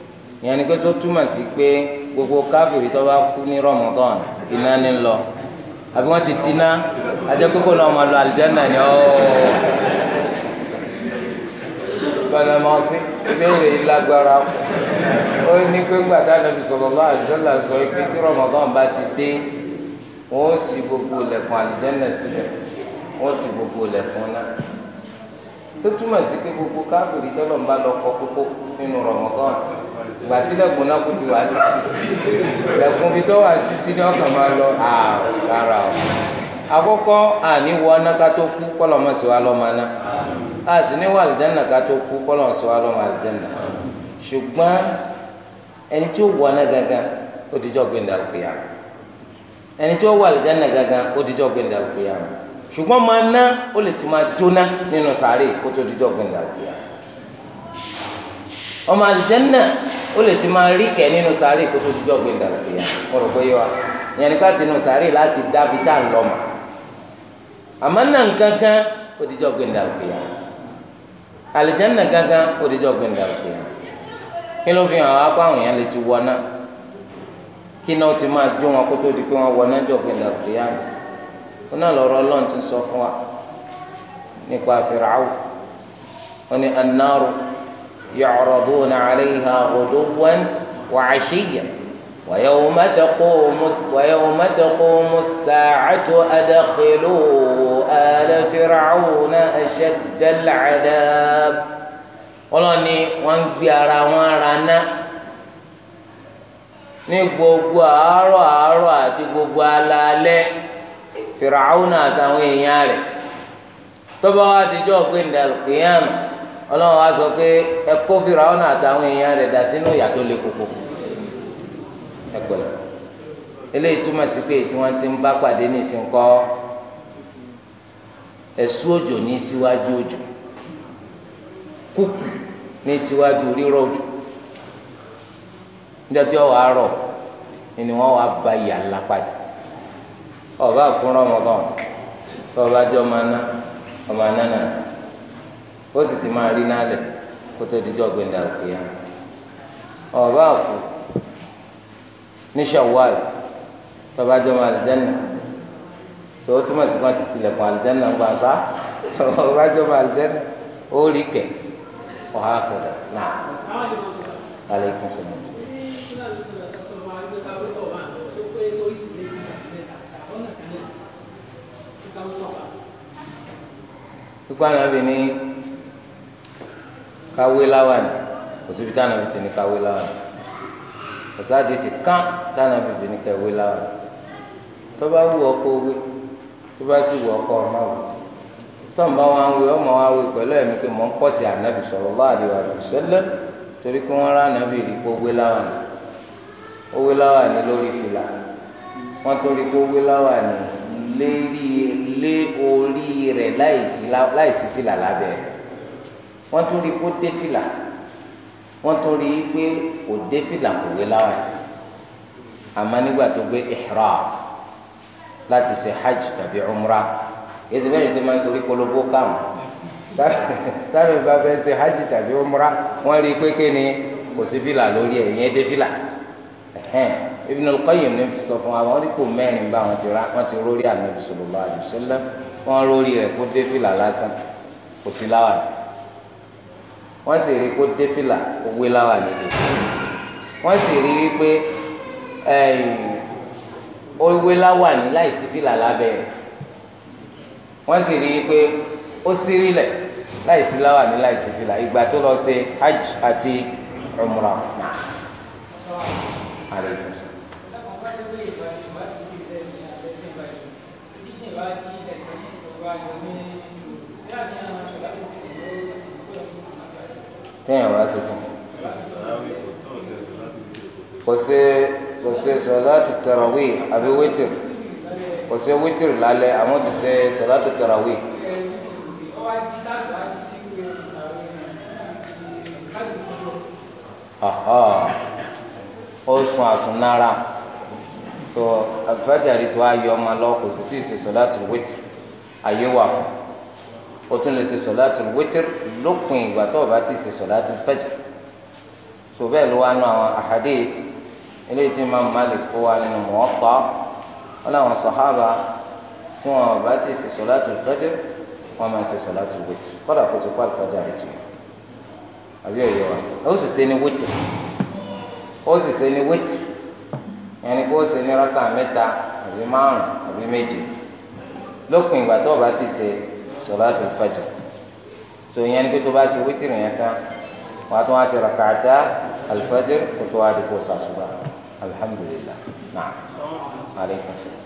ìyẹn ni pé tó túmọ̀ sí pé gbogbo káfíìrì tó bá kú ní Ramadan iná ní lọ àbí wọ́n ti tiná ajẹ́ kókó náà máa lọ àlìjáná ni ọ́ gbọ́dọ̀ máa sí ìbéèrè ìlágbára ó ní pé gbàdá nàbì sallallahu alaihi wasallam sọ pé tí Ramadan bá ti dé wọ́n ó sì gbogbo lẹ̀kùn àlìjáná sílẹ̀ wọ́n ti gbogbo lẹ̀kùn náà tó sí pé gbogbo káfíìrì tọ́lọ̀ ń bá lọ kọ́ kókó nínú Ramadan ìgbà tí lẹ́kùn náà kò ti wà á títì lẹ́kùn bí tó wà sísí ní ọkàn máa lọ àrà o àkọ́kọ́ àní wọ tó kú kọ́lọ̀ mọ̀ sí wa lọ́mọ aná a sì ní wọ àlìjánà ká tó kú kọ́lọ̀ sí wa lọ́mọ àlìjánà ṣùgbọ́n ẹni tí ó wọ ọ́nà gangan ó dijọ́ gbẹ̀ndà òkèèyàn ẹni tí ó wọ àlìjánà gangan ó dijọ́ gbẹ̀ndà òkèèyàn ṣùgbọ́n máa ná ó lè ti máa jóná nínú sàárè kó tó dijọ́ gbẹ̀ndà òkèèyàn ọmọ àlìjẹ́nà ó lè ti máa rí kẹ́ nínú sàárè kó tó dijọ́ gbé dàgbé yá kọ́rọ̀ pé yọ wa ìyẹn nípa ti nù sàárè láti dá fi tá à ń lọ mọ̀ àmọ́ náà nǹkankan ó dijọ́ gbé dàgbé yá àlìjẹ́nà kankan ó dijọ́ gbé dàgbé yá kí ló fi hàn wá pé àwọn èèyàn lè ti wọ náà kí náà ti máa jó wọn kó tó di pé wọn wọ náà jọ gbé dàgbé yá náà lọ́rọ̀ ọlọ́run ti sọ fún wa nípa Fíráù ó ní anáàrú. يعرضون عليها غدوا وعشيا ويوم تقوم ويوم تقوم الساعة أدخلوا آل فرعون أشد العذاب ọlọ́ni wọ́n ń gbé ara wọn raná ní gbogbo àárọ̀ àárọ̀ àti gbogbo alaalẹ́ fìràwọ́n àtàwọn èèyàn rẹ̀ tọ́ba wa ti jọ́ pé ndàlùkìyàmù ọlọ́run wa sọ pé ẹ kó fìràwọ́nà àtàwọn èèyàn rẹ̀ dà sínú ìyà tó le koko ẹ eléyìí túmọ̀ ti ń bá pàdé nísìnyí kọ́ ẹ̀sú òjò ní síwájú òjò kúkú ní síwájú rírọ̀ òjò níjọ́ tí ọwọ́ àárọ̀ ni wọ́n wá ba ìyà àkúrọ̀ ọmọ ọba ọmọ aná ọmọ aná ó sì ti máa rí nálẹ̀ kó tó dijọ́ gbẹ̀ndà òkèèyà ọ̀bá àkú ní Shawwal tọ́ba jọ máa àlìjẹ́nà tó o túmọ̀ sí fún àti tilẹ̀kùn àlìjẹ́nà ń gbà sá ọ̀bá jọ máa àlìjẹ́nà ó rí kẹ̀ ọ̀há kọ̀dà náà alaikum salaam. Ipa náà bì ní káwé láwà ní kò síbi táwọn àbí ti ní káwé láwà ní kò sáàdì ti kán táwọn àbí ti ní káwé láwà ní tó bá wù ọkọ owó tó bá sì wù ọkọ ọmọ wù tó ń bá wọn wé ọmọ wa wé pẹ̀lú ẹ̀mí pé mò ń pọ̀ sí ànábì sallallahu alaihi wasallam torí pé wọ́n rá ànábì rí kó wé láwà ní ó wé láwà ní lórí fìlà wọ́n torí pé ó wé láwà ní lé orí rẹ̀ láìsí fìlà lábẹ́ rẹ̀ wọ́n tún rí kó dé fìlà wọ́n tún rí pé kò dé fìlà kò wé láwà àmọ́ nígbà tó gbé ihram láti ṣe hajj tàbí umrah èsì bẹ́ẹ̀ ṣe máa ń sori polówó káàmù táwọn ìbá fẹ́ ṣe hajj tàbí umrah wọ́n rí pé kí ni kò sí fìlà lórí ẹ̀ ìyẹn dé fìlà Ibn al-Qayyim ní sọ fún wa wọ́n rí kó mẹ́rin bá wọn ti rá wọ́n ti rórí Ànábì sallallahu alaihi wasallam wọ́n rórí rẹ̀ kó dé fìlà lásán kò sí láwàá wọ́n sì rí kó dé fìlà òwe láwà nílé wọ́n sì rí wípé òwe láwà ní láìsí fìlà lábẹ́ rẹ̀ wọ́n sì rí wípé ó sírílẹ̀ láìsí láwà ní láìsí fìlà ìgbà tó lọ ṣe hajj àti umrah kéèyàn wá sí fún kò ṣe kò ṣe sọláàtì tàràwí àbí wítìrì kò ṣe wítìrì lálẹ́ àmọ́ ti ṣe sọláàtì tàràwí. ó sun àsunára so àbúfájà rí tó ayọ ọmọ lọ kò sì tí ì ṣe sọláàtì wítìrì ayé wà fún un o tún lè ṣe sọ̀láàtì wítìr lópin ìgbà tó o bá ti ṣe sọ̀láàtì fajr tó bẹ́ẹ̀ ló wá nu àwọn ahadith eléyìí tí Imam Malik kó wa nínú Muwatta wọn làwọn sàhábà tí wọn bá ti ṣe sọ̀láàtì fajr wọn máa ṣe sọ̀láàtì wítìr kọ́dà kó o ṣe kó àlùfájà rẹ̀ jù àbí òye wa ó sì ṣe ní wítìr ó sì ṣe ní wítìr yẹn kó o ṣe ní rákà mẹ́ta àbí márùn àbí méje lópin ìgbà tó o bá ti ṣe sọláàtù fajr tó yẹn ni pé tó bá ṣe wítìrì yẹn tán wọn á tún wá ṣe rakata alifajr kó tó wá di kó sàṣùbà alhamdulillah naam aleykum salaam.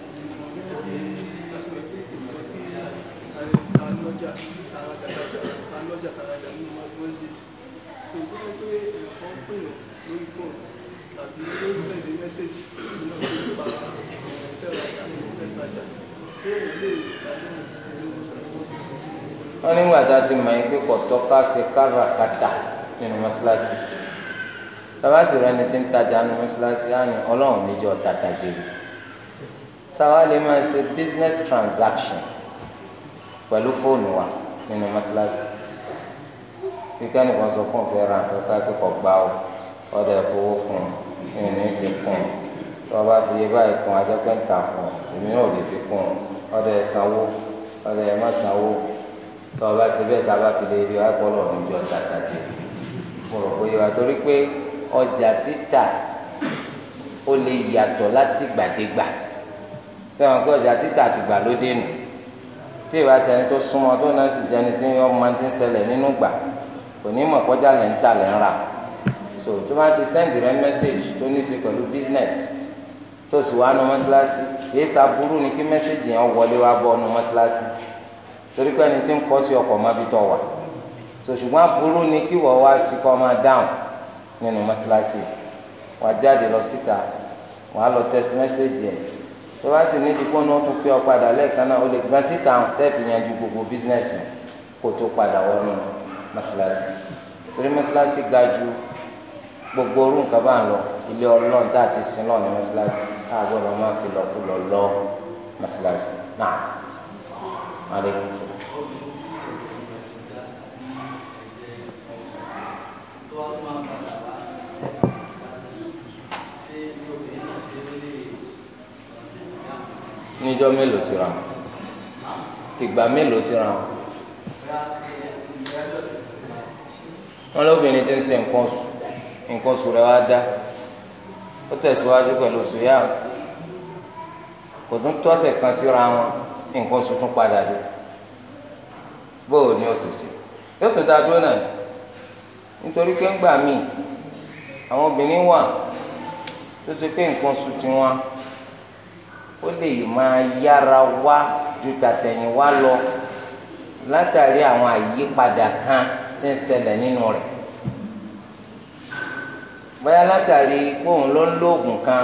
Thank you wọn nígbà tá a ti mọ yín kọtọ ká ṣe káràkátà nínú mọ́ṣáláṣí bàbá rẹ ni ti ń tajà nínú mọ́ṣáláṣí á ní ọlọ́run níjọ tata jèrè sáwa lè máa ṣe business transaction pẹ̀lú fóònù wa nínú mọ́ṣáláṣí kíkẹ́ nìkan sọ fún òfin ra nǹkan ká kíkọ̀ gbá o ọ̀dà ìfowó kùn ìní fi kùn tí wọ́n bá fi yé báyìí kùn ajẹ́pẹ́ ń tà fún èmi náà ò lè fi kùn ọ̀dà ẹ̀sánwó ọ̀dà ẹ̀mọ́sánwó tọ́ ọba ṣe bẹ́ẹ̀ tá a bá fi lè rí ọpọlọ níjọ tàtà jẹ mo rò pé wa torí pé ọjà títà ó lè yàtọ̀ láti gbàdégbà sẹ́wọ̀n pé ọjà títà ti gbà ló dé nù tí ìwà sẹ́ni tó súnmọ́ tó náà sì jẹ́ni tí ọmọ ti ń ṣẹlẹ̀ nínú gbà kò ní mọ̀ kọjá lẹ́ ń tà lẹ́ ń rà so tó bá ti sẹ́ndì rẹ mẹ́sẹ̀gì tó ní í ṣe pẹ̀lú bísínẹ́sì tó sì wá nu mọ́ṣáláṣí èyí sá burú ni kí mẹ́sẹ̀gì yẹn wọlé wá bọ́ nu mọ́ṣáláṣí torí pé ẹni tí ń kọ́ sí ọkọ̀ má bí tọ́ wà so ṣùgbọ́n aburú ni kí wọ́n wá sí kọ́ máa dáhùn nínú mọ́ṣáláṣí wà jáde lọ síta wà á lọ text message yẹn tó bá sì nídìí pé wọ́n tún pé ọ padà lẹ́ẹ̀kan náà o lè gbọ́n síta tẹ́ẹ̀fì yanjú gbogbo bísínẹ́sì kó tó padà wọnú mọ́ṣáláṣí torí mọ́ṣáláṣí ga ju gbogbo orú nǹkan bá ń lọ ilé ọlọ́run tá a sin lọ ní mọ́ṣáláṣí a gbọ́dọ̀ máa fi lọ kó mọ́ṣáláṣí náà. Aleykum salaam. níjọ́ mélòó síra wọn ìgbà mélòó síra wọn wọn lóbìnrin tí ń ṣe nǹkan oṣù nǹkan oṣù rẹ̀ wá dá ó tẹ̀síwájú pẹ̀lú oṣù yá kò tún tọ́sẹ̀ kan síra wọn nǹkan oṣù tún padà dé bóò ní òṣìṣẹ́ yóò tún dá dúró náà nítorí pé ń gbà míì àwọn obìnrin wà tó ṣe pé nǹkan oṣù tiwọn ó lè máa yára wá ju tàtẹ̀yìn wá lọ látàrí àwọn àyípadà kan tí ń ṣẹlẹ̀ nínú rẹ̀ bóyá látàrí póun ló ń lo oògùn kan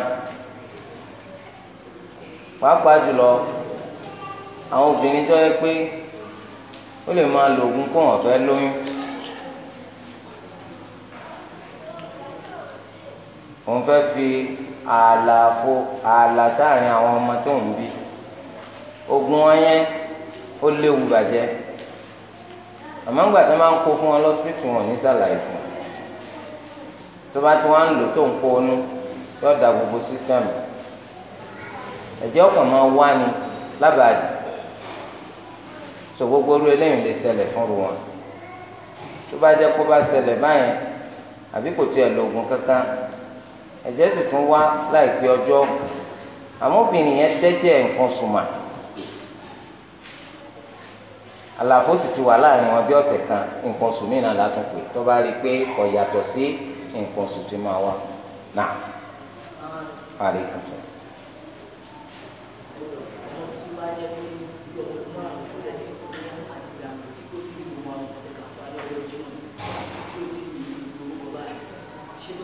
pàápàá jùlọ àwọn obìnrin tó yẹ pé ó lè máa lo oògùn kó wọn fẹ́ lóyún òun fẹ́ fi àlàfo ààlà sáàrin àwọn ọmọ tó ń bí ogun wọn yẹn ó léwu bàjẹ́ àmọ́ ńgbà tó máa ń kó fún wọn lọ́sibítù wọn ní sàlàyé fún un tó bá ti wọn ń lò tó ń kó onú yóò da gbogbo sísítẹ́mù ẹ̀jẹ̀ ọkàn máa wá ni lábàádì tó gbogbo orú eléyìí lè ṣẹlẹ̀ fún ru wọn tó bá jẹ́ kó bá ṣẹlẹ̀ báyẹn àbí kò tiẹ̀ lo oògùn kankan ẹ̀jẹ̀ sì tún wá láìpẹ́ ọjọ́ àmọ́ yẹn dẹ́jẹ̀ nǹkan sùnmà àlàfo sì ti wà láàrin wọn bí ọ̀sẹ̀ kan nǹkan oṣù mìíràn látún pé tó bá rí i pé kò yàtọ̀ sí nǹkan máa wà náà parí kùtù.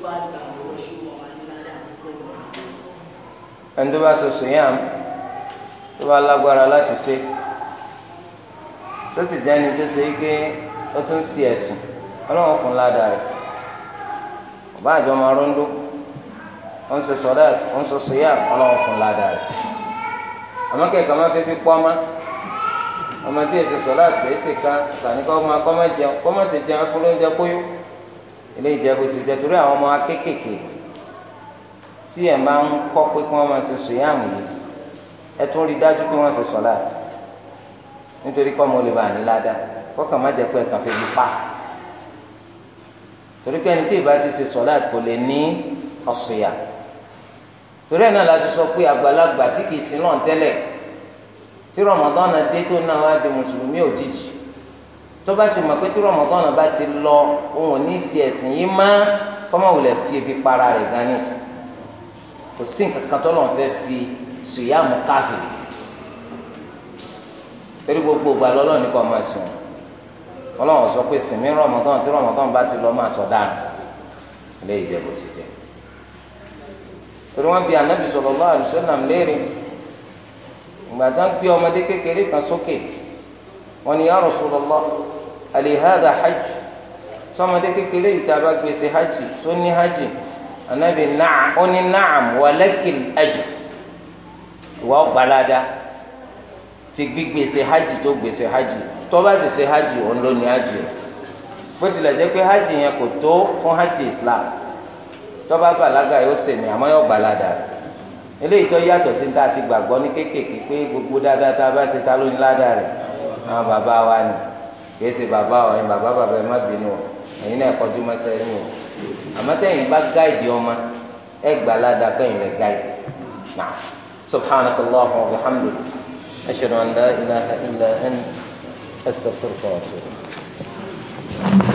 Thank you. ẹni tó bá ṣe sòyàm tó bá lágbára láti ṣe tó sì jẹ́ ẹni tó ṣe é gé ó tún ṣe ẹ̀sìn ọlọ́run fún ládàá rẹ̀ ọba àjọ máa rọ́ńdó ó ń ṣe sọ́dáàtì ó ń ṣe sòyàm ọlọ́run fún ládàá rẹ̀ àmọ́ kẹ̀kẹ́ máa fi bí pọ́nmá ọmọ tí èsì sọ́dáàtì kẹ́ èsì kan tàní kọ́ máa kọ́ máa jẹun kọ́ máa ṣe jẹun fún kóyó ilé ìjẹ́bù sì jẹ́ torí àwọn ọmọ akékèké tí ẹ̀ máa ń kọ́ pé kí wọ́n máa ṣe sùyàmù yìí ẹ tún rí dájú pé wọ́n ṣe sọ̀láàtì nítorí kọ́ mo lè bá àní ládá kọ́kàn má jẹ́ pé ẹ̀kan fi pa torí pé ẹni tí ìbá ti ṣe sọ̀láàtì kò lè ní ọ̀sùyà torí ẹ̀ náà la ṣe sọ pé àgbàlagbà tí kì í sin náà tẹ́lẹ̀ tí Ramadan dé tó náà wá di mùsùlùmí òjijì tó bá ti mọ̀ pé tí Ramadan bá ti lọ òun ò ní í ṣe ẹ̀sìn yìí má kọ́mọ̀wòlẹ̀ fi ebi para rẹ̀ gan kò sí nǹkan kan tó náà fẹ́ fi sùyàmù káfíìrì sí torí gbogbo ìgbà lọ́lọ́run ní sọ pé sinmi rọmọdán tí rọmọdán bá ti lọ máa sọ dáhùn ilé ìjẹ́bù sì jẹ́ torí wọ́n bi anabi sallallahu alaihi wasallam léèrè ìgbà tó ń gbé ọmọdé kékeré kan sókè ya alihada hajj sọmọdé kékeré yìí tá a bá hajj tó hajj. anabi naam ó ní naam wàlẹ́kìn ajr ìwà ọ̀gbàládá ti gbígbèsè hajj tó gbèsè hajj tó bá sì ṣe hajj òun ló ní hajj rẹ̀ bó tilẹ̀ jẹ́ pé hajj yẹn kò tó fún hajj islam tó bá bàlágà yóò ṣe mí àmọ́ yóò gbàládà eléyìí tó yàtọ̀ sí ta ti gbàgbọ́ ní kéékèèké pé gbogbo dáadáa tá a bá ṣe ta ló ní ládàá rẹ̀ àwọn bàbá wa ni kì í bàbá wa ni bàbá bàbá ẹ má bínú ẹ̀yin náà kọjú mọ́sẹ́ yín o àmọ́ tẹ́yìn bá gáìdì ọmọ ẹ gbà ládàá bẹ́yìn lẹ gáìdì náà subhanaka allah wa bihamdika ashhadu an la ilaha illa ant astaghfiruka wa atubu.